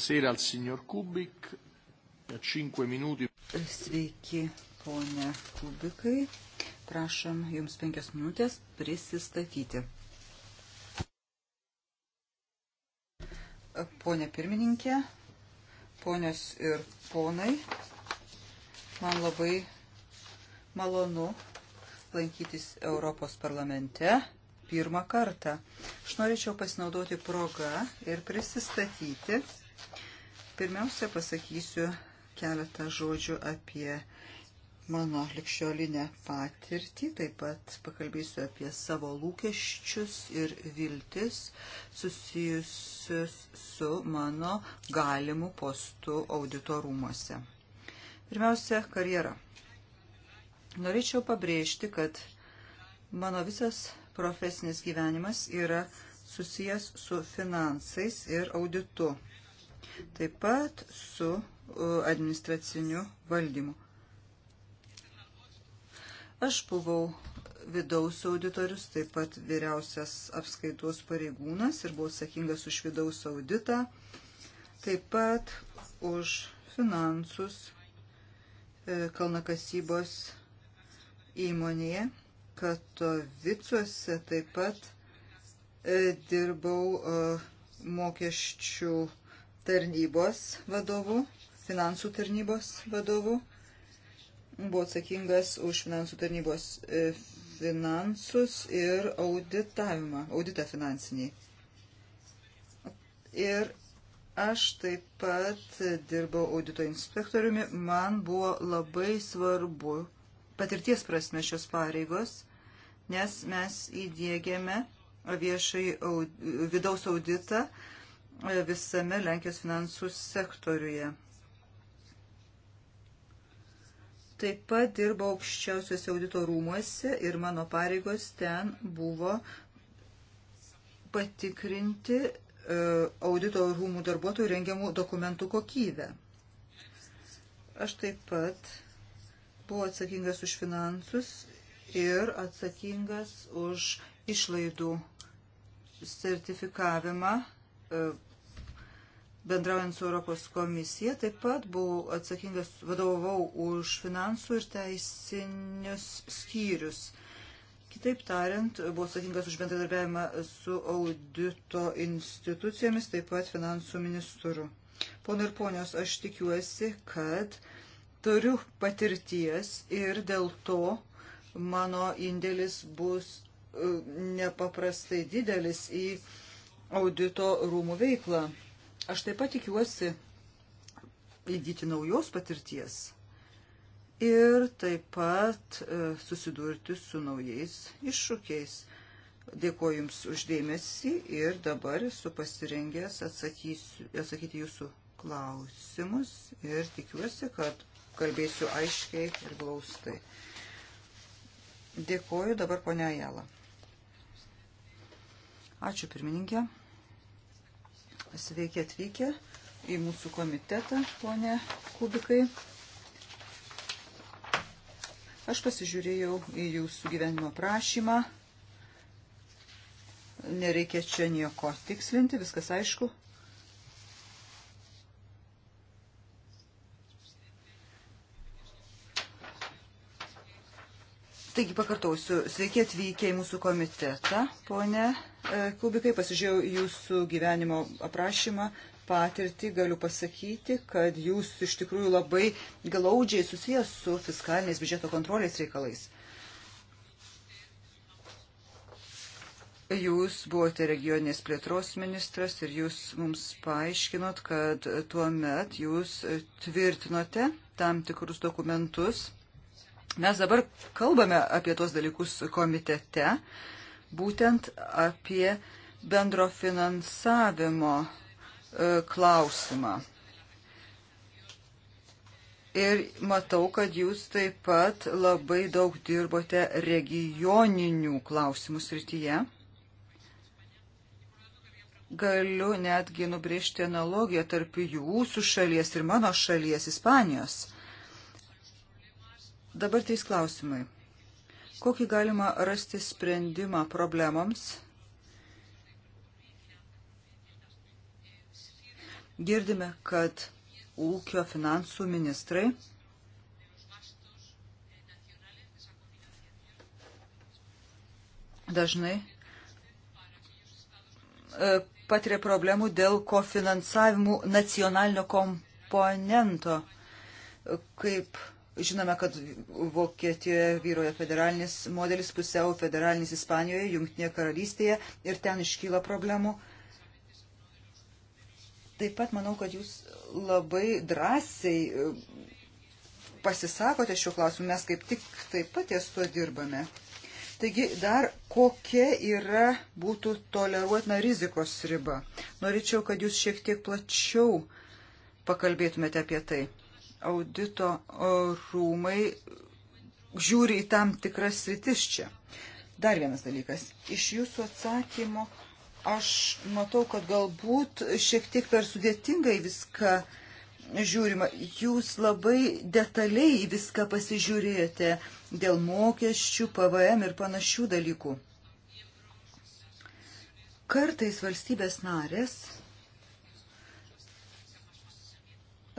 Buonasera al signor Kubik. 5 minuti. Sveiki, ponė Kubikai. Prašom jums penkias minutės prisistatyti. Pone pirmininkė, ponios ir ponai, man labai malonu lankytis Europos parlamente pirmą kartą. Aš norėčiau pasinaudoti progą ir prisistatyti Pirmiausia, pasakysiu keletą žodžių apie mano likščiolinę patirtį, taip pat pakalbėsiu apie savo lūkesčius ir viltis susijusius su mano galimu postu auditorumuose. Pirmiausia, karjera. Norėčiau pabrėžti, kad mano visas profesinis gyvenimas yra susijęs su finansais ir auditu taip pat su e, administraciniu valdymu. Aš buvau vidaus auditorius, taip pat vyriausias apskaitos pareigūnas ir buvau atsakingas už vidaus auditą, taip pat už finansus e, kalnakasybos įmonėje, Katovicuose taip pat e, dirbau mokesčių tarnybos vadovu, finansų tarnybos vadovu. Buvo atsakingas už finansų tarnybos e, finansus ir auditavimą, auditą finansinį. Ir aš taip pat dirbau audito inspektoriumi. Man buvo labai svarbu patirties prasme šios pareigos, nes mes įdėgėme viešai aud, vidaus auditą visame Lenkijos finansų sektoriuje. Taip pat dirbau aukščiausiuose audito rūmuose ir mano pareigos ten buvo patikrinti e, audito rūmų darbuotojų rengiamų dokumentų kokybę. Aš taip pat buvau atsakingas už finansus ir atsakingas už išlaidų sertifikavimą e, bendraujant su Europos komisija, taip pat buvau atsakingas, vadovau už finansų ir teisinius skyrius. Kitaip tariant, buvau atsakingas už bendradarbiavimą su audito institucijomis, taip pat finansų ministru. Pone ir ponios, aš tikiuosi, kad turiu patirties ir dėl to mano indėlis bus e, nepaprastai didelis į audito rūmų veiklą. Aš taip pat tikiuosi įgyti naujos patirties ir taip pat e, susidurti su naujais iššūkiais. Dėkuoju Jums uždėmesį ir dabar esu pasirengęs atsakysiu, atsakyti Jūsų klausimus ir tikiuosi, kad kalbėsiu aiškiai ir glaustai. Dėkuoju dabar ponia Jela. Ačiū pirmininkė. Sveiki atvykę į mūsų komitetą, ponė Kubikai. Aš pasižiūrėjau į jūsų gyvenimo prašymą. Nereikia čia nieko tikslinti, viskas aišku. Taigi pakartausiu, sveiki atvykę į mūsų komitetą, ponė e, Kubikai, pasižiūrėjau jūsų gyvenimo aprašymą, patirtį, galiu pasakyti, kad jūs iš tikrųjų labai glaudžiai susijęs su fiskaliniais biudžeto kontrolės reikalais. Jūs buvote regioninės plėtros ministras ir jūs mums paaiškinot, kad tuo met jūs tvirtinote tam tikrus dokumentus Mes dabar kalbame apie tuos dalykus komitete, būtent apie bendro finansavimo e, klausimą. Ir matau, kad jūs taip pat labai daug dirbote regioninių klausimų srityje. Galiu netgi nubrėžti analogiją tarp jūsų šalies ir mano šalies, Ispanijos. Dabar trys klausimai. Kokį galima rasti sprendimą problemoms? Girdime, kad ūkio finansų ministrai dažnai e, patiria problemų dėl kofinansavimų nacionalinio komponento, e, kaip Žinome, kad Vokietijoje vyroja federalinis modelis, pusiau federalinis Ispanijoje, Junktinėje karalystėje ir ten iškyla problemų. Taip pat manau, kad jūs labai drąsiai e, pasisakote šiuo klausimu, mes kaip tik taip pat ties tuo dirbame. Taigi dar kokia yra būtų toleruotina rizikos riba. Norėčiau, kad jūs šiek tiek plačiau pakalbėtumėte apie tai. Audito rūmai žiūri į tam tikras sritis čia. Dar vienas dalykas. Iš jūsų atsakymo aš matau, kad galbūt šiek tiek per sudėtingai viską žiūrima. Jūs labai detaliai viską pasižiūrėjote dėl mokesčių, PVM ir panašių dalykų. Kartais valstybės narės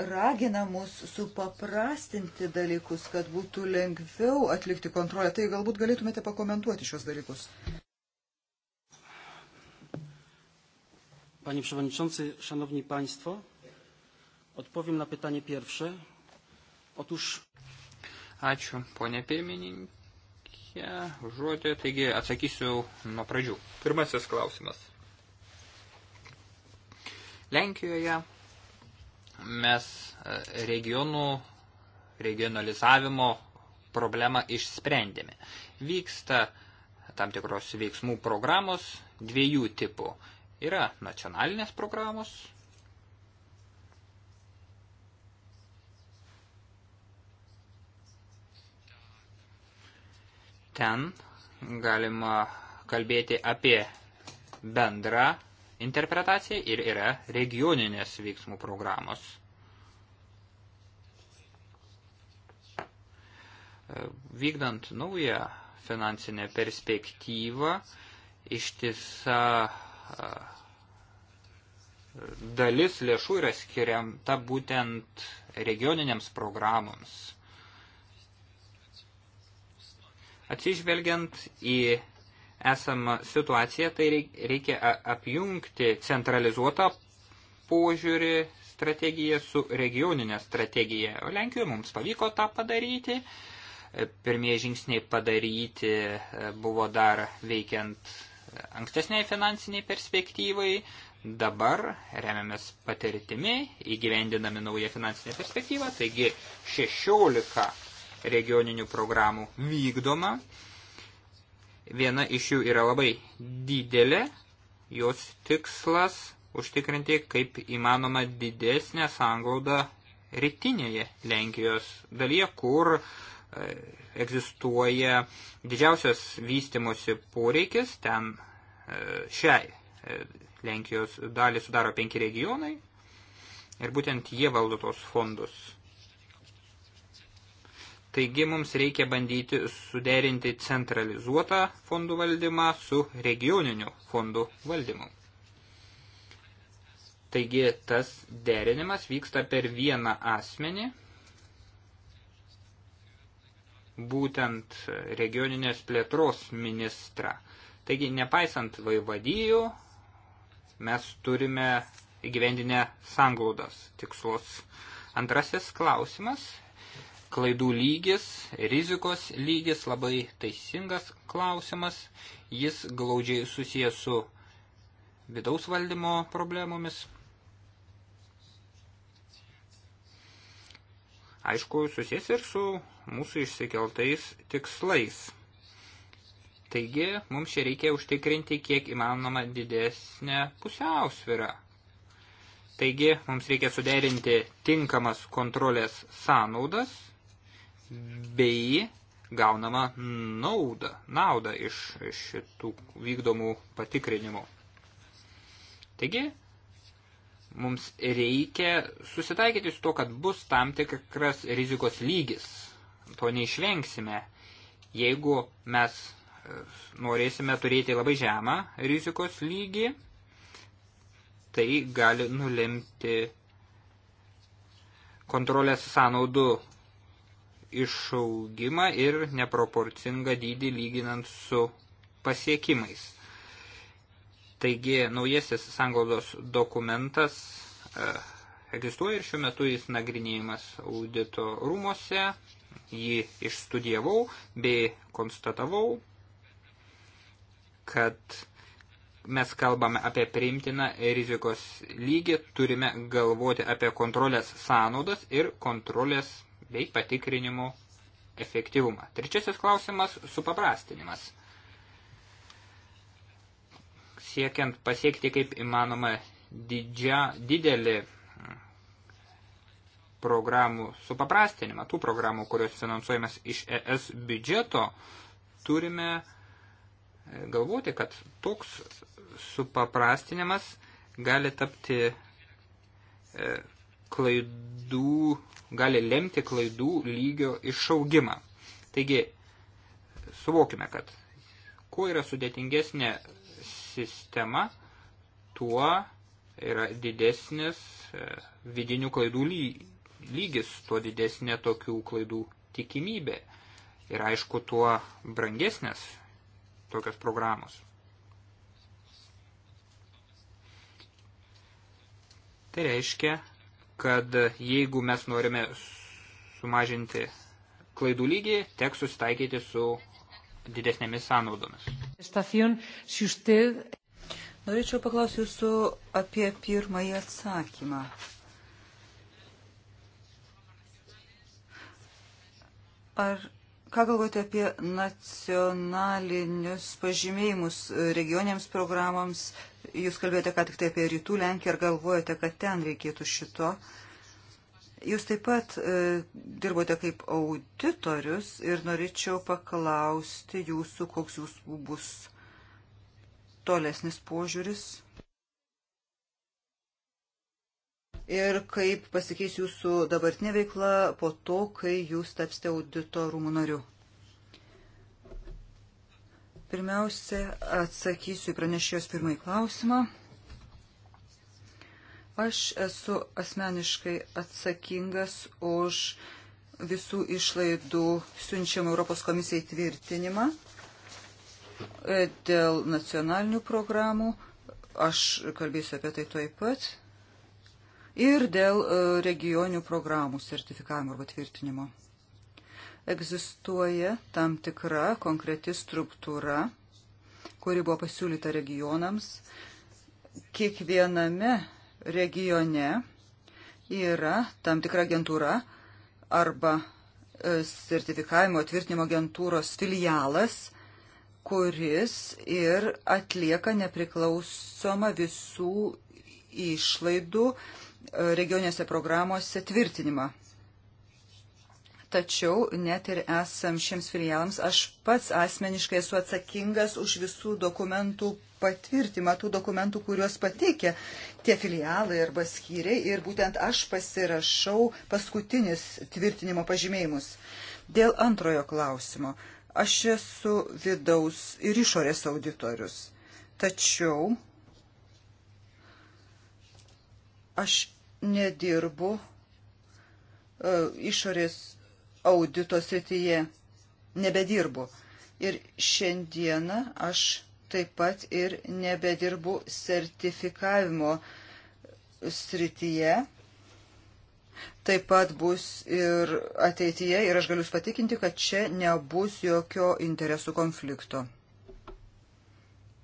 ragina mus supaprastinti dalykus, kad būtų lengviau atlikti kontrolę. Tai galbūt galėtumėte pakomentuoti šios dalykus. Panie Przewodniczący, Szanowni Państwo, odpowiem na pytanie pierwsze. Otóż... Ačiū, ponė pirmininkė, žodė, taigi atsakysiu nuo pradžių. Pirmasis klausimas. Lenkijoje mes e, regionų, regionalizavimo problemą išsprendėme. Vyksta tam tikros veiksmų programos dviejų tipų. Yra nacionalinės programos. Ten galima kalbėti apie bendrą interpretacija ir yra regioninės veiksmų programos. Vykdant naują finansinę perspektyvą, ištisa dalis lėšų yra skiriamta būtent regioniniams programoms. Atsižvelgiant į esamą situaciją, tai reikia apjungti centralizuotą požiūrį strategiją su regioninė strategija. O Lenkijoje mums pavyko tą padaryti. Pirmieji žingsniai padaryti e, buvo dar veikiant ankstesniai finansiniai perspektyvai. Dabar remiamės patirtimi, įgyvendinami naują finansinę perspektyvą, taigi 16 regioninių programų vykdoma. Viena iš jų yra labai didelė, jos tikslas užtikrinti kaip įmanoma didesnę sanglaudą rytinėje Lenkijos dalyje, kur e, egzistuoja didžiausias vystimosi poreikis, ten e, šiai e, Lenkijos dalį sudaro penki regionai ir būtent jie valdo tos fondus. Taigi mums reikia bandyti suderinti centralizuotą fondų valdymą su regioniniu fondų valdymu. Taigi tas derinimas vyksta per vieną asmenį, būtent regioninės plėtros ministrą. Taigi, nepaisant vaivadijų, mes turime įgyvendinę sanglaudos tikslus. Antrasis klausimas Klaidų lygis, rizikos lygis labai teisingas klausimas, jis glaudžiai susijęs su vidaus valdymo problemomis. Aišku, susijęs ir su mūsų išsikeltais tikslais. Taigi, mums čia reikia užtikrinti kiek įmanoma didesnę pusiausvirą. Taigi, mums reikia suderinti tinkamas kontrolės sąnaudas bei gaunama nauda, nauda iš šitų vykdomų patikrinimų. Taigi, mums reikia susitaikyti su to, kad bus tam tikras rizikos lygis. To neišvengsime. Jeigu mes e, norėsime turėti labai žemą rizikos lygį, tai gali nulemti kontrolės sąnaudų išaugimą ir neproporcingą dydį lyginant su pasiekimais. Taigi naujasis sanglaudos dokumentas e, egzistuoja ir šiuo metu jis nagrinėjimas audito rūmose, jį išstudijavau bei konstatavau, kad mes kalbame apie priimtiną rizikos lygį, turime galvoti apie kontrolės sąnaudas ir kontrolės bei patikrinimų efektyvumą. Trečiasis klausimas – supaprastinimas. Siekiant pasiekti kaip įmanoma didžia, didelį programų supaprastinimą, tų programų, kurios finansuojamas iš ES biudžeto, turime e, galvoti, kad toks supaprastinimas gali tapti e, klaidų gali lemti klaidų lygio išaugimą. Taigi, suvokime, kad kuo yra sudėtingesnė sistema, tuo yra didesnis e, vidinių klaidų lygis, tuo didesnė tokių klaidų tikimybė. Ir aišku, tuo brangesnės tokios programos. Tai reiškia, kad jeigu mes norime sumažinti klaidų lygį, teks susitaikyti su didesnėmis sąnaudomis. Norėčiau paklausyti jūsų apie pirmąjį atsakymą. Ar Ką galvojate apie nacionalinius pažymėjimus regioniams programams? Jūs kalbėjote ką tik tai apie rytų Lenkiją, ar galvojate, kad ten reikėtų šito? Jūs taip pat e, dirbote kaip auditorius ir norėčiau paklausti jūsų, koks jūsų bus tolesnis požiūris ir kaip pasikeis jūsų dabartinė veikla po to, kai jūs tapsite audito rūmų nariu. Pirmiausia, atsakysiu į pranešėjos pirmąjį klausimą. Aš esu asmeniškai atsakingas už visų išlaidų siunčiamą Europos komisijai tvirtinimą e, dėl nacionalinių programų. Aš kalbėsiu apie tai toj pat ir dėl e, regioninių programų sertifikavimo arba tvirtinimo. Egzistuoja tam tikra konkreti struktūra, kuri buvo pasiūlyta regionams. Kiekviename regione yra tam tikra agentūra arba e, sertifikavimo tvirtinimo agentūros filialas, kuris ir atlieka nepriklausomą visų išlaidų regionėse programuose tvirtinimą. Tačiau net ir esam šiems filialams, aš pats asmeniškai esu atsakingas už visų dokumentų patvirtimą, tų dokumentų, kuriuos pateikė tie filialai arba skyriai ir būtent aš pasirašau paskutinis tvirtinimo pažymėjimus. Dėl antrojo klausimo. Aš esu vidaus ir išorės auditorius. Tačiau Aš nedirbu e, išorės audito srityje, nebedirbu. Ir šiandieną aš taip pat ir nebedirbu sertifikavimo srityje. Taip pat bus ir ateityje ir aš galiu patikinti, kad čia nebus jokio interesų konflikto.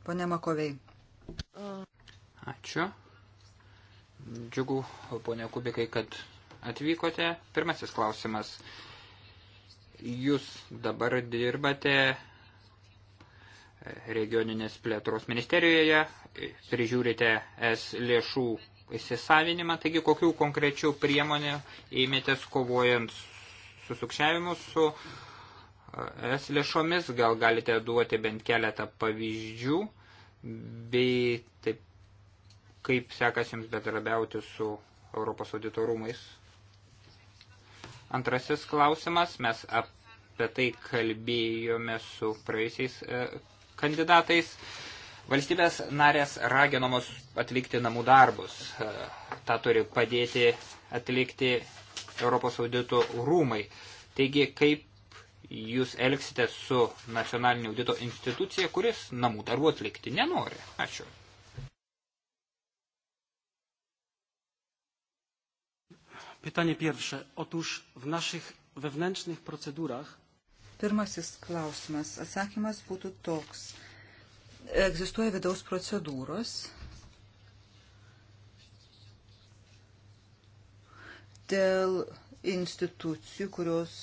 Pone Makovei. Ačiū. Džiugu, ponia Kubikai, kad atvykote. Pirmasis klausimas. Jūs dabar dirbate regioninės plėtros ministerijoje, prižiūrite es lėšų įsisavinimą, taigi kokių konkrečių priemonių ėmėtės kovojant su sukčiavimu su e, es lėšomis, gal galite duoti bent keletą pavyzdžių, bei taip Kaip sekasi jums bedarbiauti su Europos auditorumais? Antrasis klausimas. Mes apie tai kalbėjome su praeisiais e, kandidatais. Valstybės narės raginamos atlikti namų darbus. E, Ta turi padėti atlikti Europos audito rūmai. Taigi, kaip jūs elgsite su nacionalinio audito institucija, kuris namų darbų atlikti nenori? Ačiū. Pytanie pierwsze. Otóż w naszych wewnętrznych procedurach. Pirmasis klausimas. Atsakymas būtų toks. Egzistuoja vidaus procedūros. Dėl institucijų, kurios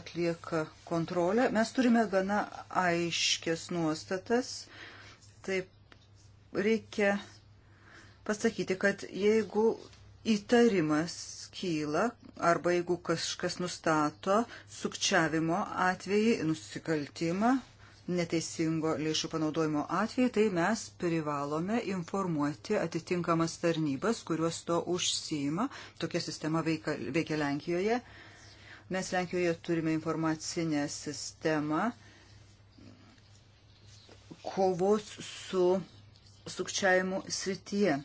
atlieka kontrolę, mes turime gana aiškės nuostatas. Taip reikia pasakyti, kad jeigu įtarimas kyla arba jeigu kažkas nustato sukčiavimo atvejį, nusikaltimą, neteisingo lėšų panaudojimo atvejį, tai mes privalome informuoti atitinkamas tarnybas, kurios to užsijima. Tokia sistema veikia, veikia Lenkijoje. Mes Lenkijoje turime informacinę sistemą kovos su sukčiavimu srityje.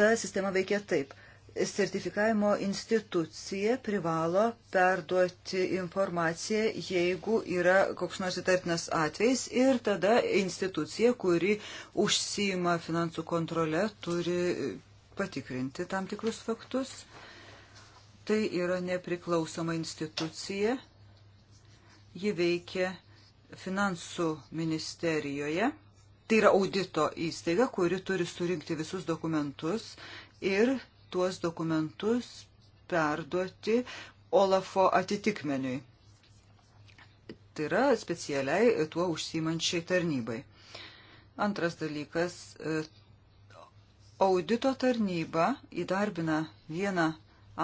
Ta sistema veikia taip sertifikavimo institucija privalo perduoti informaciją, jeigu yra koks nors įtartinas atvejs ir tada institucija, kuri užsima finansų kontrolę, turi patikrinti tam tikrus faktus. Tai yra nepriklausoma institucija. Ji veikia finansų ministerijoje. Tai yra audito įstaiga, kuri turi surinkti visus dokumentus ir tuos dokumentus perduoti Olafo atitikmeniui. Tai yra specialiai tuo užsimančiai tarnybai. Antras dalykas e, audito tarnyba įdarbina vieną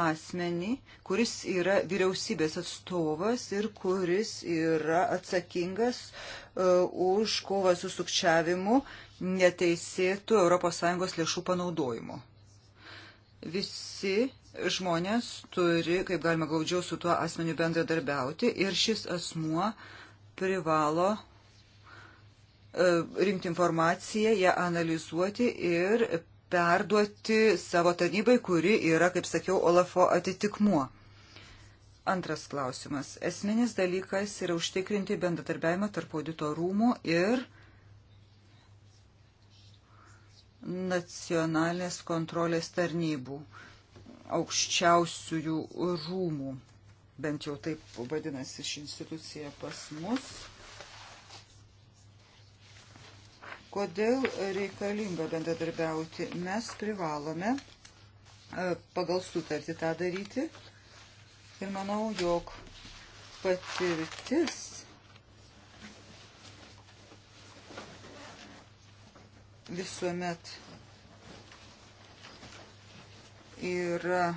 asmenį, kuris yra vyriausybės atstovas ir kuris yra atsakingas uh, už kovą su sukčiavimu neteisėtų ES lėšų panaudojimu visi žmonės turi, kaip galima gaudžiau, su tuo asmeniu bendradarbiauti ir šis asmuo privalo e, rinkti informaciją, ją analizuoti ir perduoti savo tarnybai, kuri yra, kaip sakiau, Olafo atitikmuo. Antras klausimas. Esminis dalykas yra užtikrinti bendradarbiavimą tarp audito rūmų ir nacionalinės kontrolės tarnybų, aukščiausiųjų rūmų, bent jau taip vadinasi ši institucija pas mus. Kodėl reikalinga bendradarbiauti? Mes privalome e, pagal sutartį tą daryti ir manau, jog patirtis visuomet yra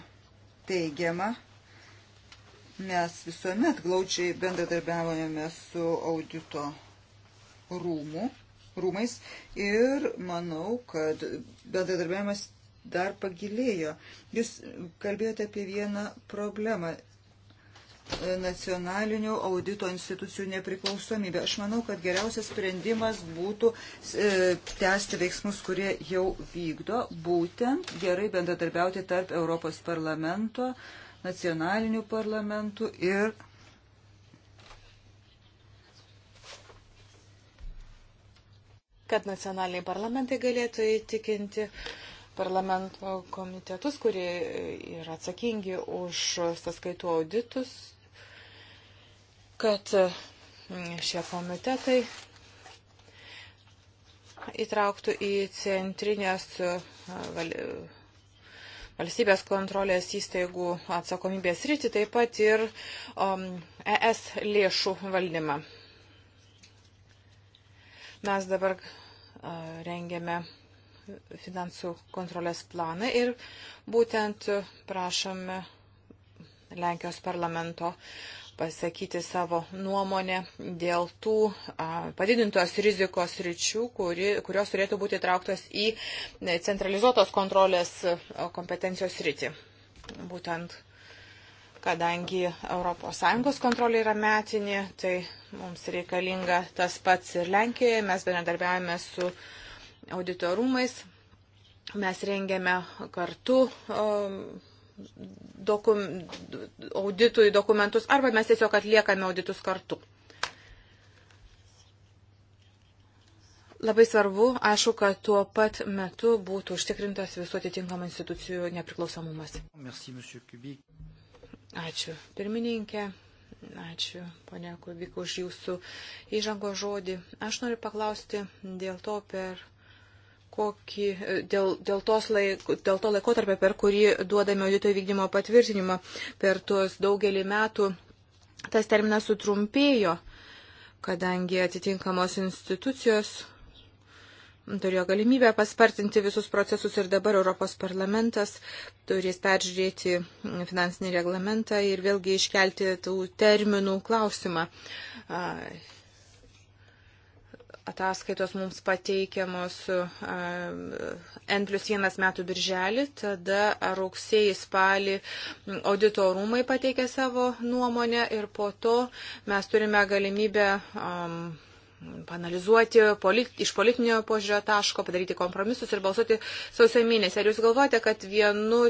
teigiama. Mes visuomet glaučiai bendradarbiavome su audito rūmu, rūmais ir manau, kad bendradarbiavimas dar pagilėjo. Jūs kalbėjote apie vieną problemą nacionalinių audito institucijų nepriklausomybę. Aš manau, kad geriausias sprendimas būtų e, tęsti veiksmus, kurie jau vykdo, būtent gerai bendradarbiauti tarp Europos parlamento, nacionalinių parlamentų ir. kad nacionaliniai parlamentai galėtų įtikinti parlamento komitetus, kurie yra atsakingi už sąskaitų auditus, kad mm, šie komitetai įtrauktų į centrinės valstybės kontrolės įstaigų atsakomybės rytį, taip pat ir um, ES lėšų valdymą. Mes dabar uh, rengiame finansų kontrolės planą ir būtent prašome Lenkijos parlamento pasakyti savo nuomonę dėl tų padidintos rizikos ryčių, kuri, kurios turėtų būti trauktos į e, centralizuotos kontrolės e, kompetencijos rytį. Būtent kadangi ES kontrolė yra metinė, tai mums reikalinga tas pats ir Lenkijoje, mes bendradarbiavame su auditorumais, mes rengėme kartu. Um, dokum, auditų į dokumentus, arba mes tiesiog atliekame auditus kartu. Labai svarbu, aišku, kad tuo pat metu būtų užtikrintas visų atitinkamų institucijų nepriklausomumas. Merci, Ačiū, pirmininkė. Ačiū, ponia Kubik, už jūsų įžango žodį. Aš noriu paklausti dėl to per kokį, e, dėl, dėl, laik, dėl to laikotarpio, per kurį duodame audito įvykdymo patvirtinimą, per tuos daugelį metų tas terminas sutrumpėjo, kadangi atitinkamos institucijos turėjo galimybę paspartinti visus procesus ir dabar Europos parlamentas turės peržiūrėti finansinį reglamentą ir vėlgi iškelti tų terminų klausimą ataskaitos mums pateikiamos e, N plus 1 metų birželį, tada rugsėjai spalį audito rūmai pateikė savo nuomonę ir po to mes turime galimybę um, panalizuoti polit, iš politinio požiūrio taško, padaryti kompromisus ir balsuoti sausio mėnesį. Ar jūs galvojate, kad vienu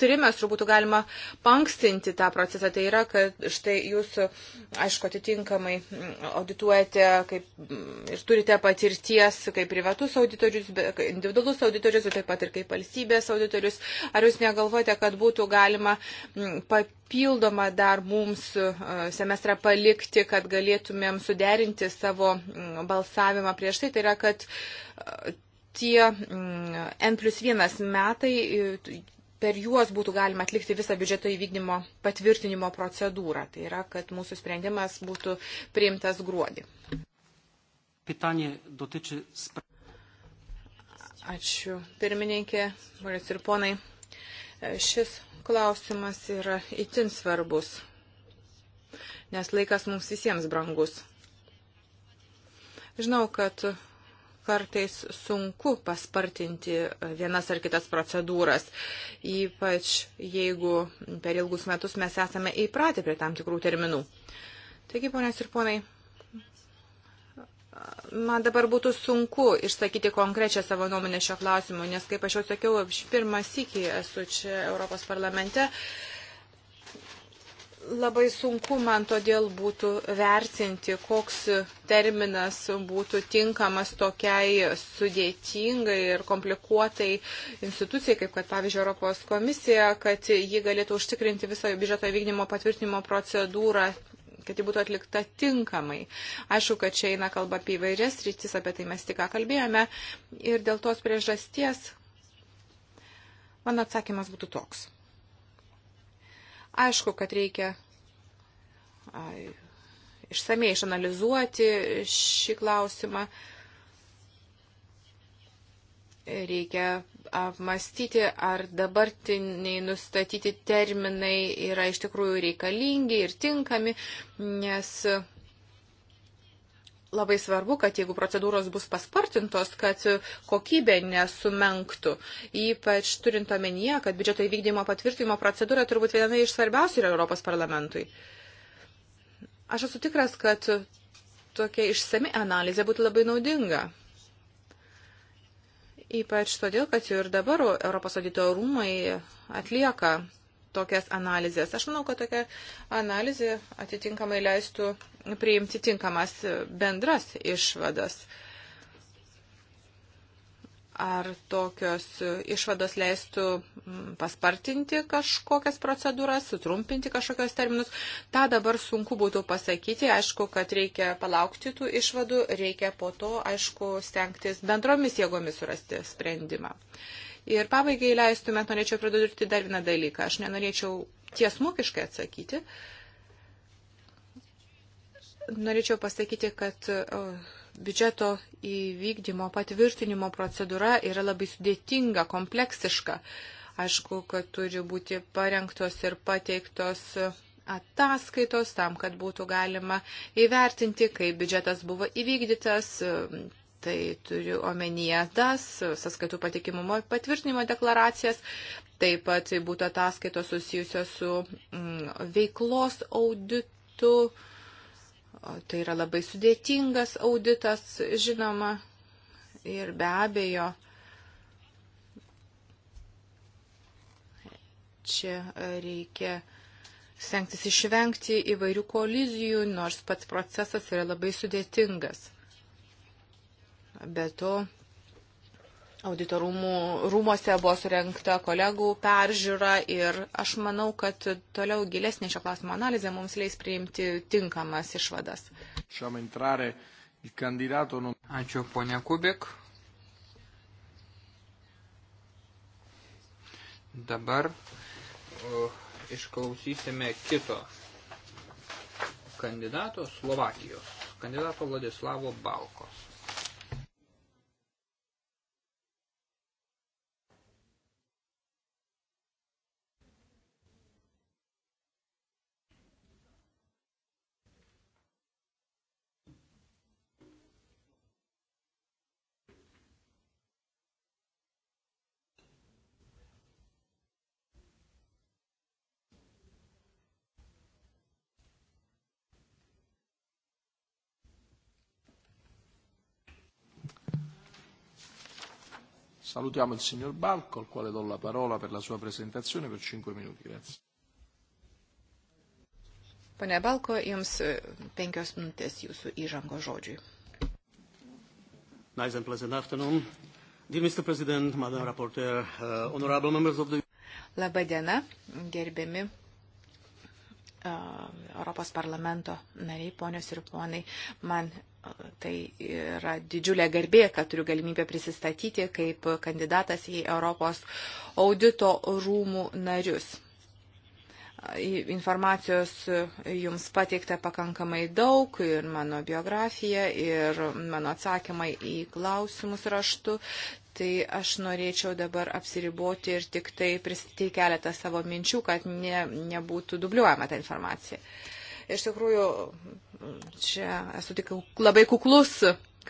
trimestru būtų galima pankstinti tą procesą. Tai yra, kad štai jūs, aišku, atitinkamai audituojate kaip, ir turite patirties kaip privatus auditorius, individualus auditorius, taip pat ir kaip valstybės auditorius. Ar jūs negalvojate, kad būtų galima papildomą dar mums e, semestrą palikti, kad galėtumėm suderinti savo balsavimą prieš tai? Tai yra, kad e, tie N plus 1 metai per juos būtų galima atlikti visą biudžeto įvykdymo patvirtinimo procedūrą. Tai yra, kad mūsų sprendimas būtų priimtas gruodį. Pitanie dotyči... Ačiū, pirmininkė, Moris ir ponai. Šis klausimas yra itin svarbus, nes laikas mums visiems brangus. Žinau, kad kartais sunku paspartinti e, vienas ar kitas procedūras, ypač jeigu per ilgus metus mes esame įpratę prie tam tikrų terminų. Taigi, ponės ir ponai, man dabar būtų sunku išsakyti konkrečią savo nuomonę šio klausimu, nes, kaip aš jau sakiau, aš pirmą sykį esu čia Europos parlamente. Uh, labai sunku man todėl būtų vertinti, koks terminas būtų tinkamas tokiai sudėtingai ir komplikuotai institucijai, kaip kad pavyzdžiui Europos komisija, kad ji galėtų užtikrinti visą biudžeto vykdymo patvirtinimo procedūrą kad ji būtų atlikta tinkamai. Aišku, kad čia eina kalba apie įvairias rytis, apie tai mes tik ką kalbėjome. Ir dėl tos priežasties mano atsakymas būtų toks. Aišku, kad reikia ai, išsamei išanalizuoti šį klausimą. Reikia apmastyti, ar dabartiniai nustatyti terminai yra iš tikrųjų reikalingi ir tinkami, nes labai svarbu, kad jeigu procedūros bus paspartintos, kad kokybė nesumenktų. Ypač turint omenyje, kad biudžeto įvykdymo patvirtinimo procedūra turbūt viena iš svarbiausių yra Europos parlamentui. Aš esu tikras, kad tokia išsami analizė būtų labai naudinga. Ypač todėl, kad jau ir dabar Europos audito rūmai atlieka tokias analizės. Aš manau, kad tokia analizė atitinkamai leistų priimti tinkamas bendras išvadas. Ar tokios išvados leistų mm, paspartinti kažkokias procedūras, sutrumpinti kažkokios terminus, tą dabar sunku būtų pasakyti. Aišku, kad reikia palaukti tų išvadų, reikia po to, aišku, stengtis bendromis jėgomis surasti sprendimą. Uh, Ir pabaigai leistumėt, norėčiau pridurti dar vieną dalyką. Aš nenorėčiau tiesmukiškai atsakyti. Norėčiau pasakyti, kad biudžeto įvykdymo patvirtinimo procedūra yra labai sudėtinga, kompleksiška. Aišku, kad turi būti parengtos ir pateiktos ataskaitos tam, kad būtų galima įvertinti, kaip biudžetas buvo įvykdytas, Tai turiu omenyje tas sąskaitų patikimumo patvirtinimo deklaracijas, taip pat būtų ataskaitos susijusios su mm, veiklos auditu. Tai yra labai sudėtingas auditas, žinoma, ir be abejo, čia reikia stengtis išvengti įvairių kolizijų, nors pats procesas yra labai sudėtingas. Be to, auditorumų rūmose buvo surenkta kolegų peržiūra ir aš manau, kad toliau gilesnė šio klausimo analizė mums leis priimti tinkamas išvadas. Ačiū, ponia Kubik. Dabar uh, išklausysime kito kandidato Slovakijos, kandidato Vladislavo Balkos. Salutiamo il signor Balco, al quale do la parola per la sua presentazione per 5 minuti. Grazie. Pane Balko, jums e, penkios minutės jūsų įžango žodžiui. Nice and pleasant afternoon. Dear Mr. President, Madam Rapporteur, uh, honorable members of the... Labą dieną, gerbiami uh, Europos parlamento nariai, ponios ir ponai. Man Tai yra didžiulė garbė, kad turiu galimybę prisistatyti kaip kandidatas į Europos audito rūmų narius informacijos jums pateikta pakankamai daug ir mano biografija, ir mano atsakymai į klausimus raštu. Tai aš norėčiau dabar apsiriboti ir tik tai pristatyti keletą savo minčių, kad ne, nebūtų dubliuojama ta informacija. Uh, Iš tikrųjų, čia esu tik labai kuklus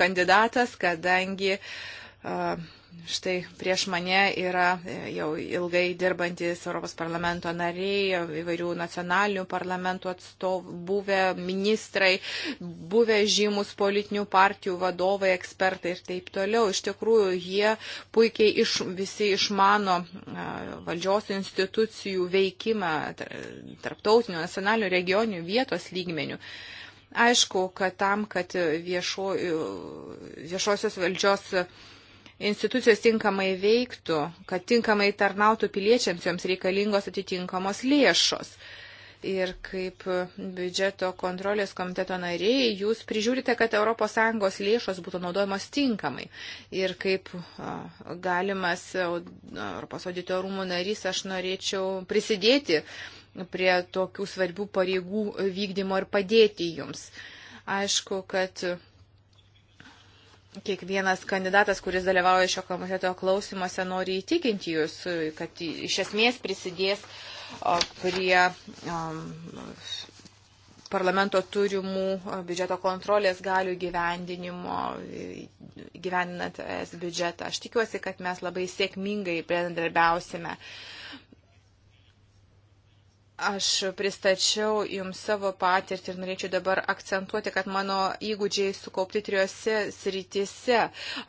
kandidatas, kadangi uh, Štai prieš mane yra e, jau ilgai dirbantis Europos parlamento nariai, įvairių nacionalinių parlamentų atstovų, buvę ministrai, buvę žymus politinių partijų vadovai, ekspertai ir taip toliau. Iš tikrųjų, jie puikiai iš, visi išmano e, valdžios institucijų veikimą tarptautinių, nacionalinių, regioninių, vietos lygmenių. Aišku, kad tam, kad viešo, viešosios valdžios institucijos tinkamai veiktų, kad tinkamai tarnautų piliečiams joms reikalingos atitinkamos lėšos. Ir kaip biudžeto kontrolės komiteto nariai, jūs prižiūrite, kad ES lėšos būtų naudojamos tinkamai. Ir kaip galimas ES audito rūmų narys, aš norėčiau prisidėti prie tokių svarbių pareigų vykdymo ir padėti jums. Aišku, kad kiekvienas kandidatas, kuris dalyvauja šio komiteto klausimuose, nori įtikinti jūs, kad iš esmės prisidės prie um, parlamento turimų biudžeto kontrolės galių gyvendinimo, gyvendinant es biudžetą. Aš tikiuosi, kad mes labai sėkmingai bendradarbiausime. Uh, Aš pristačiau jums savo patirtį ir norėčiau dabar akcentuoti, kad mano įgūdžiai sukaupti trijose srityse.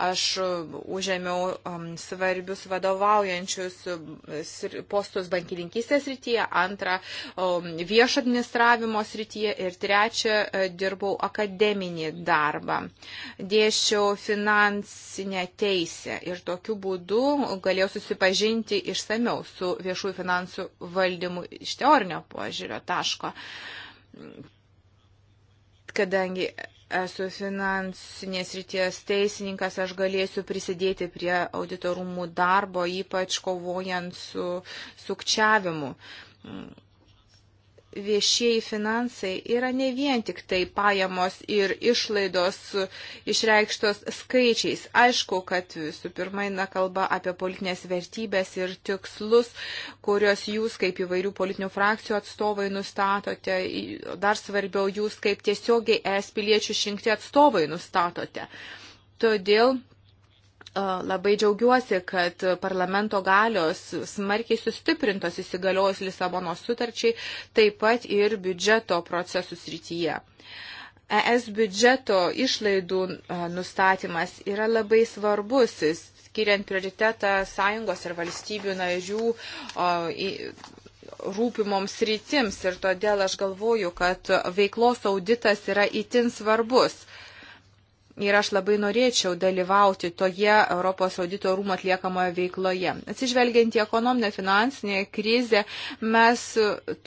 Aš um, užėmiau um, svarbius vadovaujančius um, postus bankininkystės srityje, antrą um, viešo administravimo srityje ir trečią uh, dirbau akademinį darbą. Dėšiau finansinę teisę ir tokiu būdu galėjau susipažinti išsameu su viešųjų finansų valdymu iš teorijos teorinio požiūrio taško, kadangi esu finansinės ryties teisininkas, aš galėsiu prisidėti prie auditorumų darbo, ypač kovojant su sukčiavimu viešieji finansai yra ne vien tik tai pajamos ir išlaidos išreikštos skaičiais. Aišku, kad visų pirma eina kalba apie politinės vertybės ir tikslus, kurios jūs kaip įvairių politinių frakcijų atstovai nustatote, dar svarbiau jūs kaip tiesiogiai es piliečių išrinkti atstovai nustatote. Todėl Labai džiaugiuosi, kad parlamento galios smarkiai sustiprintos įsigaliojus Lisabonos sutarčiai, taip pat ir biudžeto procesų srityje. ES biudžeto išlaidų nustatymas yra labai svarbus, skiriant prioritetą sąjungos ir valstybių narių rūpimoms rytims ir todėl aš galvoju, kad veiklos auditas yra itin svarbus ir aš labai norėčiau dalyvauti toje Europos audito rūmų atliekamoje veikloje. Atsižvelgiant į ekonominę finansinę krizę, mes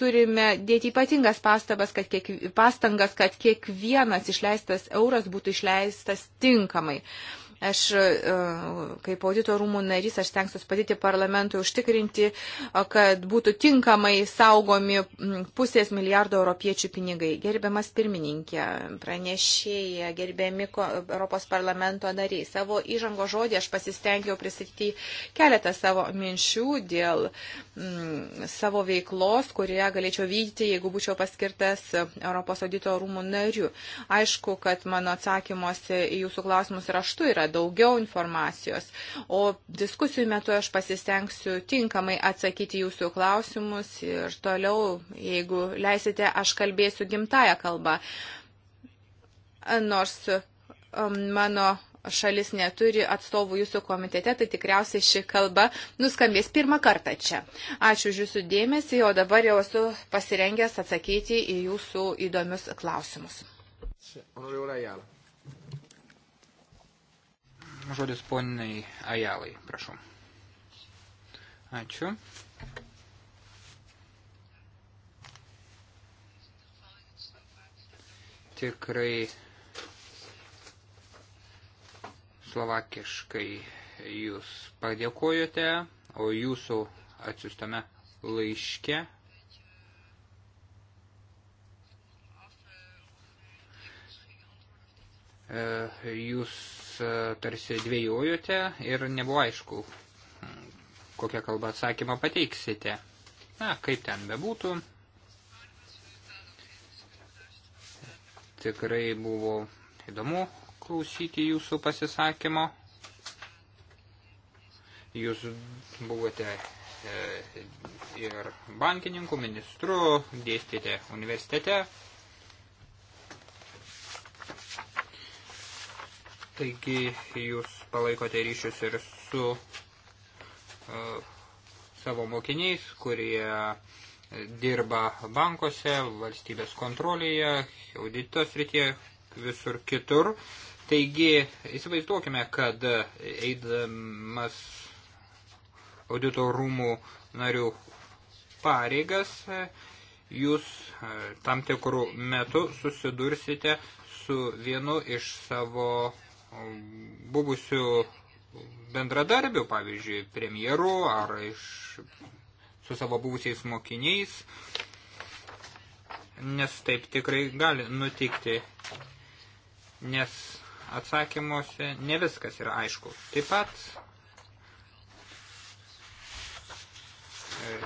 turime dėti ypatingas pastabas, kad kiek, pastangas, kad kiekvienas išleistas euras būtų išleistas tinkamai. Uh, Aš e, kaip audito rūmų narys, aš stengsiuosi padėti parlamentui užtikrinti, e, kad būtų tinkamai saugomi pusės milijardo europiečių pinigai. Gerbiamas pirmininkė, pranešėja, gerbiami Europos parlamento nariai. Savo įžango žodį aš pasistengiau pristatyti keletą savo minčių dėl mm, savo veiklos, kurią galėčiau vykti, jeigu būčiau paskirtas Europos audito rūmų nariu. Aišku, kad mano atsakymuose į jūsų klausimus raštu yra daugiau informacijos. O diskusijų metu aš pasistengsiu tinkamai atsakyti jūsų klausimus ir toliau, jeigu leisite, aš kalbėsiu gimtają kalbą. Nors um, mano šalis neturi atstovų jūsų komitete, tai tikriausiai ši kalba nuskambės pirmą kartą čia. Ačiū už jūsų dėmesį, o dabar jau esu pasirengęs atsakyti į jūsų įdomius klausimus. Honorable Ayala. Žodis poniai Ajalai, prašau. Ačiū. Tikrai slovakiškai jūs padėkojote, o jūsų atsiustame laiške e, jūs E, tarsi dviejojote ir nebuvo aišku, kokią kalbą atsakymą pateiksite. Na, kaip ten bebūtų. Tikrai buvo įdomu klausyti jūsų pasisakymo. Jūs buvote e, ir bankininkų ministru, dėstėte universitete, Taigi jūs palaikote ryšius ir su uh, savo mokiniais, kurie dirba bankuose, valstybės kontrolėje, auditos rytie, visur kitur. Taigi įsivaizduokime, kad eidamas audito rūmų narių pareigas, jūs e, tam tikrų metų susidursite su vienu iš savo buvusių bendradarbių, pavyzdžiui, premjerų ar iš, su savo buvusiais mokiniais, nes taip tikrai gali nutikti, nes atsakymuose ne viskas yra aišku. Taip pat e,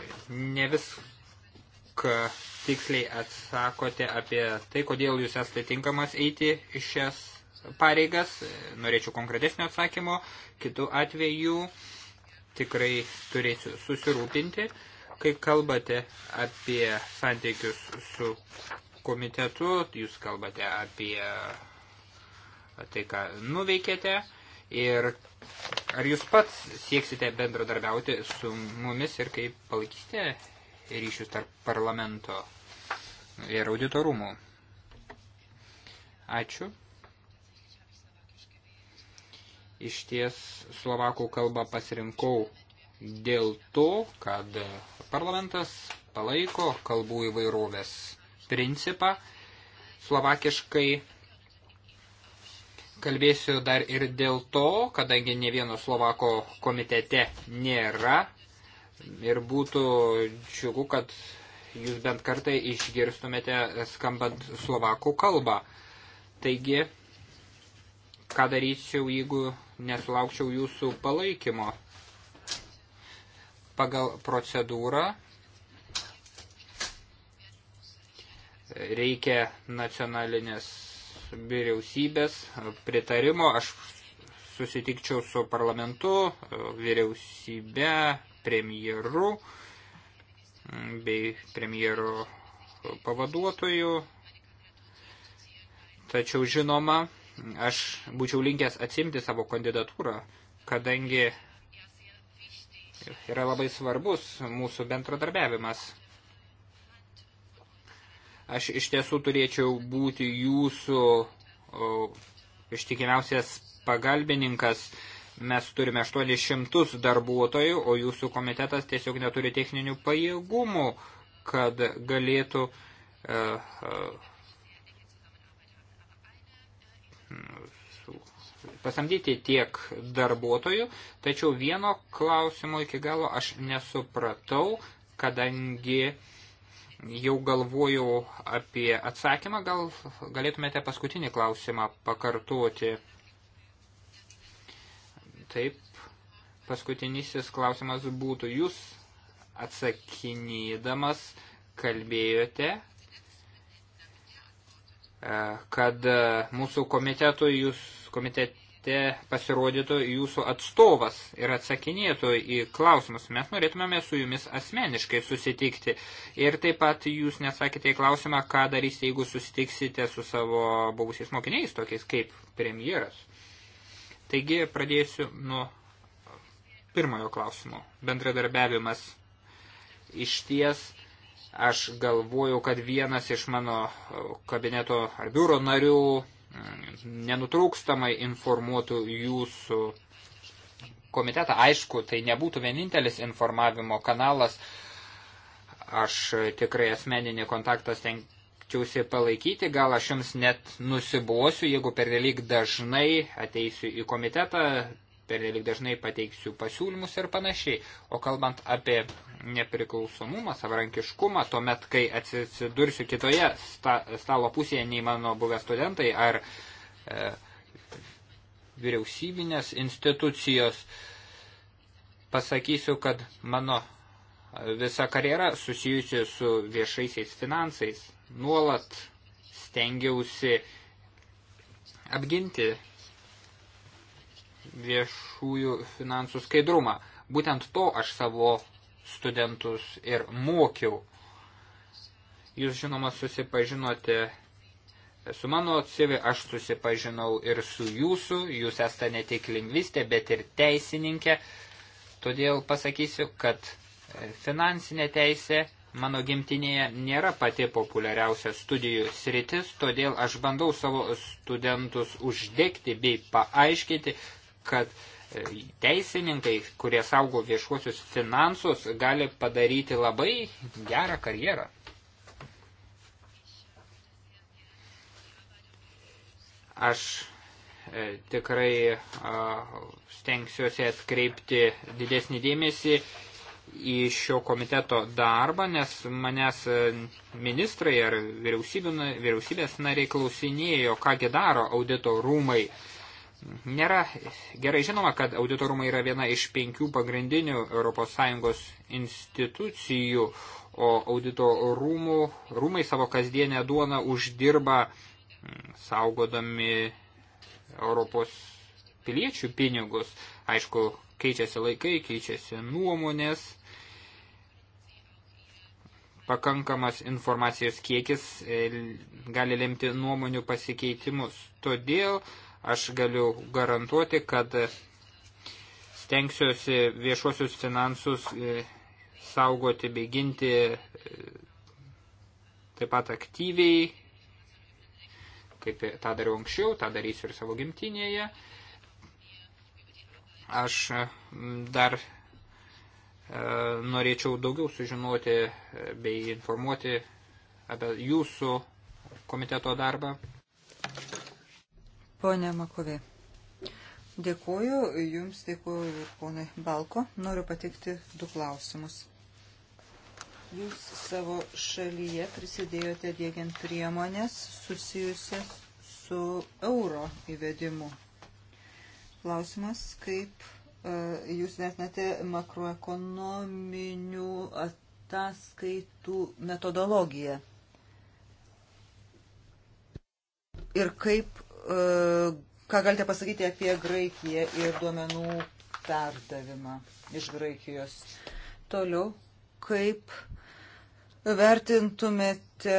ne viską tiksliai atsakote apie tai, kodėl jūs esate tinkamas eiti šias pareigas, norėčiau konkretesnio atsakymo, kitų atvejų tikrai turėsiu susirūpinti. Kai kalbate apie santykius su komitetu, jūs kalbate apie tai, ką nuveikėte ir ar jūs pats sieksite bendradarbiauti su mumis ir kaip palaikysite ryšius tarp parlamento ir auditorumų. Ačiū. Iš ties slovakų kalbą pasirinkau dėl to, kad parlamentas palaiko kalbų įvairovės principą. Slovakiškai kalbėsiu dar ir dėl to, kadangi ne vieno Slovako komitete nėra ir būtų džiugu, kad jūs bent kartai išgirstumėte skambant Slovakų kalbą. Taigi, ką daryčiau, jeigu nesulaukčiau jūsų palaikymo. Pagal procedūrą reikia nacionalinės vyriausybės pritarimo. Aš susitikčiau su parlamentu, vyriausybe, premjeru bei premjero pavaduotoju. Tačiau žinoma, Aš būčiau linkęs atsimti savo kandidatūrą, kadangi yra labai svarbus mūsų bendradarbiavimas. Aš iš tiesų turėčiau būti jūsų o, ištikimiausias pagalbininkas. Mes turime 800 darbuotojų, o jūsų komitetas tiesiog neturi techninių pajėgumų, kad galėtų uh, e, uh, e, pasamdyti tiek darbuotojų, tačiau vieno klausimo iki galo aš nesupratau, kadangi jau galvojau apie atsakymą, gal galėtumėte paskutinį klausimą pakartoti. Taip, paskutinisis klausimas būtų, jūs atsakinydamas kalbėjote kad e, mūsų komitetų jūs komitete pasirodytų jūsų atstovas ir atsakinėtų į klausimus. Mes norėtumėme su jumis asmeniškai susitikti. Ir taip pat jūs nesakėte į klausimą, ką darysite, jeigu susitiksite su savo buvusiais mokiniais, tokiais kaip premjeras. Taigi pradėsiu nuo pirmojo klausimo. Bendradarbiavimas iš ties Aš galvojau, kad vienas iš mano kabineto ar biuro narių mm, nenutrūkstamai informuotų jūsų komitetą. Aišku, tai nebūtų vienintelis informavimo kanalas. Aš tikrai asmeninį kontaktą stengčiausi palaikyti. Gal aš jums net nusibosiu, jeigu pernelyg dažnai ateisiu į komitetą, pernelyg dažnai pateiksiu pasiūlymus ir panašiai. O kalbant apie nepriklausomumą, savarankiškumą, tuomet, kai atsidursiu kitoje sta, stalo pusėje nei mano buvę studentai ar e, vyriausybinės institucijos, pasakysiu, kad mano visa karjera susijusi su viešaisiais finansais. Nuolat stengiausi apginti viešųjų finansų skaidrumą. Būtent to aš savo studentus ir mokiau. Jūs žinoma susipažinote su mano CV, aš susipažinau ir su jūsų, jūs esate ne tik lingvistė, bet ir teisininkė, todėl pasakysiu, kad finansinė teisė mano gimtinėje nėra pati populiariausia studijų sritis, todėl aš bandau savo studentus uždegti bei paaiškinti, kad teisininkai, kurie saugo viešuosius finansus, gali padaryti labai gerą karjerą. Aš e, tikrai stengsiuosi atkreipti didesnį dėmesį į šio komiteto darbą, nes manęs e, ministrai ar vyriausybės nariai klausinėjo, kągi daro audito rūmai. Nėra gerai žinoma, kad auditorumai yra viena iš penkių pagrindinių ES institucijų, o audito rūmų, rūmai savo kasdienę duoną uždirba mm, saugodami Europos piliečių pinigus. Aišku, keičiasi laikai, keičiasi nuomonės, pakankamas informacijos kiekis e, gali lemti nuomonių pasikeitimus. Todėl Aš galiu garantuoti, kad stengsiuosi viešuosius finansus e, saugoti, bėginti e, taip pat aktyviai, kaip tą dariau anksčiau, tą darysiu ir savo gimtinėje. Aš e, dar norėčiau daugiau sužinoti bei informuoti apie jūsų komiteto darbą. Pone Makovė. Dėkuoju Jums, dėkuoju ir ponai Balko. Noriu patikti du klausimus. Jūs savo šalyje prisidėjote dėgiant priemonės susijusias su euro įvedimu. Klausimas, kaip e, Jūs vertinate makroekonominių ataskaitų metodologiją ir kaip E, ką galite pasakyti apie Graikiją ir duomenų perdavimą iš Graikijos. Toliau, kaip vertintumėte,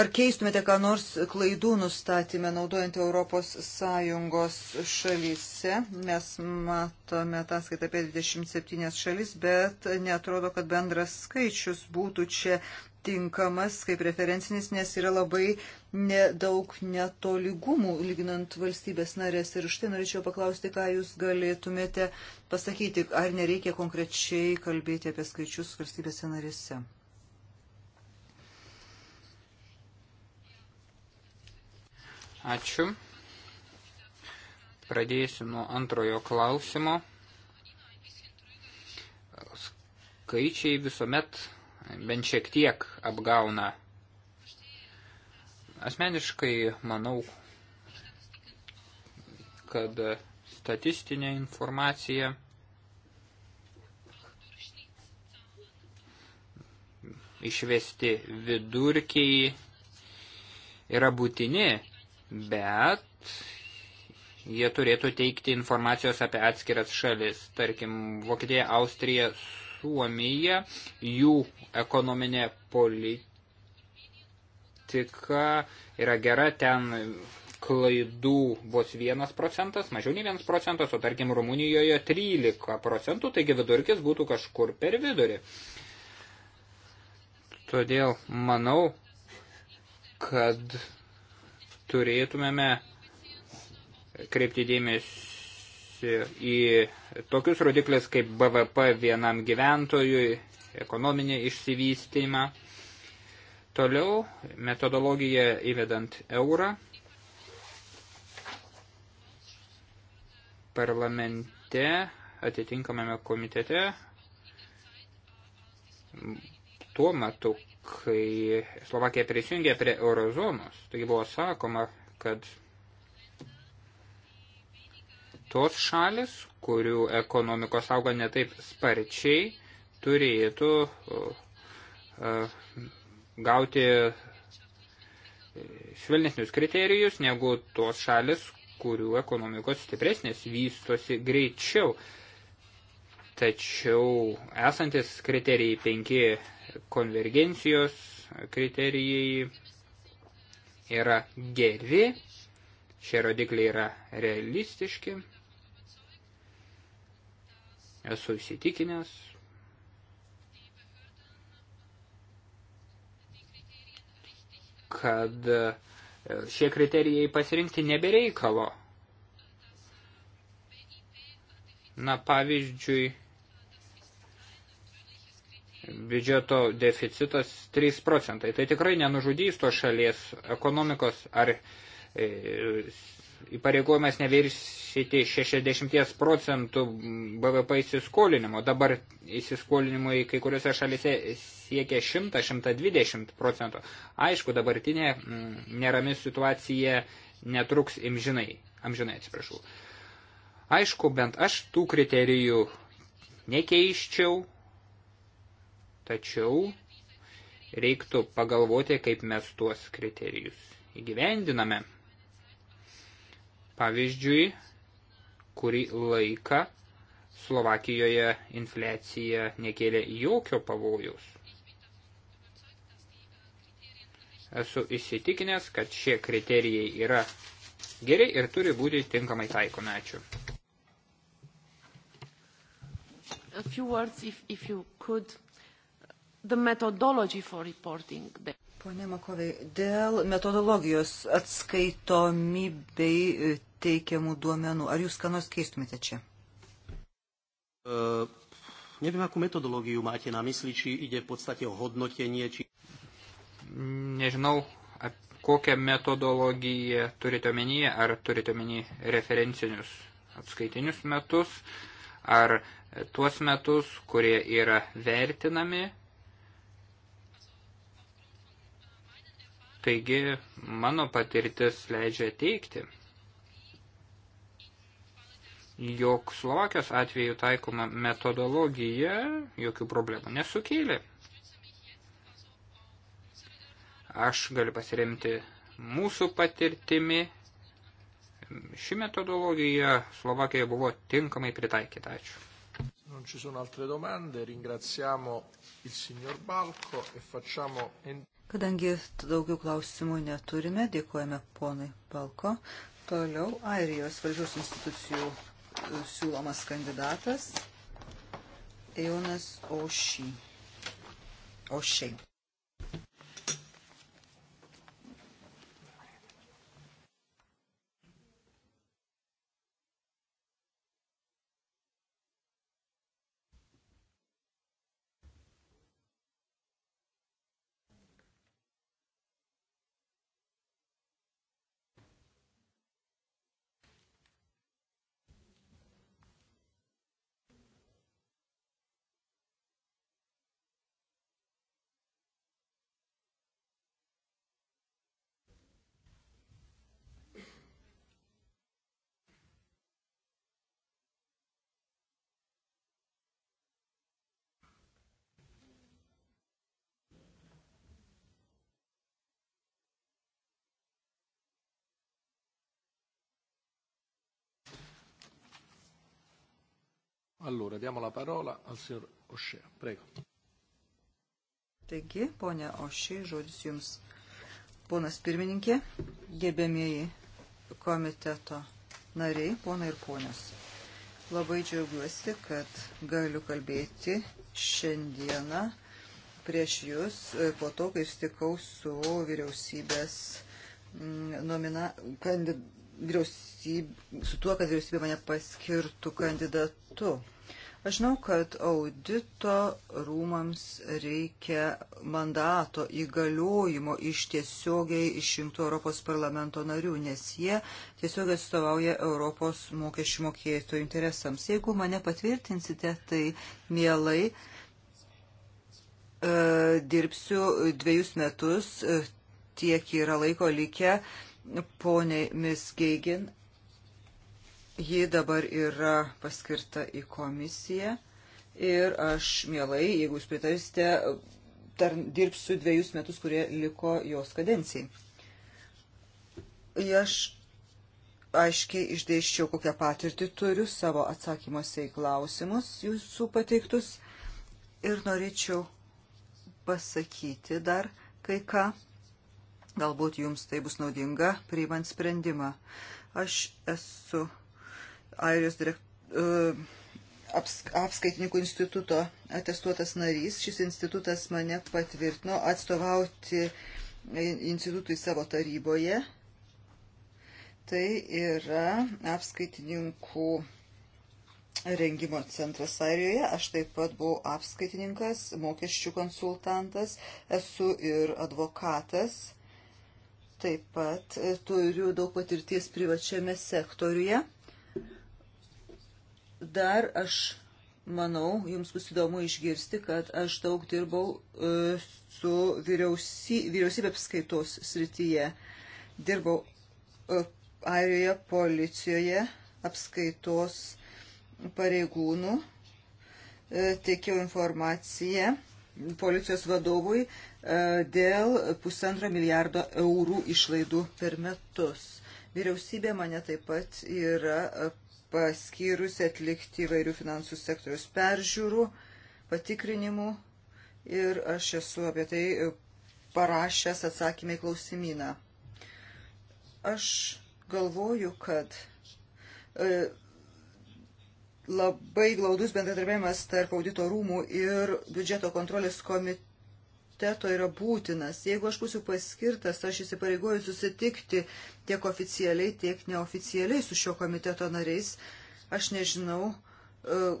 ar keistumėte ką nors klaidų nustatymę naudojant Europos Sąjungos šalyse? Mes matome ataskaitą apie 27 šalis, bet netrodo, kad bendras skaičius būtų čia tinkamas kaip referencinis, nes yra labai nedaug netoligumų lyginant valstybės narės. Ir štai norėčiau paklausti, ką jūs galėtumėte pasakyti, ar nereikia konkrečiai kalbėti apie skaičius valstybėse narėse. Ačiū. Pradėsiu nuo antrojo klausimo. Skaičiai visuomet bent šiek tiek apgauna. Asmeniškai manau, kad statistinė informacija išvesti vidurkiai yra būtini, bet jie turėtų teikti informacijos apie atskiras šalis. Tarkim, Vokietija, Austrija, Suomija, jų ekonominė politika yra gera, ten klaidų vos 1 procentas, mažiau nei 1 procentas, o tarkim Rumunijoje 13 procentų, taigi vidurkis būtų kažkur per vidurį. Todėl manau, kad turėtumėme kreipti dėmesį į tokius rodiklius kaip BVP vienam gyventojui, ekonominį išsivystymą. Toliau metodologija įvedant eurą. Parlamente, atitinkamame komitete, tuo metu, kai Slovakija prisijungė prie eurozonos, taigi buvo sakoma, kad tos šalis, kurių ekonomikos auga netaip sparčiai, turėtų uh, uh, gauti uh, švelnesnius kriterijus negu tos šalis, kurių ekonomikos stipresnės vystosi greičiau. Tačiau esantis kriterijai penki konvergencijos kriterijai yra geri, šie rodikliai yra realistiški, Esu įsitikinęs, kad e, šie kriterijai pasirinkti nebereikalo. Na, pavyzdžiui, biudžeto deficitas 3 procentai. Tai tikrai nenužudys to šalies ekonomikos ar e, įpareigojimas neviršyti 60 procentų BVP įsiskolinimo. Dabar įsiskolinimo į kai kuriuose šalise siekia 100-120 procentų. Aišku, dabartinė mm, nerami situacija netruks imžinai. Amžinai atsiprašau. Aišku, bent aš tų kriterijų nekeiščiau, tačiau reiktų pagalvoti, kaip mes tuos kriterijus įgyvendiname. Pavyzdžiui, kurį laiką Slovakijoje infliacija nekėlė jokio pavojaus. Esu įsitikinęs, kad šie kriterijai yra geri ir turi būti tinkamai taikomi. Ačiū. A few words, if, if you could, the methodology for reporting. Them. Pone Makovai, dėl metodologijos atskaitomybei e, teikiamų duomenų, ar jūs ką nors keistumėte čia? Uh, neviem, akų metodologijų matė na mysli, či ide v podstate o hodnotenie, či... Nežinau, kokią metodologiją turite omenyje, ar turite omenyje referencinius atskaitinius metus, ar tuos metus, kurie yra vertinami Taigi mano patirtis leidžia teikti, jog Slovakijos atveju taikoma metodologija jokių problemų nesukėlė. Aš galiu pasiremti mūsų patirtimi. Ši metodologija Slovakijoje buvo tinkamai pritaikyta. Ačiū. Non ci sono altre domande, ringraziamo il signor Balco e facciamo Kadangi daugiau klausimų neturime, dėkojame ponai Balko. Toliau Airijos valdžios institucijų e, siūlomas kandidatas Eonas Ošy. Ošiai. Allora, diamo la parola al signor Ošė. Prego. Taigi, ponia Ošė, žodis jums. Ponas pirmininkė, gerbėmieji komiteto nariai, ponai ir ponios. Labai džiaugiuosi, kad galiu kalbėti šiandieną prieš jūs e, po to, kai stikau su vyriausybės mm, nomina, kandid, vyriausyb, su tuo, kad vyriausybė mane paskirtų kandidatu Aš žinau, kad audito rūmams reikia mandato įgaliojimo iš tiesiogiai išrinktų Europos parlamento narių, nes jie tiesiog atstovauja Europos mokesčių mokėtojų interesams. Jeigu mane patvirtinsite, tai mielai e, dirbsiu dviejus metus, e, tiek yra laiko likę poniai Miss Geigin Ji dabar yra paskirta į komisiją ir aš mielai, jeigu jūs pritarsite, dirbsiu dviejus metus, kurie liko jos kadencijai. Aš aiškiai išdėščiau, kokią patirtį turiu savo atsakymuose į klausimus jūsų pateiktus ir norėčiau pasakyti dar kai ką. Galbūt jums tai bus naudinga priimant sprendimą. Aš esu Airijos direkt, uh, e, aps, apskaitininkų instituto atestuotas narys. Šis institutas mane patvirtino atstovauti institutui savo taryboje. Tai yra apskaitininkų rengimo centras Airijoje. Aš taip pat buvau apskaitininkas, mokesčių konsultantas, esu ir advokatas. Taip pat e, turiu daug patirties privačiame sektoriuje. Dar aš manau, jums bus įdomu išgirsti, kad aš daug dirbau e, su vyriausy, vyriausybė apskaitos srityje. Dirbau e, Airijoje policijoje apskaitos pareigūnų, e, teikiau informaciją policijos vadovui dėl pusantro milijardo eurų išlaidų per metus. Vyriausybė mane taip pat yra paskyrusi atlikti įvairių finansų sektoriaus peržiūrų, patikrinimų ir aš esu apie tai parašęs atsakymai klausimyną. Aš galvoju, kad e, labai glaudus bendradarbiavimas tarp audito rūmų ir biudžeto kontrolės komiteto komiteto yra būtinas. Jeigu aš būsiu paskirtas, aš įsipareigoju susitikti tiek oficialiai, tiek neoficialiai su šio komiteto nariais. Aš nežinau, e,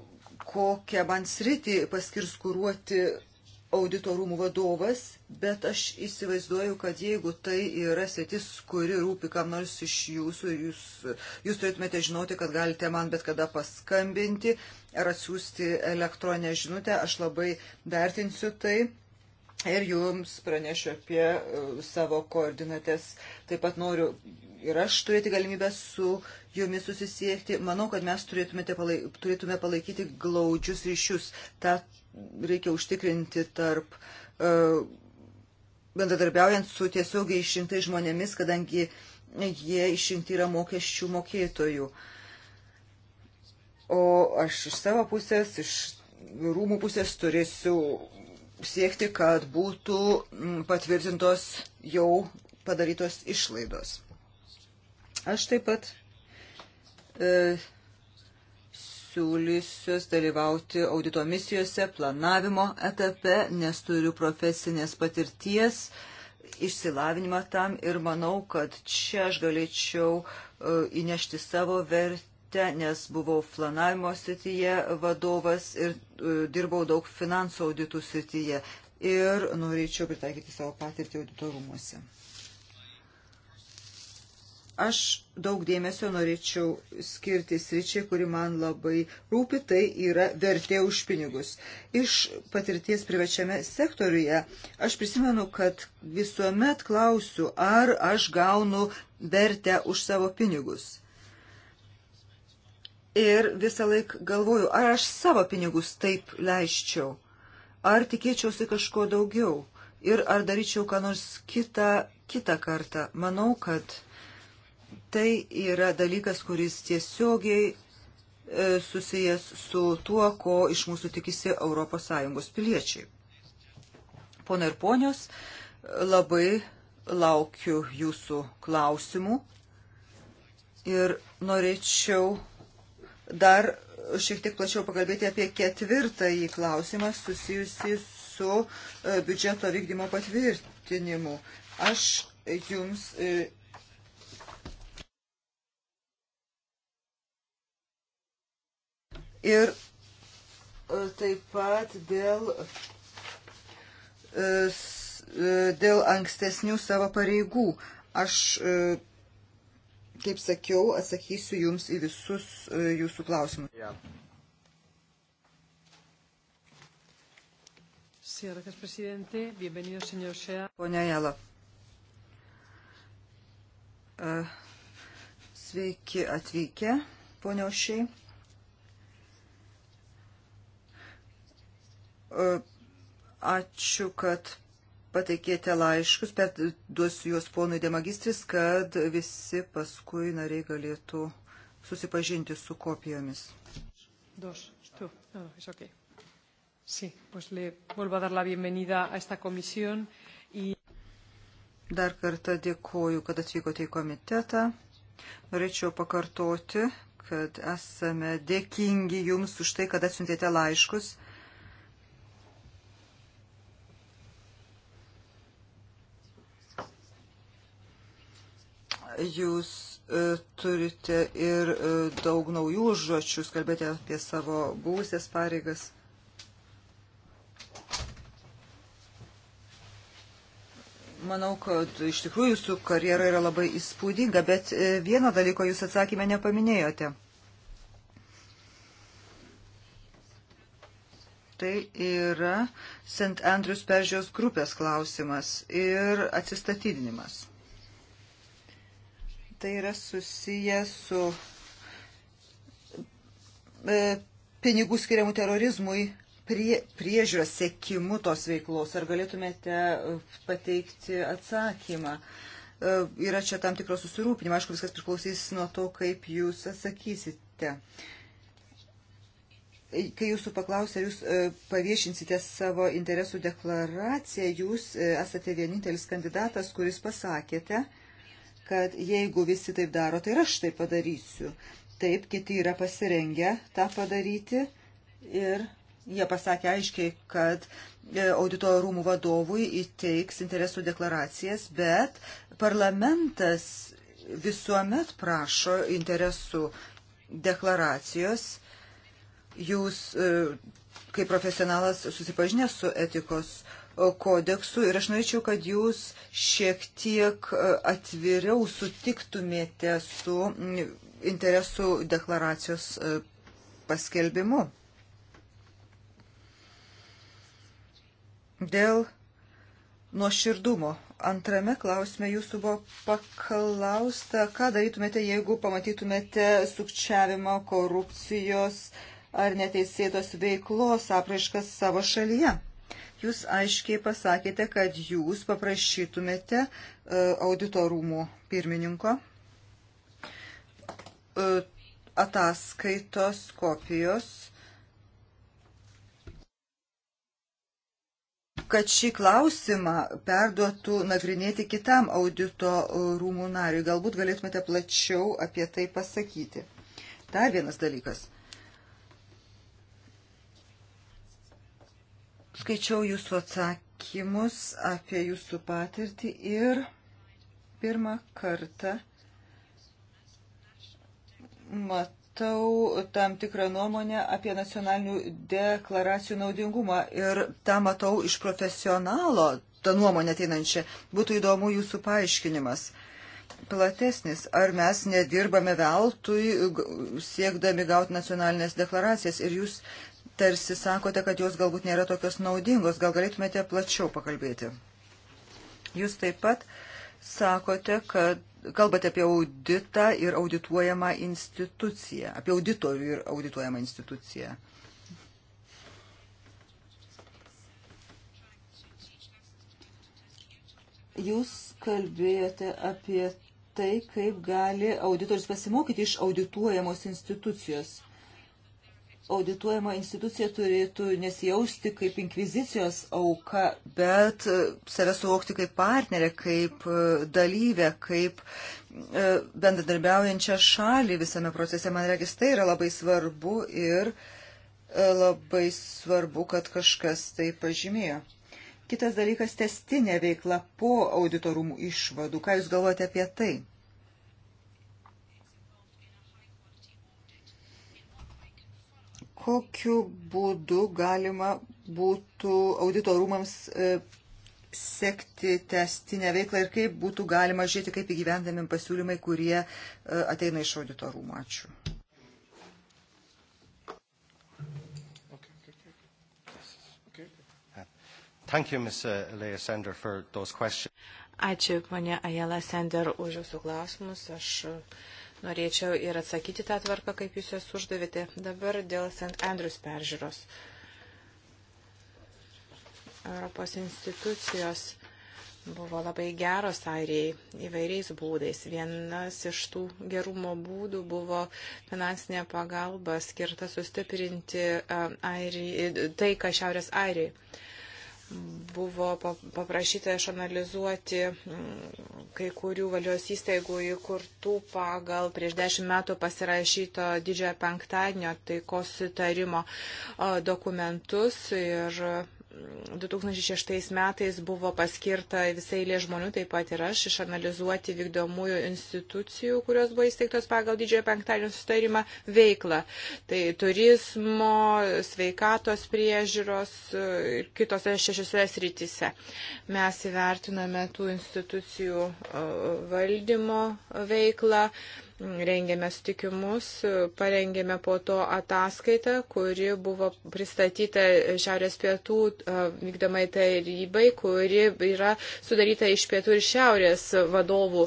kokią man sritį paskirs kūruoti auditorumų vadovas, bet aš įsivaizduoju, kad jeigu tai yra sėtis, kuri rūpi kam nors iš jūsų, jūs, jūs turėtumėte žinoti, kad galite man bet kada paskambinti ar atsiųsti elektroninę žinutę, aš labai vertinsiu tai ir jums pranešiu apie e, savo koordinates. Taip pat noriu ir aš turėti galimybę su jumis susisiekti. Manau, kad mes palaik, turėtume palaikyti glaudžius ryšius. Ta reikia užtikrinti tarp. Uh, bendradarbiaujant su tiesiogiai išrinktai žmonėmis, kadangi jie išrinkti yra mokesčių mokėtojų. O aš iš savo pusės, iš rūmų pusės turėsiu siekti, kad būtų mm, patvirtintos jau padarytos išlaidos. Aš taip pat e, siūlysiuos dalyvauti audito misijose, planavimo etape, nes turiu profesinės patirties, išsilavinimą tam ir manau, kad čia aš galėčiau e, įnešti savo vertę komitete, nes buvau planavimo srityje vadovas ir e, dirbau daug finansų auditų srityje ir norėčiau pritaikyti savo patirtį auditorumuose. Aš daug dėmesio norėčiau skirti sričiai, kuri man labai rūpi, tai yra vertė už pinigus. Iš patirties privačiame sektoriuje aš prisimenu, kad visuomet klausiu, ar aš gaunu vertę už savo pinigus ir visą laiką galvoju, ar aš savo pinigus taip leiščiau, ar tikėčiausi kažko daugiau ir ar daryčiau ką nors kitą, kitą kartą. Manau, kad tai yra dalykas, kuris tiesiogiai e, susijęs su tuo, ko iš mūsų tikisi ES piliečiai. Pona ir ponios, labai laukiu jūsų klausimų ir norėčiau dar šiek tiek plačiau pakalbėti apie ketvirtąjį klausimą susijusį su e, biudžeto vykdymo patvirtinimu. Aš jums e, ir e, taip pat dėl, dėl ankstesnių savo pareigų. Aš kaip sakiau, atsakysiu jums į visus e, jūsų klausimus. Yeah. Sí, gracias, presidente. Bienvenido, señor Shea. Pone Ajala. E, sveiki atvykę, ponio Šiai. E, ačiū, kad pateikėte laiškus, bet duosiu juos ponui demagistris, kad visi paskui nariai galėtų susipažinti su kopijomis. Dos, tu, no, es ok. Sí, pues le vuelvo a dar la bienvenida a esta comisión y... Dar kartą dėkoju, kad atvykote į komitetą. Norėčiau pakartoti, kad esame dėkingi Jums už tai, kad atsiuntėte laiškus jūs e, turite ir e, daug naujų užduočių, kalbėti apie savo būsės pareigas. Manau, kad iš tikrųjų jūsų karjera yra labai įspūdinga, bet e, vieno dalyko jūs atsakymę nepaminėjote. Tai yra St. Andrews peržiūros grupės klausimas ir atsistatydinimas tai yra susiję su e, pinigų skiriamų terorizmui prie, priežiūros sėkimu tos veiklos. Ar galėtumėte e, pateikti atsakymą? E, yra čia tam tikro susirūpinimo. Aišku, viskas priklausys nuo to, kaip jūs atsakysite. E, kai jūsų paklausė, jūs e, paviešinsite savo interesų deklaraciją, jūs esate vienintelis kandidatas, kuris pasakėte, kad jeigu visi taip daro, tai ir aš tai padarysiu. Taip, kiti yra pasirengę tą padaryti ir jie pasakė aiškiai, kad e, audito rūmų vadovui įteiks interesų deklaracijas, bet parlamentas visuomet prašo interesų deklaracijos. Jūs e, kaip profesionalas susipažinęs su etikos kodeksu ir aš norėčiau, kad jūs šiek tiek e, atviriau sutiktumėte su interesų deklaracijos e, paskelbimu. Dėl nuoširdumo. Antrame klausime jūsų buvo paklausta, ką darytumėte, jeigu pamatytumėte sukčiavimo, korupcijos ar neteisėtos veiklos apraiškas savo šalyje. Jūs aiškiai pasakėte, kad jūs paprašytumėte e, auditorumų pirmininko e, ataskaitos kopijos, kad šį klausimą perduotų nagrinėti kitam audito rūmų nariui. Galbūt galėtumėte plačiau apie tai pasakyti. Dar vienas dalykas. Skaičiau jūsų atsakymus apie jūsų patirtį ir pirmą kartą matau tam tikrą nuomonę apie nacionalinių deklaracijų naudingumą ir tą matau iš profesionalo, tą nuomonę ateinančią. Būtų įdomu jūsų paaiškinimas platesnis. Ar mes nedirbame veltui, siekdami gauti nacionalinės deklaracijas? Ir jūs tarsi sakote, kad jos galbūt nėra tokios naudingos. Gal galėtumėte plačiau pakalbėti? Jūs taip pat sakote, kad kalbate apie auditą ir audituojamą instituciją, apie auditorių ir audituojamą instituciją. Jūs kalbėjote apie tai, kaip gali auditorius pasimokyti iš audituojamos institucijos audituojama institucija turėtų nesijausti kaip inkvizicijos auka, bet e, save suvokti kaip partnerę, kaip e, dalyvę, kaip e, bendradarbiaujančią šalį visame procese. Man regis, tai yra labai svarbu ir labai svarbu, kad kažkas tai pažymėjo. Kitas dalykas - testinė veikla po auditorumų išvadų. Ką Jūs galvojate apie tai? kokiu būdu galima būtų auditorumams e, sekti testinę veiklą ir kaip būtų galima žiūrėti, kaip įgyvendami pasiūlymai, kurie e, ateina iš auditorumų. Ačiū. Thank you, Ms. Uh, Leia Sender, for those questions. Ačiū, ponia Ajala Sender, už jūsų klausimus. Aš uh, Norėčiau ir atsakyti tą tvarką, kaip jūs jas uždavėte dabar dėl St. Andrews peržiūros. Europos institucijos buvo labai geros airiai įvairiais būdais. Vienas iš tų gerumo būdų buvo finansinė pagalba skirta sustiprinti airijai, taiką Šiaurės airijai buvo paprašyta išanalizuoti mm, kai kurių valios įstaigų įkurtų pagal prieš dešimt metų pasirašyto didžiojo penktadienio taikos sutarimo dokumentus ir 2006 metais buvo paskirta visai lė žmonių, taip pat ir aš, išanalizuoti vykdomųjų institucijų, kurios buvo įsteigtos pagal didžiojo penktadienio sustarimą veiklą. Tai turizmo, sveikatos priežiūros ir kitose šešiose srityse. Mes įvertiname tų institucijų e, valdymo veiklą. Uh, rengėme sutikimus, parengėme po to ataskaitą, kuri buvo pristatyta Šiaurės pietų vykdomai tarybai, kuri yra sudaryta iš pietų ir šiaurės vadovų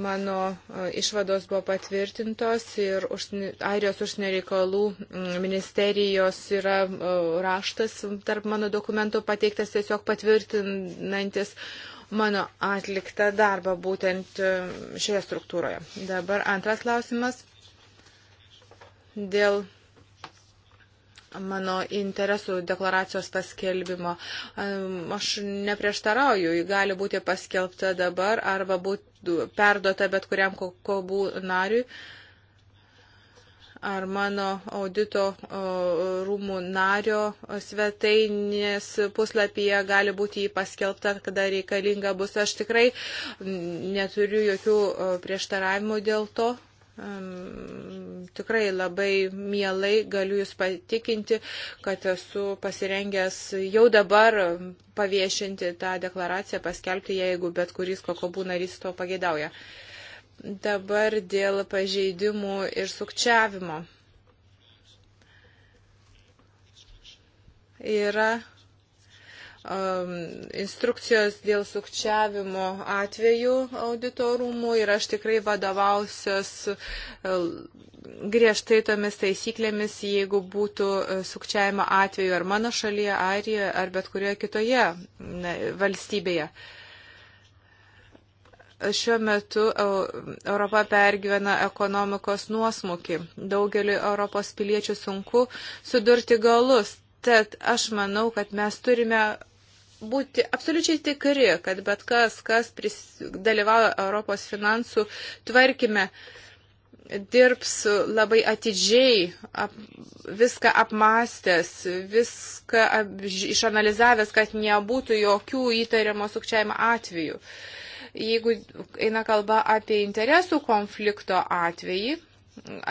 mano išvados buvo patvirtintos ir už, Airijos užsienio reikalų ministerijos yra raštas tarp mano dokumentų pateiktas tiesiog patvirtinantis mano atliktą darbą būtent e, šioje struktūroje. Dabar antras klausimas dėl mano interesų deklaracijos paskelbimo. E, aš neprieštarauju, ji gali būti paskelbta dabar arba būti perduota bet kuriam kobų nariui ar mano audito rūmų nario svetainės puslapyje gali būti jį paskelbta, kada reikalinga bus. Aš tikrai neturiu jokių prieštaravimų dėl to. Tikrai labai mielai galiu Jūs patikinti, kad esu pasirengęs jau dabar paviešinti tą deklaraciją, paskelbti ją, jeigu bet kuris kokobų narys to pageidauja. Dabar dėl pažeidimų ir sukčiavimo. Yra um, instrukcijos dėl sukčiavimo atvejų auditorumų ir aš tikrai vadovausios uh, griežtai tomis taisyklėmis, jeigu būtų uh, sukčiavimo atveju ar mano šalyje, Airijoje, ar bet kurioje kitoje valstybėje. Uh, Šiuo metu Europa pergyvena ekonomikos nuosmukį. Daugeliu Europos piliečių sunku sudurti galus. Tad aš manau, kad mes turime būti absoliučiai tikri, kad bet kas, kas pris, dalyvauja Europos finansų tvarkime, dirbs labai atidžiai, ap, viską apmastęs, viską ap, išanalizavęs, kad nebūtų jokių įtariamo sukčiavimo atvejų. Uh, jeigu eina kalba apie interesų konflikto atvejį,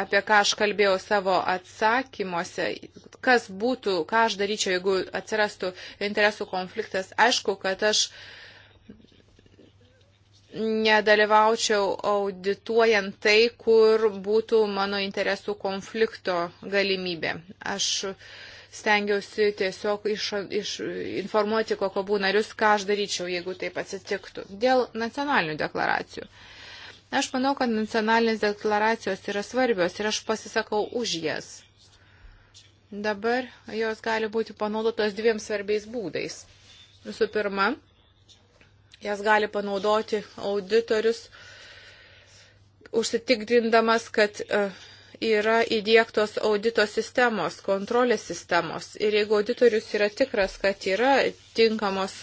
apie ką aš kalbėjau savo atsakymuose, kas būtų, ką aš daryčiau, jeigu atsirastų interesų konfliktas, aišku, kad aš nedalyvaučiau audituojant tai, kur būtų mano interesų konflikto galimybė. Aš uh, stengiausi tiesiog iš, iš, informuoti kokobų narius, ką aš daryčiau, jeigu taip atsitiktų. Dėl nacionalinių deklaracijų. Aš manau, kad nacionalinės deklaracijos yra svarbios ir aš pasisakau už jas. Dabar jos gali būti panaudotos dviem svarbiais būdais. Visų pirma, jas gali panaudoti auditorius, užsitikrindamas, kad uh, yra įdėktos audito sistemos, kontrolės sistemos. Ir jeigu auditorius yra tikras, kad yra tinkamos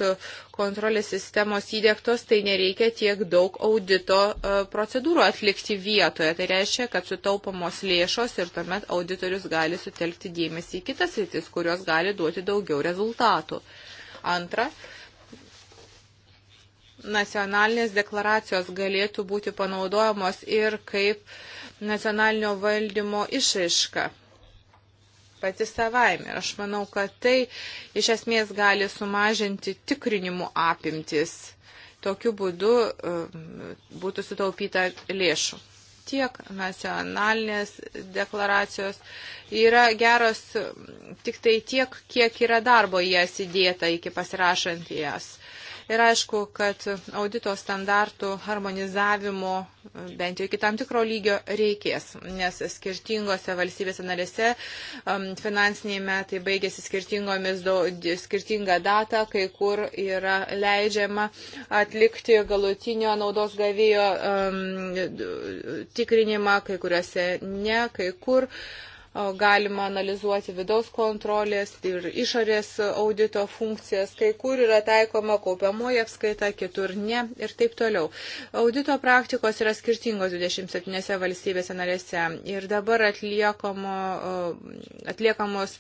kontrolės sistemos įdėktos, tai nereikia tiek daug audito e, procedūrų atlikti vietoje. Tai reiškia, kad sutaupamos lėšos ir tuomet auditorius gali sutelkti dėmesį į kitas rytis, kurios gali duoti daugiau rezultatų. Antra, nacionalinės deklaracijos galėtų būti panaudojamos ir kaip nacionalinio valdymo išaiška pati savaime. Ir aš manau, kad tai iš esmės gali sumažinti tikrinimų apimtis. Tokiu būdu um, būtų sutaupyta lėšų tiek nacionalinės deklaracijos yra geros um, tik tai tiek, kiek yra darbo jas įdėta iki pasirašant jas. Ir aišku, kad audito standartų harmonizavimo bent jau iki tam tikro lygio reikės, nes skirtingose valstybėse narėse um, finansiniai metai baigėsi skirtingomis, skirtinga data, kai kur yra leidžiama atlikti galutinio naudos gavėjo um, tikrinimą, kai kuriuose ne, kai kur. Um, galima analizuoti vidaus kontrolės ir išorės audito funkcijas, kai kur yra taikoma kaupiamoji apskaita, kitur ne ir taip toliau. Audito praktikos yra skirtingos 27 valstybėse narėse ir dabar atliekamo, atliekamos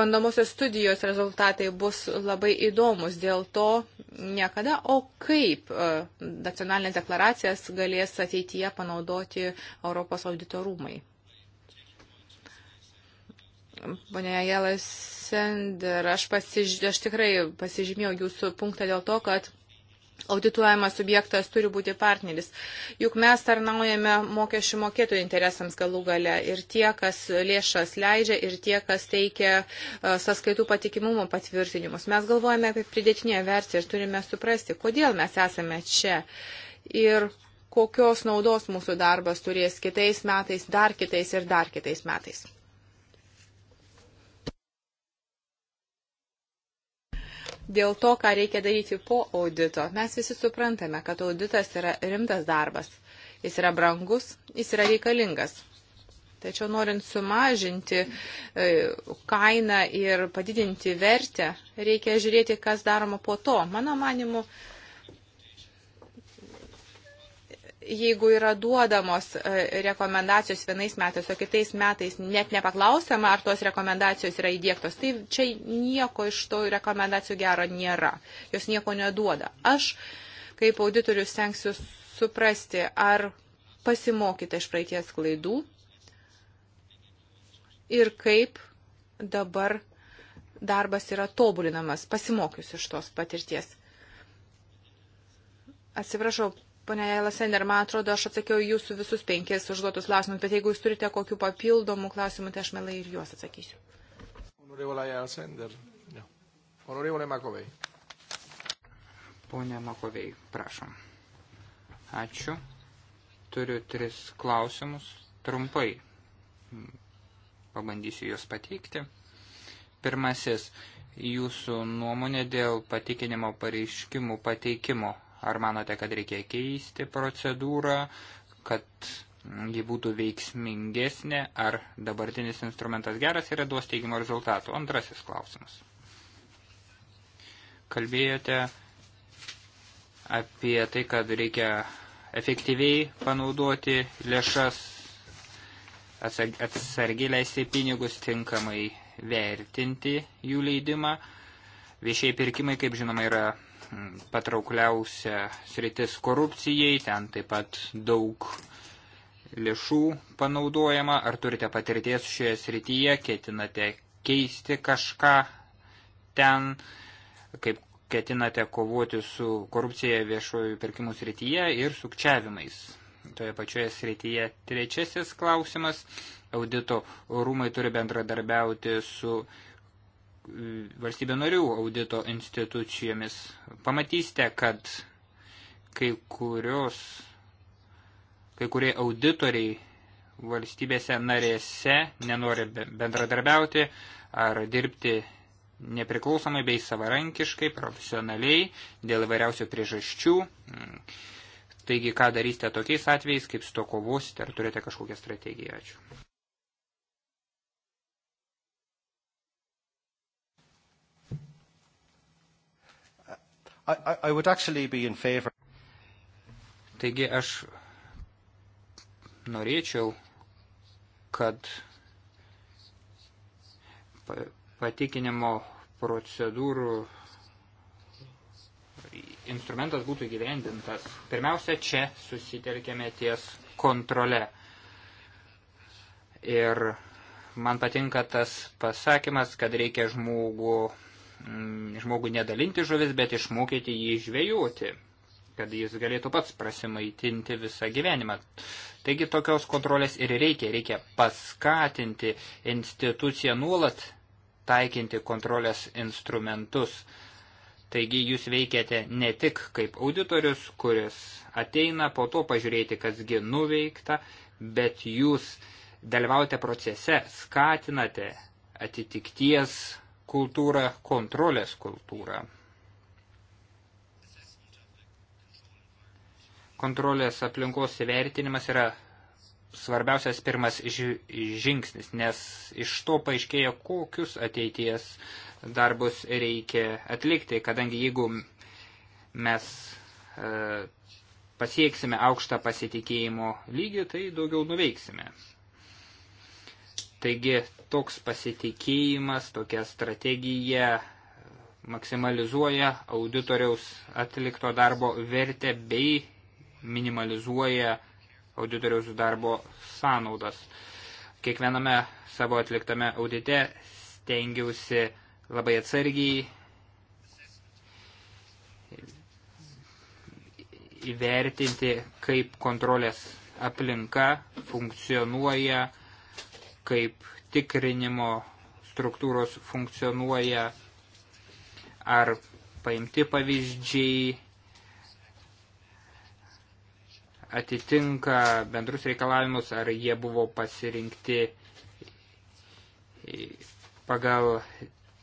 bandomosios studijos rezultatai bus labai įdomus, dėl to niekada, o kaip nacionalinės deklaracijas galės ateityje panaudoti Europos auditorumai. Pone Jelas Sender, aš, pasiž... aš tikrai pasižymėjau jūsų punktą dėl to, kad audituojamas subjektas turi būti partneris. Juk mes tarnaujame mokesčių mokėtojų interesams galų gale ir tie, kas lėšas leidžia ir tie, kas teikia e, sąskaitų patikimumo patvirtinimus. Mes galvojame apie pridėtinę vertę ir turime suprasti, kodėl mes esame čia. Ir kokios naudos mūsų darbas turės kitais metais, dar kitais ir dar kitais metais. dėl to, ką reikia daryti po audito. Mes visi suprantame, kad auditas yra rimtas darbas. Jis yra brangus, jis yra reikalingas. Tačiau norint sumažinti e, kainą ir padidinti vertę, reikia žiūrėti, kas daroma po to. Mano manimu, jeigu yra duodamos e, rekomendacijos vienais metais, o kitais metais net nepaklausama, ar tos rekomendacijos yra įdėktos, tai čia nieko iš to rekomendacijų gero nėra. Jos nieko neduoda. Aš, kaip auditorius, stengsiu suprasti, ar pasimokyta iš praeities klaidų ir kaip dabar darbas yra tobulinamas, pasimokius iš tos patirties. Atsiprašau, Pane Lasender, man atrodo, aš atsakiau jūsų visus penkis užduotus klausimus, bet jeigu jūs turite kokių papildomų klausimų, tai aš melai ir juos atsakysiu. Honorevole Makovei. Pone Makovei, prašom. Ačiū. Turiu tris klausimus. Trumpai. Pabandysiu juos pateikti. Pirmasis. Jūsų nuomonė dėl patikinimo pareiškimų pateikimo Ar manote, kad reikia keisti procedūrą, kad ji būtų veiksmingesnė, ar dabartinis instrumentas geras yra duos teigiamų rezultatų? Antrasis klausimas. Kalbėjote apie tai, kad reikia efektyviai panaudoti lėšas, atsargiai leisti pinigus tinkamai vertinti jų leidimą. Viešiai pirkimai, kaip žinoma, yra patraukliausia sritis korupcijai, ten taip pat daug lėšų panaudojama. Ar turite patirties šioje srityje, ketinate keisti kažką ten, kaip ketinate kovoti su korupcija viešojų pirkimų srityje ir sukčiavimais. Toje pačioje srityje trečiasis klausimas. Audito rūmai turi bendradarbiauti su valstybė narių audito institucijomis, pamatysite, kad kai kurios, kai kurie auditoriai valstybėse narėse nenori bendradarbiauti ar dirbti nepriklausomai bei savarankiškai, profesionaliai, dėl įvairiausių priežasčių. Taigi, ką darysite tokiais atvejais, kaip su to kovosite, ar turite kažkokią strategiją? Ačiū. I, I favor... Taigi aš norėčiau, kad patikinimo procedūrų instrumentas būtų gyvendintas. Pirmiausia, čia susitelkėme ties kontrole. Ir man patinka tas pasakymas, kad reikia žmogų Mm, žmogui nedalinti žuvis, bet išmokyti jį žvejoti, kad jis galėtų pats prasimaitinti visą gyvenimą. Taigi tokios kontrolės ir reikia, reikia paskatinti instituciją nuolat taikinti kontrolės instrumentus. Taigi jūs veikiate ne tik kaip auditorius, kuris ateina po to pažiūrėti, kasgi nuveikta, bet jūs dalyvaujate procese, skatinate atitikties kultūrą, kontrolės kultūrą. Kontrolės aplinkos įvertinimas yra svarbiausias pirmas žingsnis, nes iš to paaiškėja, kokius ateities darbus reikia atlikti, kadangi jeigu mes e, pasieksime aukštą pasitikėjimo lygį, tai daugiau nuveiksime. Taigi toks pasitikėjimas, tokia strategija maksimalizuoja auditoriaus atlikto darbo vertę bei minimalizuoja auditoriaus darbo sąnaudas. Kiekviename savo atliktame audite stengiausi labai atsargiai įvertinti, kaip kontrolės aplinka funkcionuoja, kaip tikrinimo struktūros funkcionuoja, ar paimti pavyzdžiai atitinka bendrus reikalavimus, ar jie buvo pasirinkti pagal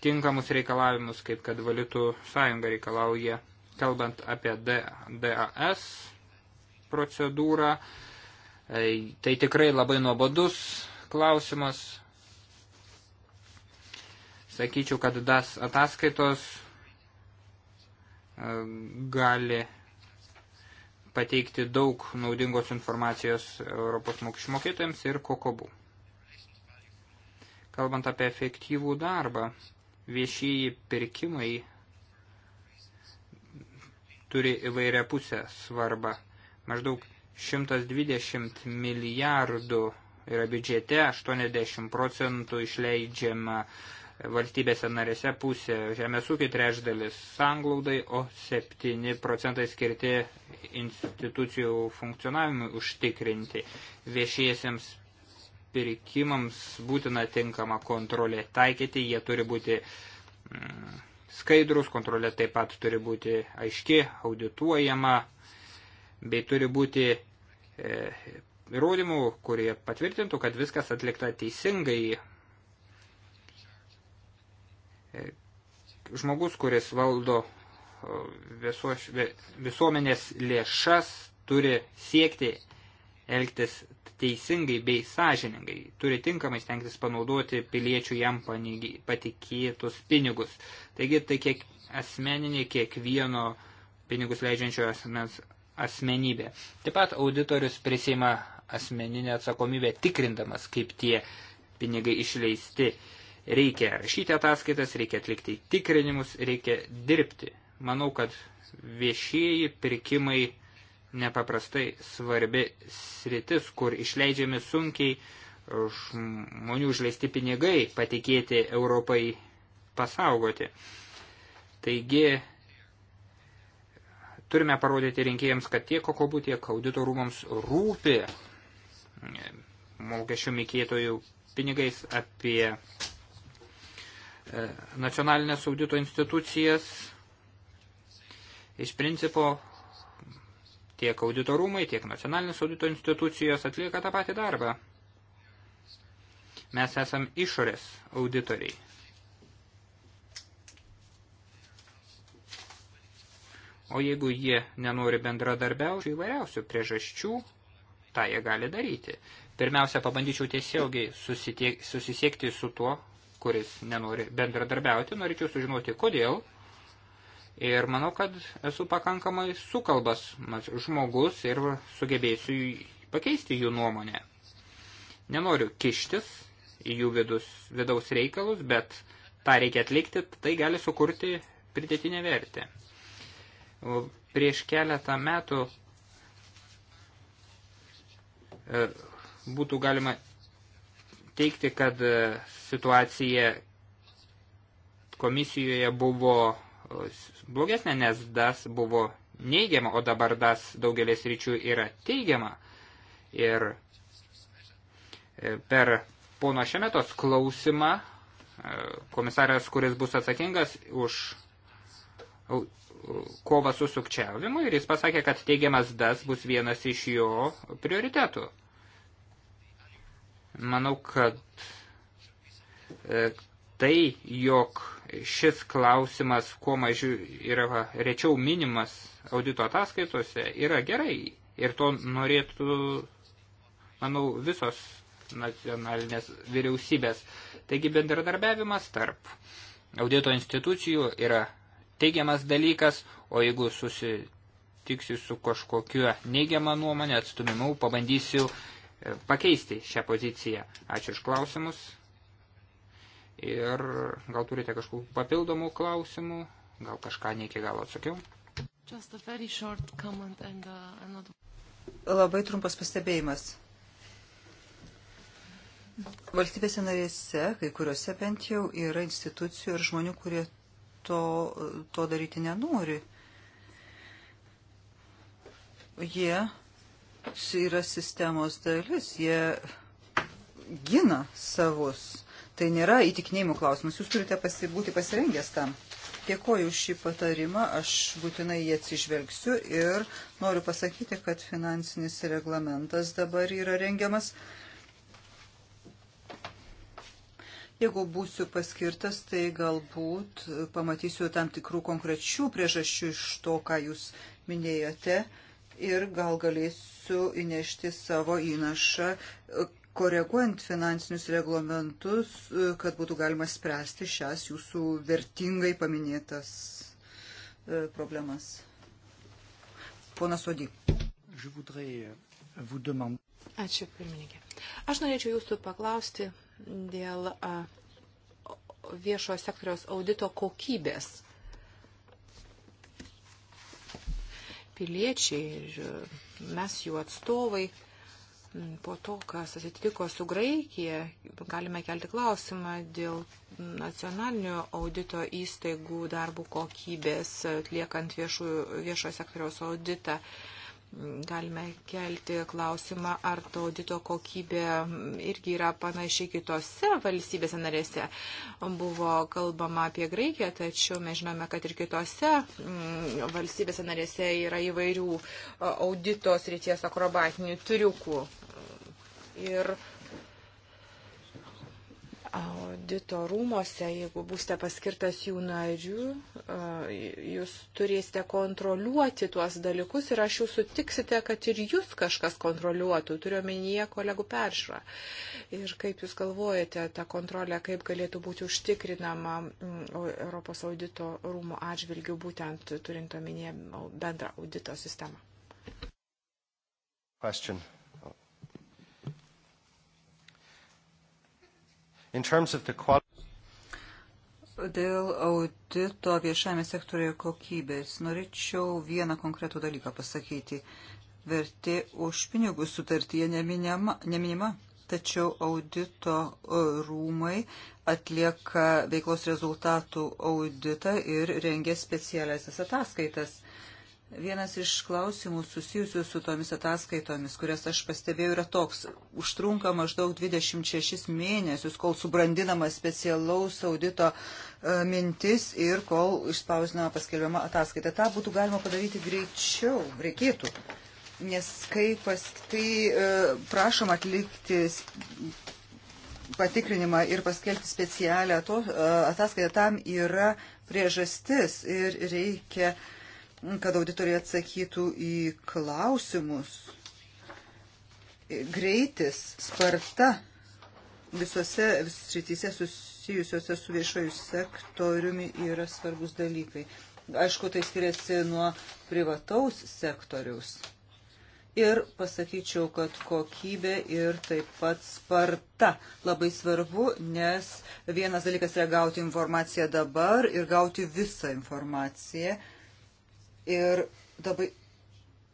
tinkamus reikalavimus, kaip kad valiutų sąjunga reikalauja. Kalbant apie DAS procedūrą, tai tikrai labai nuobodus klausimas. Sakyčiau, kad tas ataskaitos e, gali pateikti daug naudingos informacijos Europos mokesčių mokėtojams ir kokobų. Kalbant apie efektyvų darbą, viešieji pirkimai turi įvairią pusę svarbą. Maždaug 120 milijardų yra biudžete, 80 procentų išleidžiama valstybėse narėse pusė žemės ūkiai trečdalis sanglaudai, o 7 procentai skirti institucijų funkcionavimui užtikrinti. Viešiesiems pirkimams būtina tinkama kontrolė taikyti, jie turi būti mm, skaidrus, kontrolė taip pat turi būti aiški, audituojama, bei turi būti e, įrodymų, kurie patvirtintų, kad viskas atlikta teisingai. E, žmogus, kuris valdo e, viso, visuomenės lėšas, turi siekti elgtis teisingai bei sąžiningai, turi tinkamai stengtis panaudoti piliečių jam patikėtus pinigus. Taigi tai kiek asmeninė kiekvieno pinigus leidžiančio asmens asmenybė. Taip pat auditorius prisima asmeninę atsakomybę tikrindamas, kaip tie pinigai išleisti. Reikia rašyti ataskaitas, reikia atlikti tikrinimus, reikia dirbti. Manau, kad viešieji pirkimai nepaprastai svarbi sritis, kur išleidžiami sunkiai žmonių užleisti pinigai patikėti Europai pasaugoti. Taigi turime parodyti rinkėjams, kad tiek kokobų, tiek audito rūmams rūpi mokesčių mokėtojų pinigais, apie e, nacionalinės audito institucijas. Iš principo tiek audito rūmai, tiek nacionalinės audito institucijos atlieka tą patį darbą. Mes esam išorės auditoriai. O jeigu jie nenori bendradarbiauti įvairiausių priežasčių, tą jie gali daryti. Pirmiausia, pabandyčiau tiesiogiai susitiek, susisiekti su tuo, kuris nenori bendradarbiauti, norėčiau sužinoti, kodėl. Ir manau, kad esu pakankamai sukalbas žmogus ir sugebėsiu pakeisti jų nuomonę. Nenoriu kištis į jų vidus, vidaus reikalus, bet tą reikia atlikti, tai gali sukurti pridėtinę vertę. Prieš keletą metų E, būtų galima teikti, kad e, situacija komisijoje buvo e, blogesnė, nes DAS buvo neigiama, o dabar DAS daugelės ryčių yra teigiama. Ir per pono Šemetos klausimą komisaras, kuris bus atsakingas už kovą su sukčiavimu ir jis pasakė, kad teigiamas DAS bus vienas iš jo prioritetų. Manau, kad e, tai, jog šis klausimas, kuo mažiau yra rečiau minimas audito ataskaitose, yra gerai. Ir to norėtų, manau, visos nacionalinės vyriausybės. Taigi bendradarbiavimas tarp audito institucijų yra teigiamas dalykas, o jeigu susitiksiu su kažkokiu neigiamą nuomonę, atstumimu, pabandysiu e, pakeisti šią poziciją. Ačiū iš klausimus. Ir gal turite kažkokių papildomų klausimų, gal kažką ne iki galo atsakiau. And, uh, not... Labai trumpas pastebėjimas. Valstybėse narėse, kai kuriuose bent jau, yra institucijų ir žmonių, kurie to, to daryti nenori. Jie yra sistemos dalis, jie gina savus. Tai nėra įtikinėjimų klausimas, jūs turite pasi, būti pasirengęs tam. Dėkoju už šį patarimą, aš būtinai jį atsižvelgsiu ir noriu pasakyti, kad finansinis reglamentas dabar yra rengiamas. Uh, Jeigu būsiu paskirtas, tai galbūt pamatysiu tam tikrų konkrečių priežasčių iš to, ką jūs minėjote ir gal galėsiu įnešti savo įnašą, koreguojant finansinius reglamentus, kad būtų galima spręsti šias jūsų vertingai paminėtas e, problemas. Ponas Odį. Euh, Ačiū, pirmininkė. Aš norėčiau jūsų paklausti dėl viešojo sektoriaus audito kokybės. Piliečiai ir mes jų atstovai po to, kas atsitiko su Graikija, galime kelti klausimą dėl nacionalinio audito įstaigų darbų kokybės atliekant viešo sektoriaus auditą. Uh, Galime kelti klausimą, ar to audito kokybė irgi yra panašiai kitose valstybėse narėse. Buvo kalbama apie Graikiją, tačiau mes žinome, kad ir kitose mm, valstybėse narėse yra įvairių auditos ryties akrobatinių triukų. Ir uh, audito rūmose, jeigu būsite paskirtas jų narių, jūs turėsite kontroliuoti tuos dalykus ir aš jūs sutiksite, kad ir jūs kažkas kontroliuotų, turiuomenyje kolegų peržiūrą. Ir kaip jūs galvojate, ta kontrolė, kaip galėtų būti užtikrinama Europos audito rūmų atžvilgių, būtent turint omenyje bendrą audito sistemą. Question. Dėl audito viešame sektorėje kokybės norėčiau vieną konkretų dalyką pasakyti. Vertė už pinigų sutartyje neminima, neminima tačiau audito e, rūmai atlieka veiklos rezultatų auditą ir rengia specialiasias ataskaitas. Vienas iš klausimų susijusių su tomis ataskaitomis, kurias aš pastebėjau, yra toks. Užtrunka maždaug 26 mėnesius, kol subrandinama specialaus audito e, mintis ir kol išspausinama paskelbiama ataskaita. Ta būtų galima padaryti greičiau, reikėtų. Nes kai paskui e, prašom atlikti patikrinimą ir paskelbti specialią e, ataskaitą, tam yra priežastis ir reikia uh, kad auditoriai atsakytų į klausimus. Greitis, sparta visose srityse susijusiuose su viešoju sektoriumi yra svarbus dalykai. Aišku, tai skiriasi nuo privataus sektoriaus. Ir pasakyčiau, kad kokybė ir taip pat sparta labai svarbu, nes vienas dalykas yra gauti informaciją dabar ir gauti visą informaciją Ir dabar,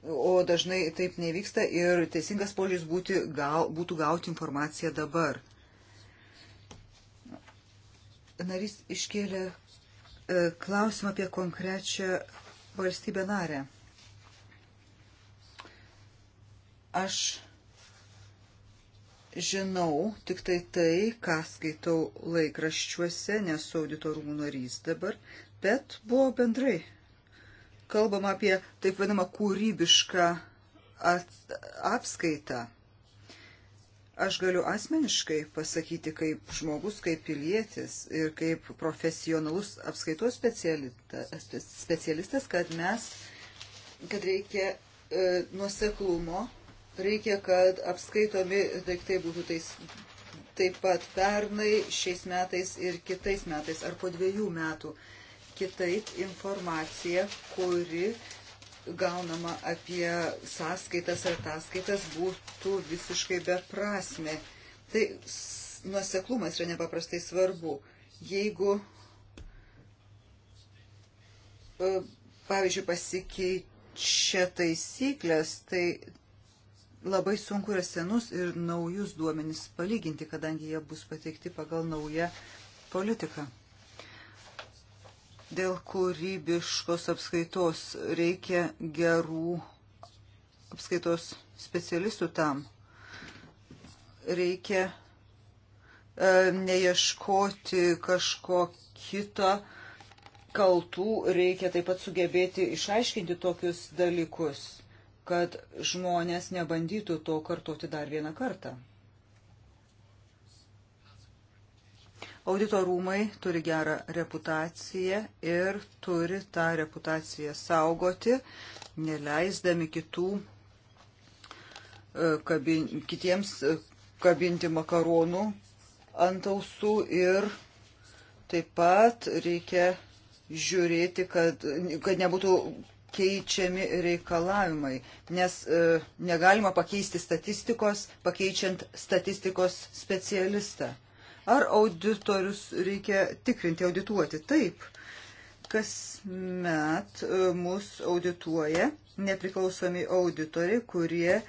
o dažnai taip nevyksta ir teisingas požiūris būti, gal, būtų gauti informaciją dabar. Narys iškėlė e, klausimą apie konkrečią valstybę narę. Aš žinau tik tai tai, ką skaitau laikraščiuose, nesu auditorumų narys dabar, bet buvo bendrai kalbama apie taip vadinamą kūrybišką apskaitą. Aš galiu asmeniškai pasakyti kaip žmogus, kaip pilietis ir kaip profesionalus apskaitos specialistas, kad mes, kad reikia e, nuoseklumo, reikia, kad apskaitomi daiktai būtų tais, taip pat pernai, šiais metais ir kitais metais ar po dviejų metų. E, kitaip informacija, kuri gaunama apie sąskaitas ar ataskaitas, būtų visiškai beprasme. Tai nuoseklumas yra nepaprastai svarbu. Jeigu, e, pavyzdžiui, pasikeičia taisyklės, tai labai sunku yra senus ir naujus duomenys palyginti, kadangi jie bus pateikti pagal naują politiką. Dėl kūrybiškos apskaitos reikia gerų apskaitos specialistų tam. Reikia e, neieškoti kažko kito kaltų, reikia taip pat sugebėti išaiškinti tokius dalykus, kad žmonės nebandytų to kartoti dar vieną kartą. Audito rūmai turi gerą reputaciją ir turi tą reputaciją saugoti, neleisdami kitų, e, kabin, kitiems e, kabinti makaronų ant ausų ir taip pat reikia žiūrėti, kad, kad nebūtų keičiami reikalavimai, nes e, negalima pakeisti statistikos, pakeičiant statistikos specialistą. Ar auditorius reikia tikrinti, audituoti? Taip. Kasmet e, mūsų audituoja nepriklausomi auditoriai, kurie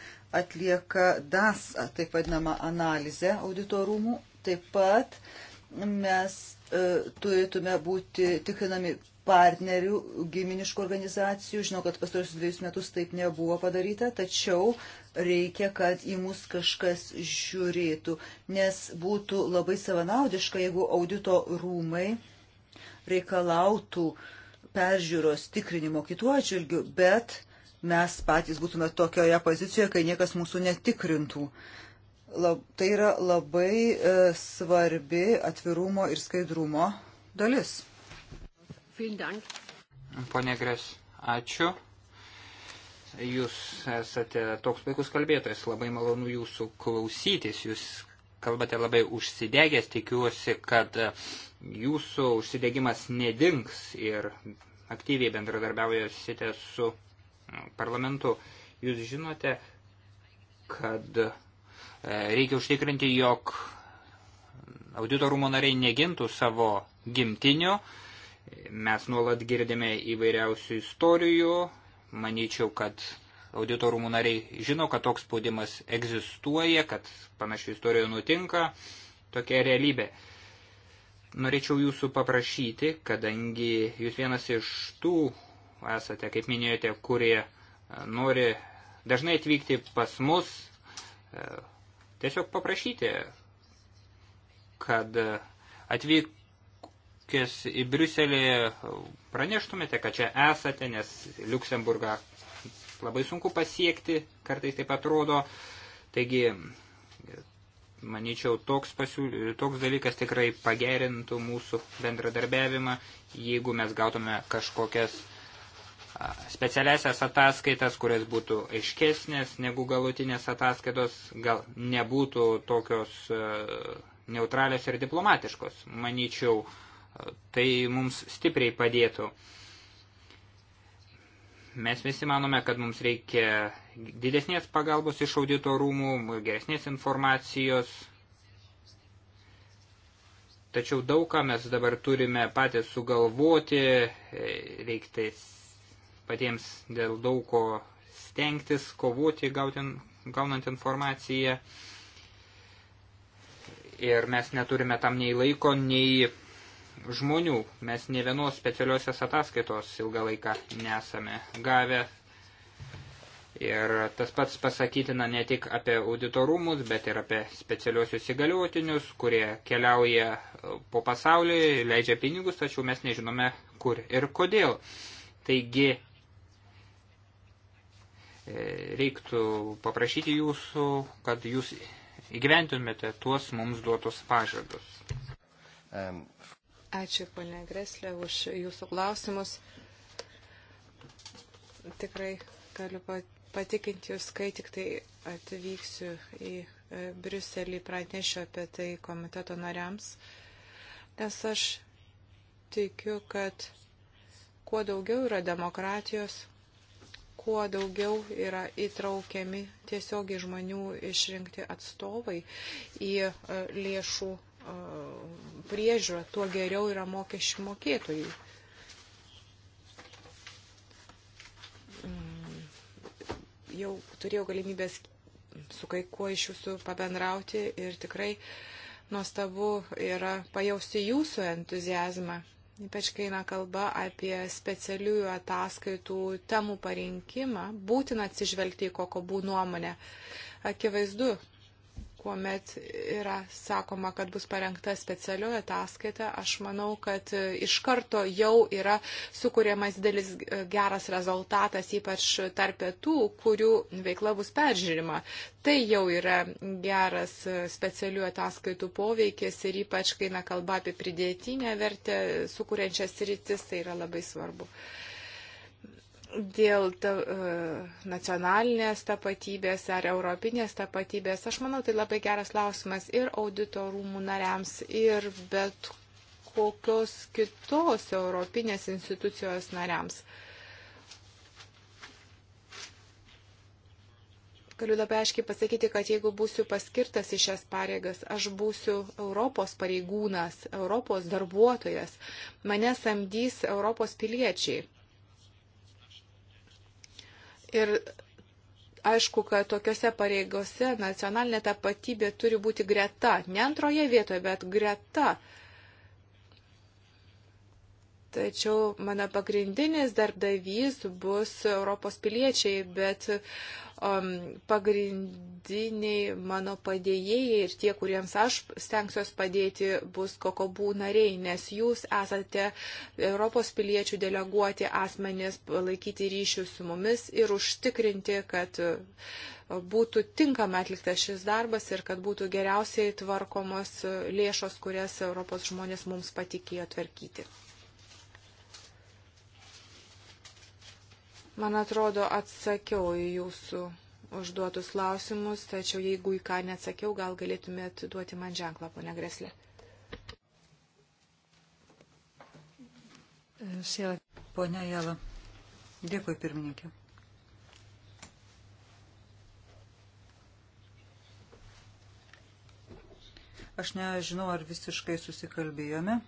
atlieka DASA, taip vadinamą analizę auditorumų. Taip pat mes e, turėtume būti tikrinami partnerių, giminiškų organizacijų. Žinau, kad pastarosius dviejus metus taip nebuvo padaryta, tačiau reikia, kad į mus kažkas žiūrėtų, nes būtų labai savanaudiška, jeigu audito rūmai reikalautų peržiūros tikrinimo kitų atžvilgių, bet mes patys būtume tokioje pozicijoje, kai niekas mūsų netikrintų. Lab, tai yra labai e, svarbi atvirumo ir skaidrumo dalis. Pone Gres, ačiū. Jūs esate toks puikus kalbėtojas, labai malonu jūsų klausytis, jūs kalbate labai užsidegęs, tikiuosi, kad e, jūsų užsidegimas nedings ir aktyviai bendradarbiaujasite su e, parlamentu. Jūs žinote, kad e, reikia užtikrinti, jog auditorumo nariai negintų savo gimtinio. Mes nuolat girdime įvairiausių istorijų, Manyčiau, kad audito rūmų nariai žino, kad toks spaudimas egzistuoja, kad panašių istorijų nutinka, tokia realybė. Norėčiau jūsų paprašyti, kadangi jūs vienas iš tų esate, kaip minėjote, kurie e, nori dažnai atvykti pas mus, e, tiesiog paprašyti, kad e, atvyk, atvykęs į Briuselį praneštumėte, kad čia esate, nes Luksemburgą labai sunku pasiekti, kartais taip atrodo. Taigi, manyčiau, toks, pasiūly, toks dalykas tikrai pagerintų mūsų bendradarbiavimą, jeigu mes gautume kažkokias specialiasias ataskaitas, kurias būtų aiškesnės negu galutinės ataskaitos, gal nebūtų tokios neutralios ir diplomatiškos. Manyčiau, uh, Tai mums stipriai padėtų. Mes visi manome, kad mums reikia didesnės pagalbos iš audito rūmų, geresnės informacijos. Tačiau daug ką mes dabar turime patys sugalvoti, reiktais patiems dėl daug ko stengtis, kovoti, gauti, gaunant informaciją. Ir mes neturime tam nei laiko, nei žmonių. Mes ne vienos specialiosios ataskaitos ilgą laiką nesame gavę. Ir tas pats pasakytina ne tik apie auditorumus, bet ir apie specialiosius įgaliuotinius, kurie keliauja po pasaulį, leidžia pinigus, tačiau mes nežinome kur ir kodėl. Taigi e, reiktų paprašyti jūsų, kad jūs įgyventumėte tuos mums duotus pažadus. Um. Ačiū, ponė Greslė, už jūsų klausimus. Tikrai galiu patikinti jūs, kai tik tai atvyksiu į e, Briuselį, pranešiu apie tai komiteto nariams, nes aš tikiu, kad kuo daugiau yra demokratijos, kuo daugiau yra įtraukiami tiesiogiai žmonių išrinkti atstovai į e, lėšų priežiūra, tuo geriau yra mokesčių mokėtojai. Mm, jau turėjau galimybės su kai kuo iš jūsų pabendrauti ir tikrai nuostabu yra pajausti jūsų entuzijazmą, ypač kai eina kalba apie specialiųjų ataskaitų temų parinkimą, būtina atsižvelgti į kokobų nuomonę. Akivaizdu, kuomet yra sakoma, kad bus parengta specialioji ataskaita, aš manau, kad e, iš karto jau yra sukūriamas didelis e, geras rezultatas, ypač tarp tų, kurių veikla bus peržiūrima. Tai jau yra geras e, specialiųjų ataskaitų poveikis ir ypač, kai na kalba apie pridėtinę vertę sukūrenčias rytis, tai yra labai svarbu. Uh, dėl ta, e, nacionalinės tapatybės ar europinės tapatybės, aš manau, tai labai geras klausimas ir audito rūmų nariams, ir bet kokios kitos europinės institucijos nariams. Galiu labai aiškiai pasakyti, kad jeigu būsiu paskirtas į šias pareigas, aš būsiu Europos pareigūnas, Europos darbuotojas, mane samdys Europos piliečiai Ir aišku, kad tokiuose pareigose nacionalinė tapatybė turi būti greta, ne antroje vietoje, bet greta. Tačiau mano pagrindinis darbdavys bus Europos piliečiai, bet pagrindiniai mano padėjėjai ir tie, kuriems aš stengsiuos padėti, bus kokobų nariai, nes jūs esate Europos piliečių deleguoti asmenys, palaikyti ryšių su mumis ir užtikrinti, kad e, būtų tinkamai atliktas šis darbas ir kad būtų geriausiai tvarkomos lėšos, kurias Europos žmonės mums patikėjo tvarkyti. Man atrodo, atsakiau į jūsų užduotus klausimus, tačiau jeigu į ką neatsakiau, gal galėtumėt duoti man ženklą, ponia Greslė. Sėla. Pone Jela. Dėkui, pirmininkė. Aš nežinau, ar visiškai susikalbėjome.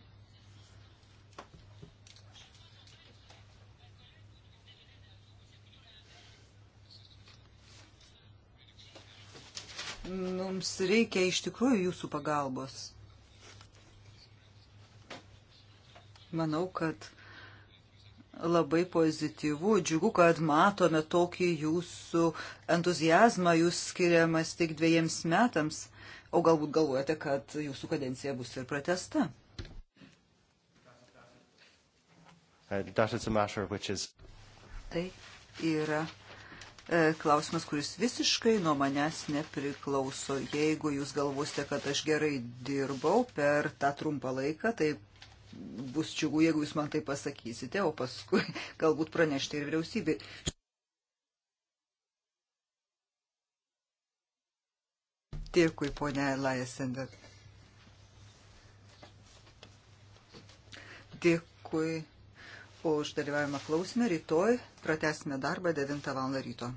Mums reikia iš tikrųjų jūsų pagalbos. Manau, kad labai pozityvu, džiugu, kad matome tokį jūsų entuzijazmą, jūs skiriamas tik dviejiems metams, o galbūt galvojate, kad jūsų kadencija bus ir pratesta. Uh, tai yra E, klausimas, kuris visiškai nuo manęs nepriklauso. Jeigu jūs galvosite, kad aš gerai dirbau per tą trumpą laiką, tai bus čiūgų, jeigu jūs man tai pasakysite, o paskui galbūt pranešti ir vyriausybei. Dėkui, ponia Laja Sender. Dėkui už dalyvavimą klausime. Rytoj pratesime darbą 9 val. ryto.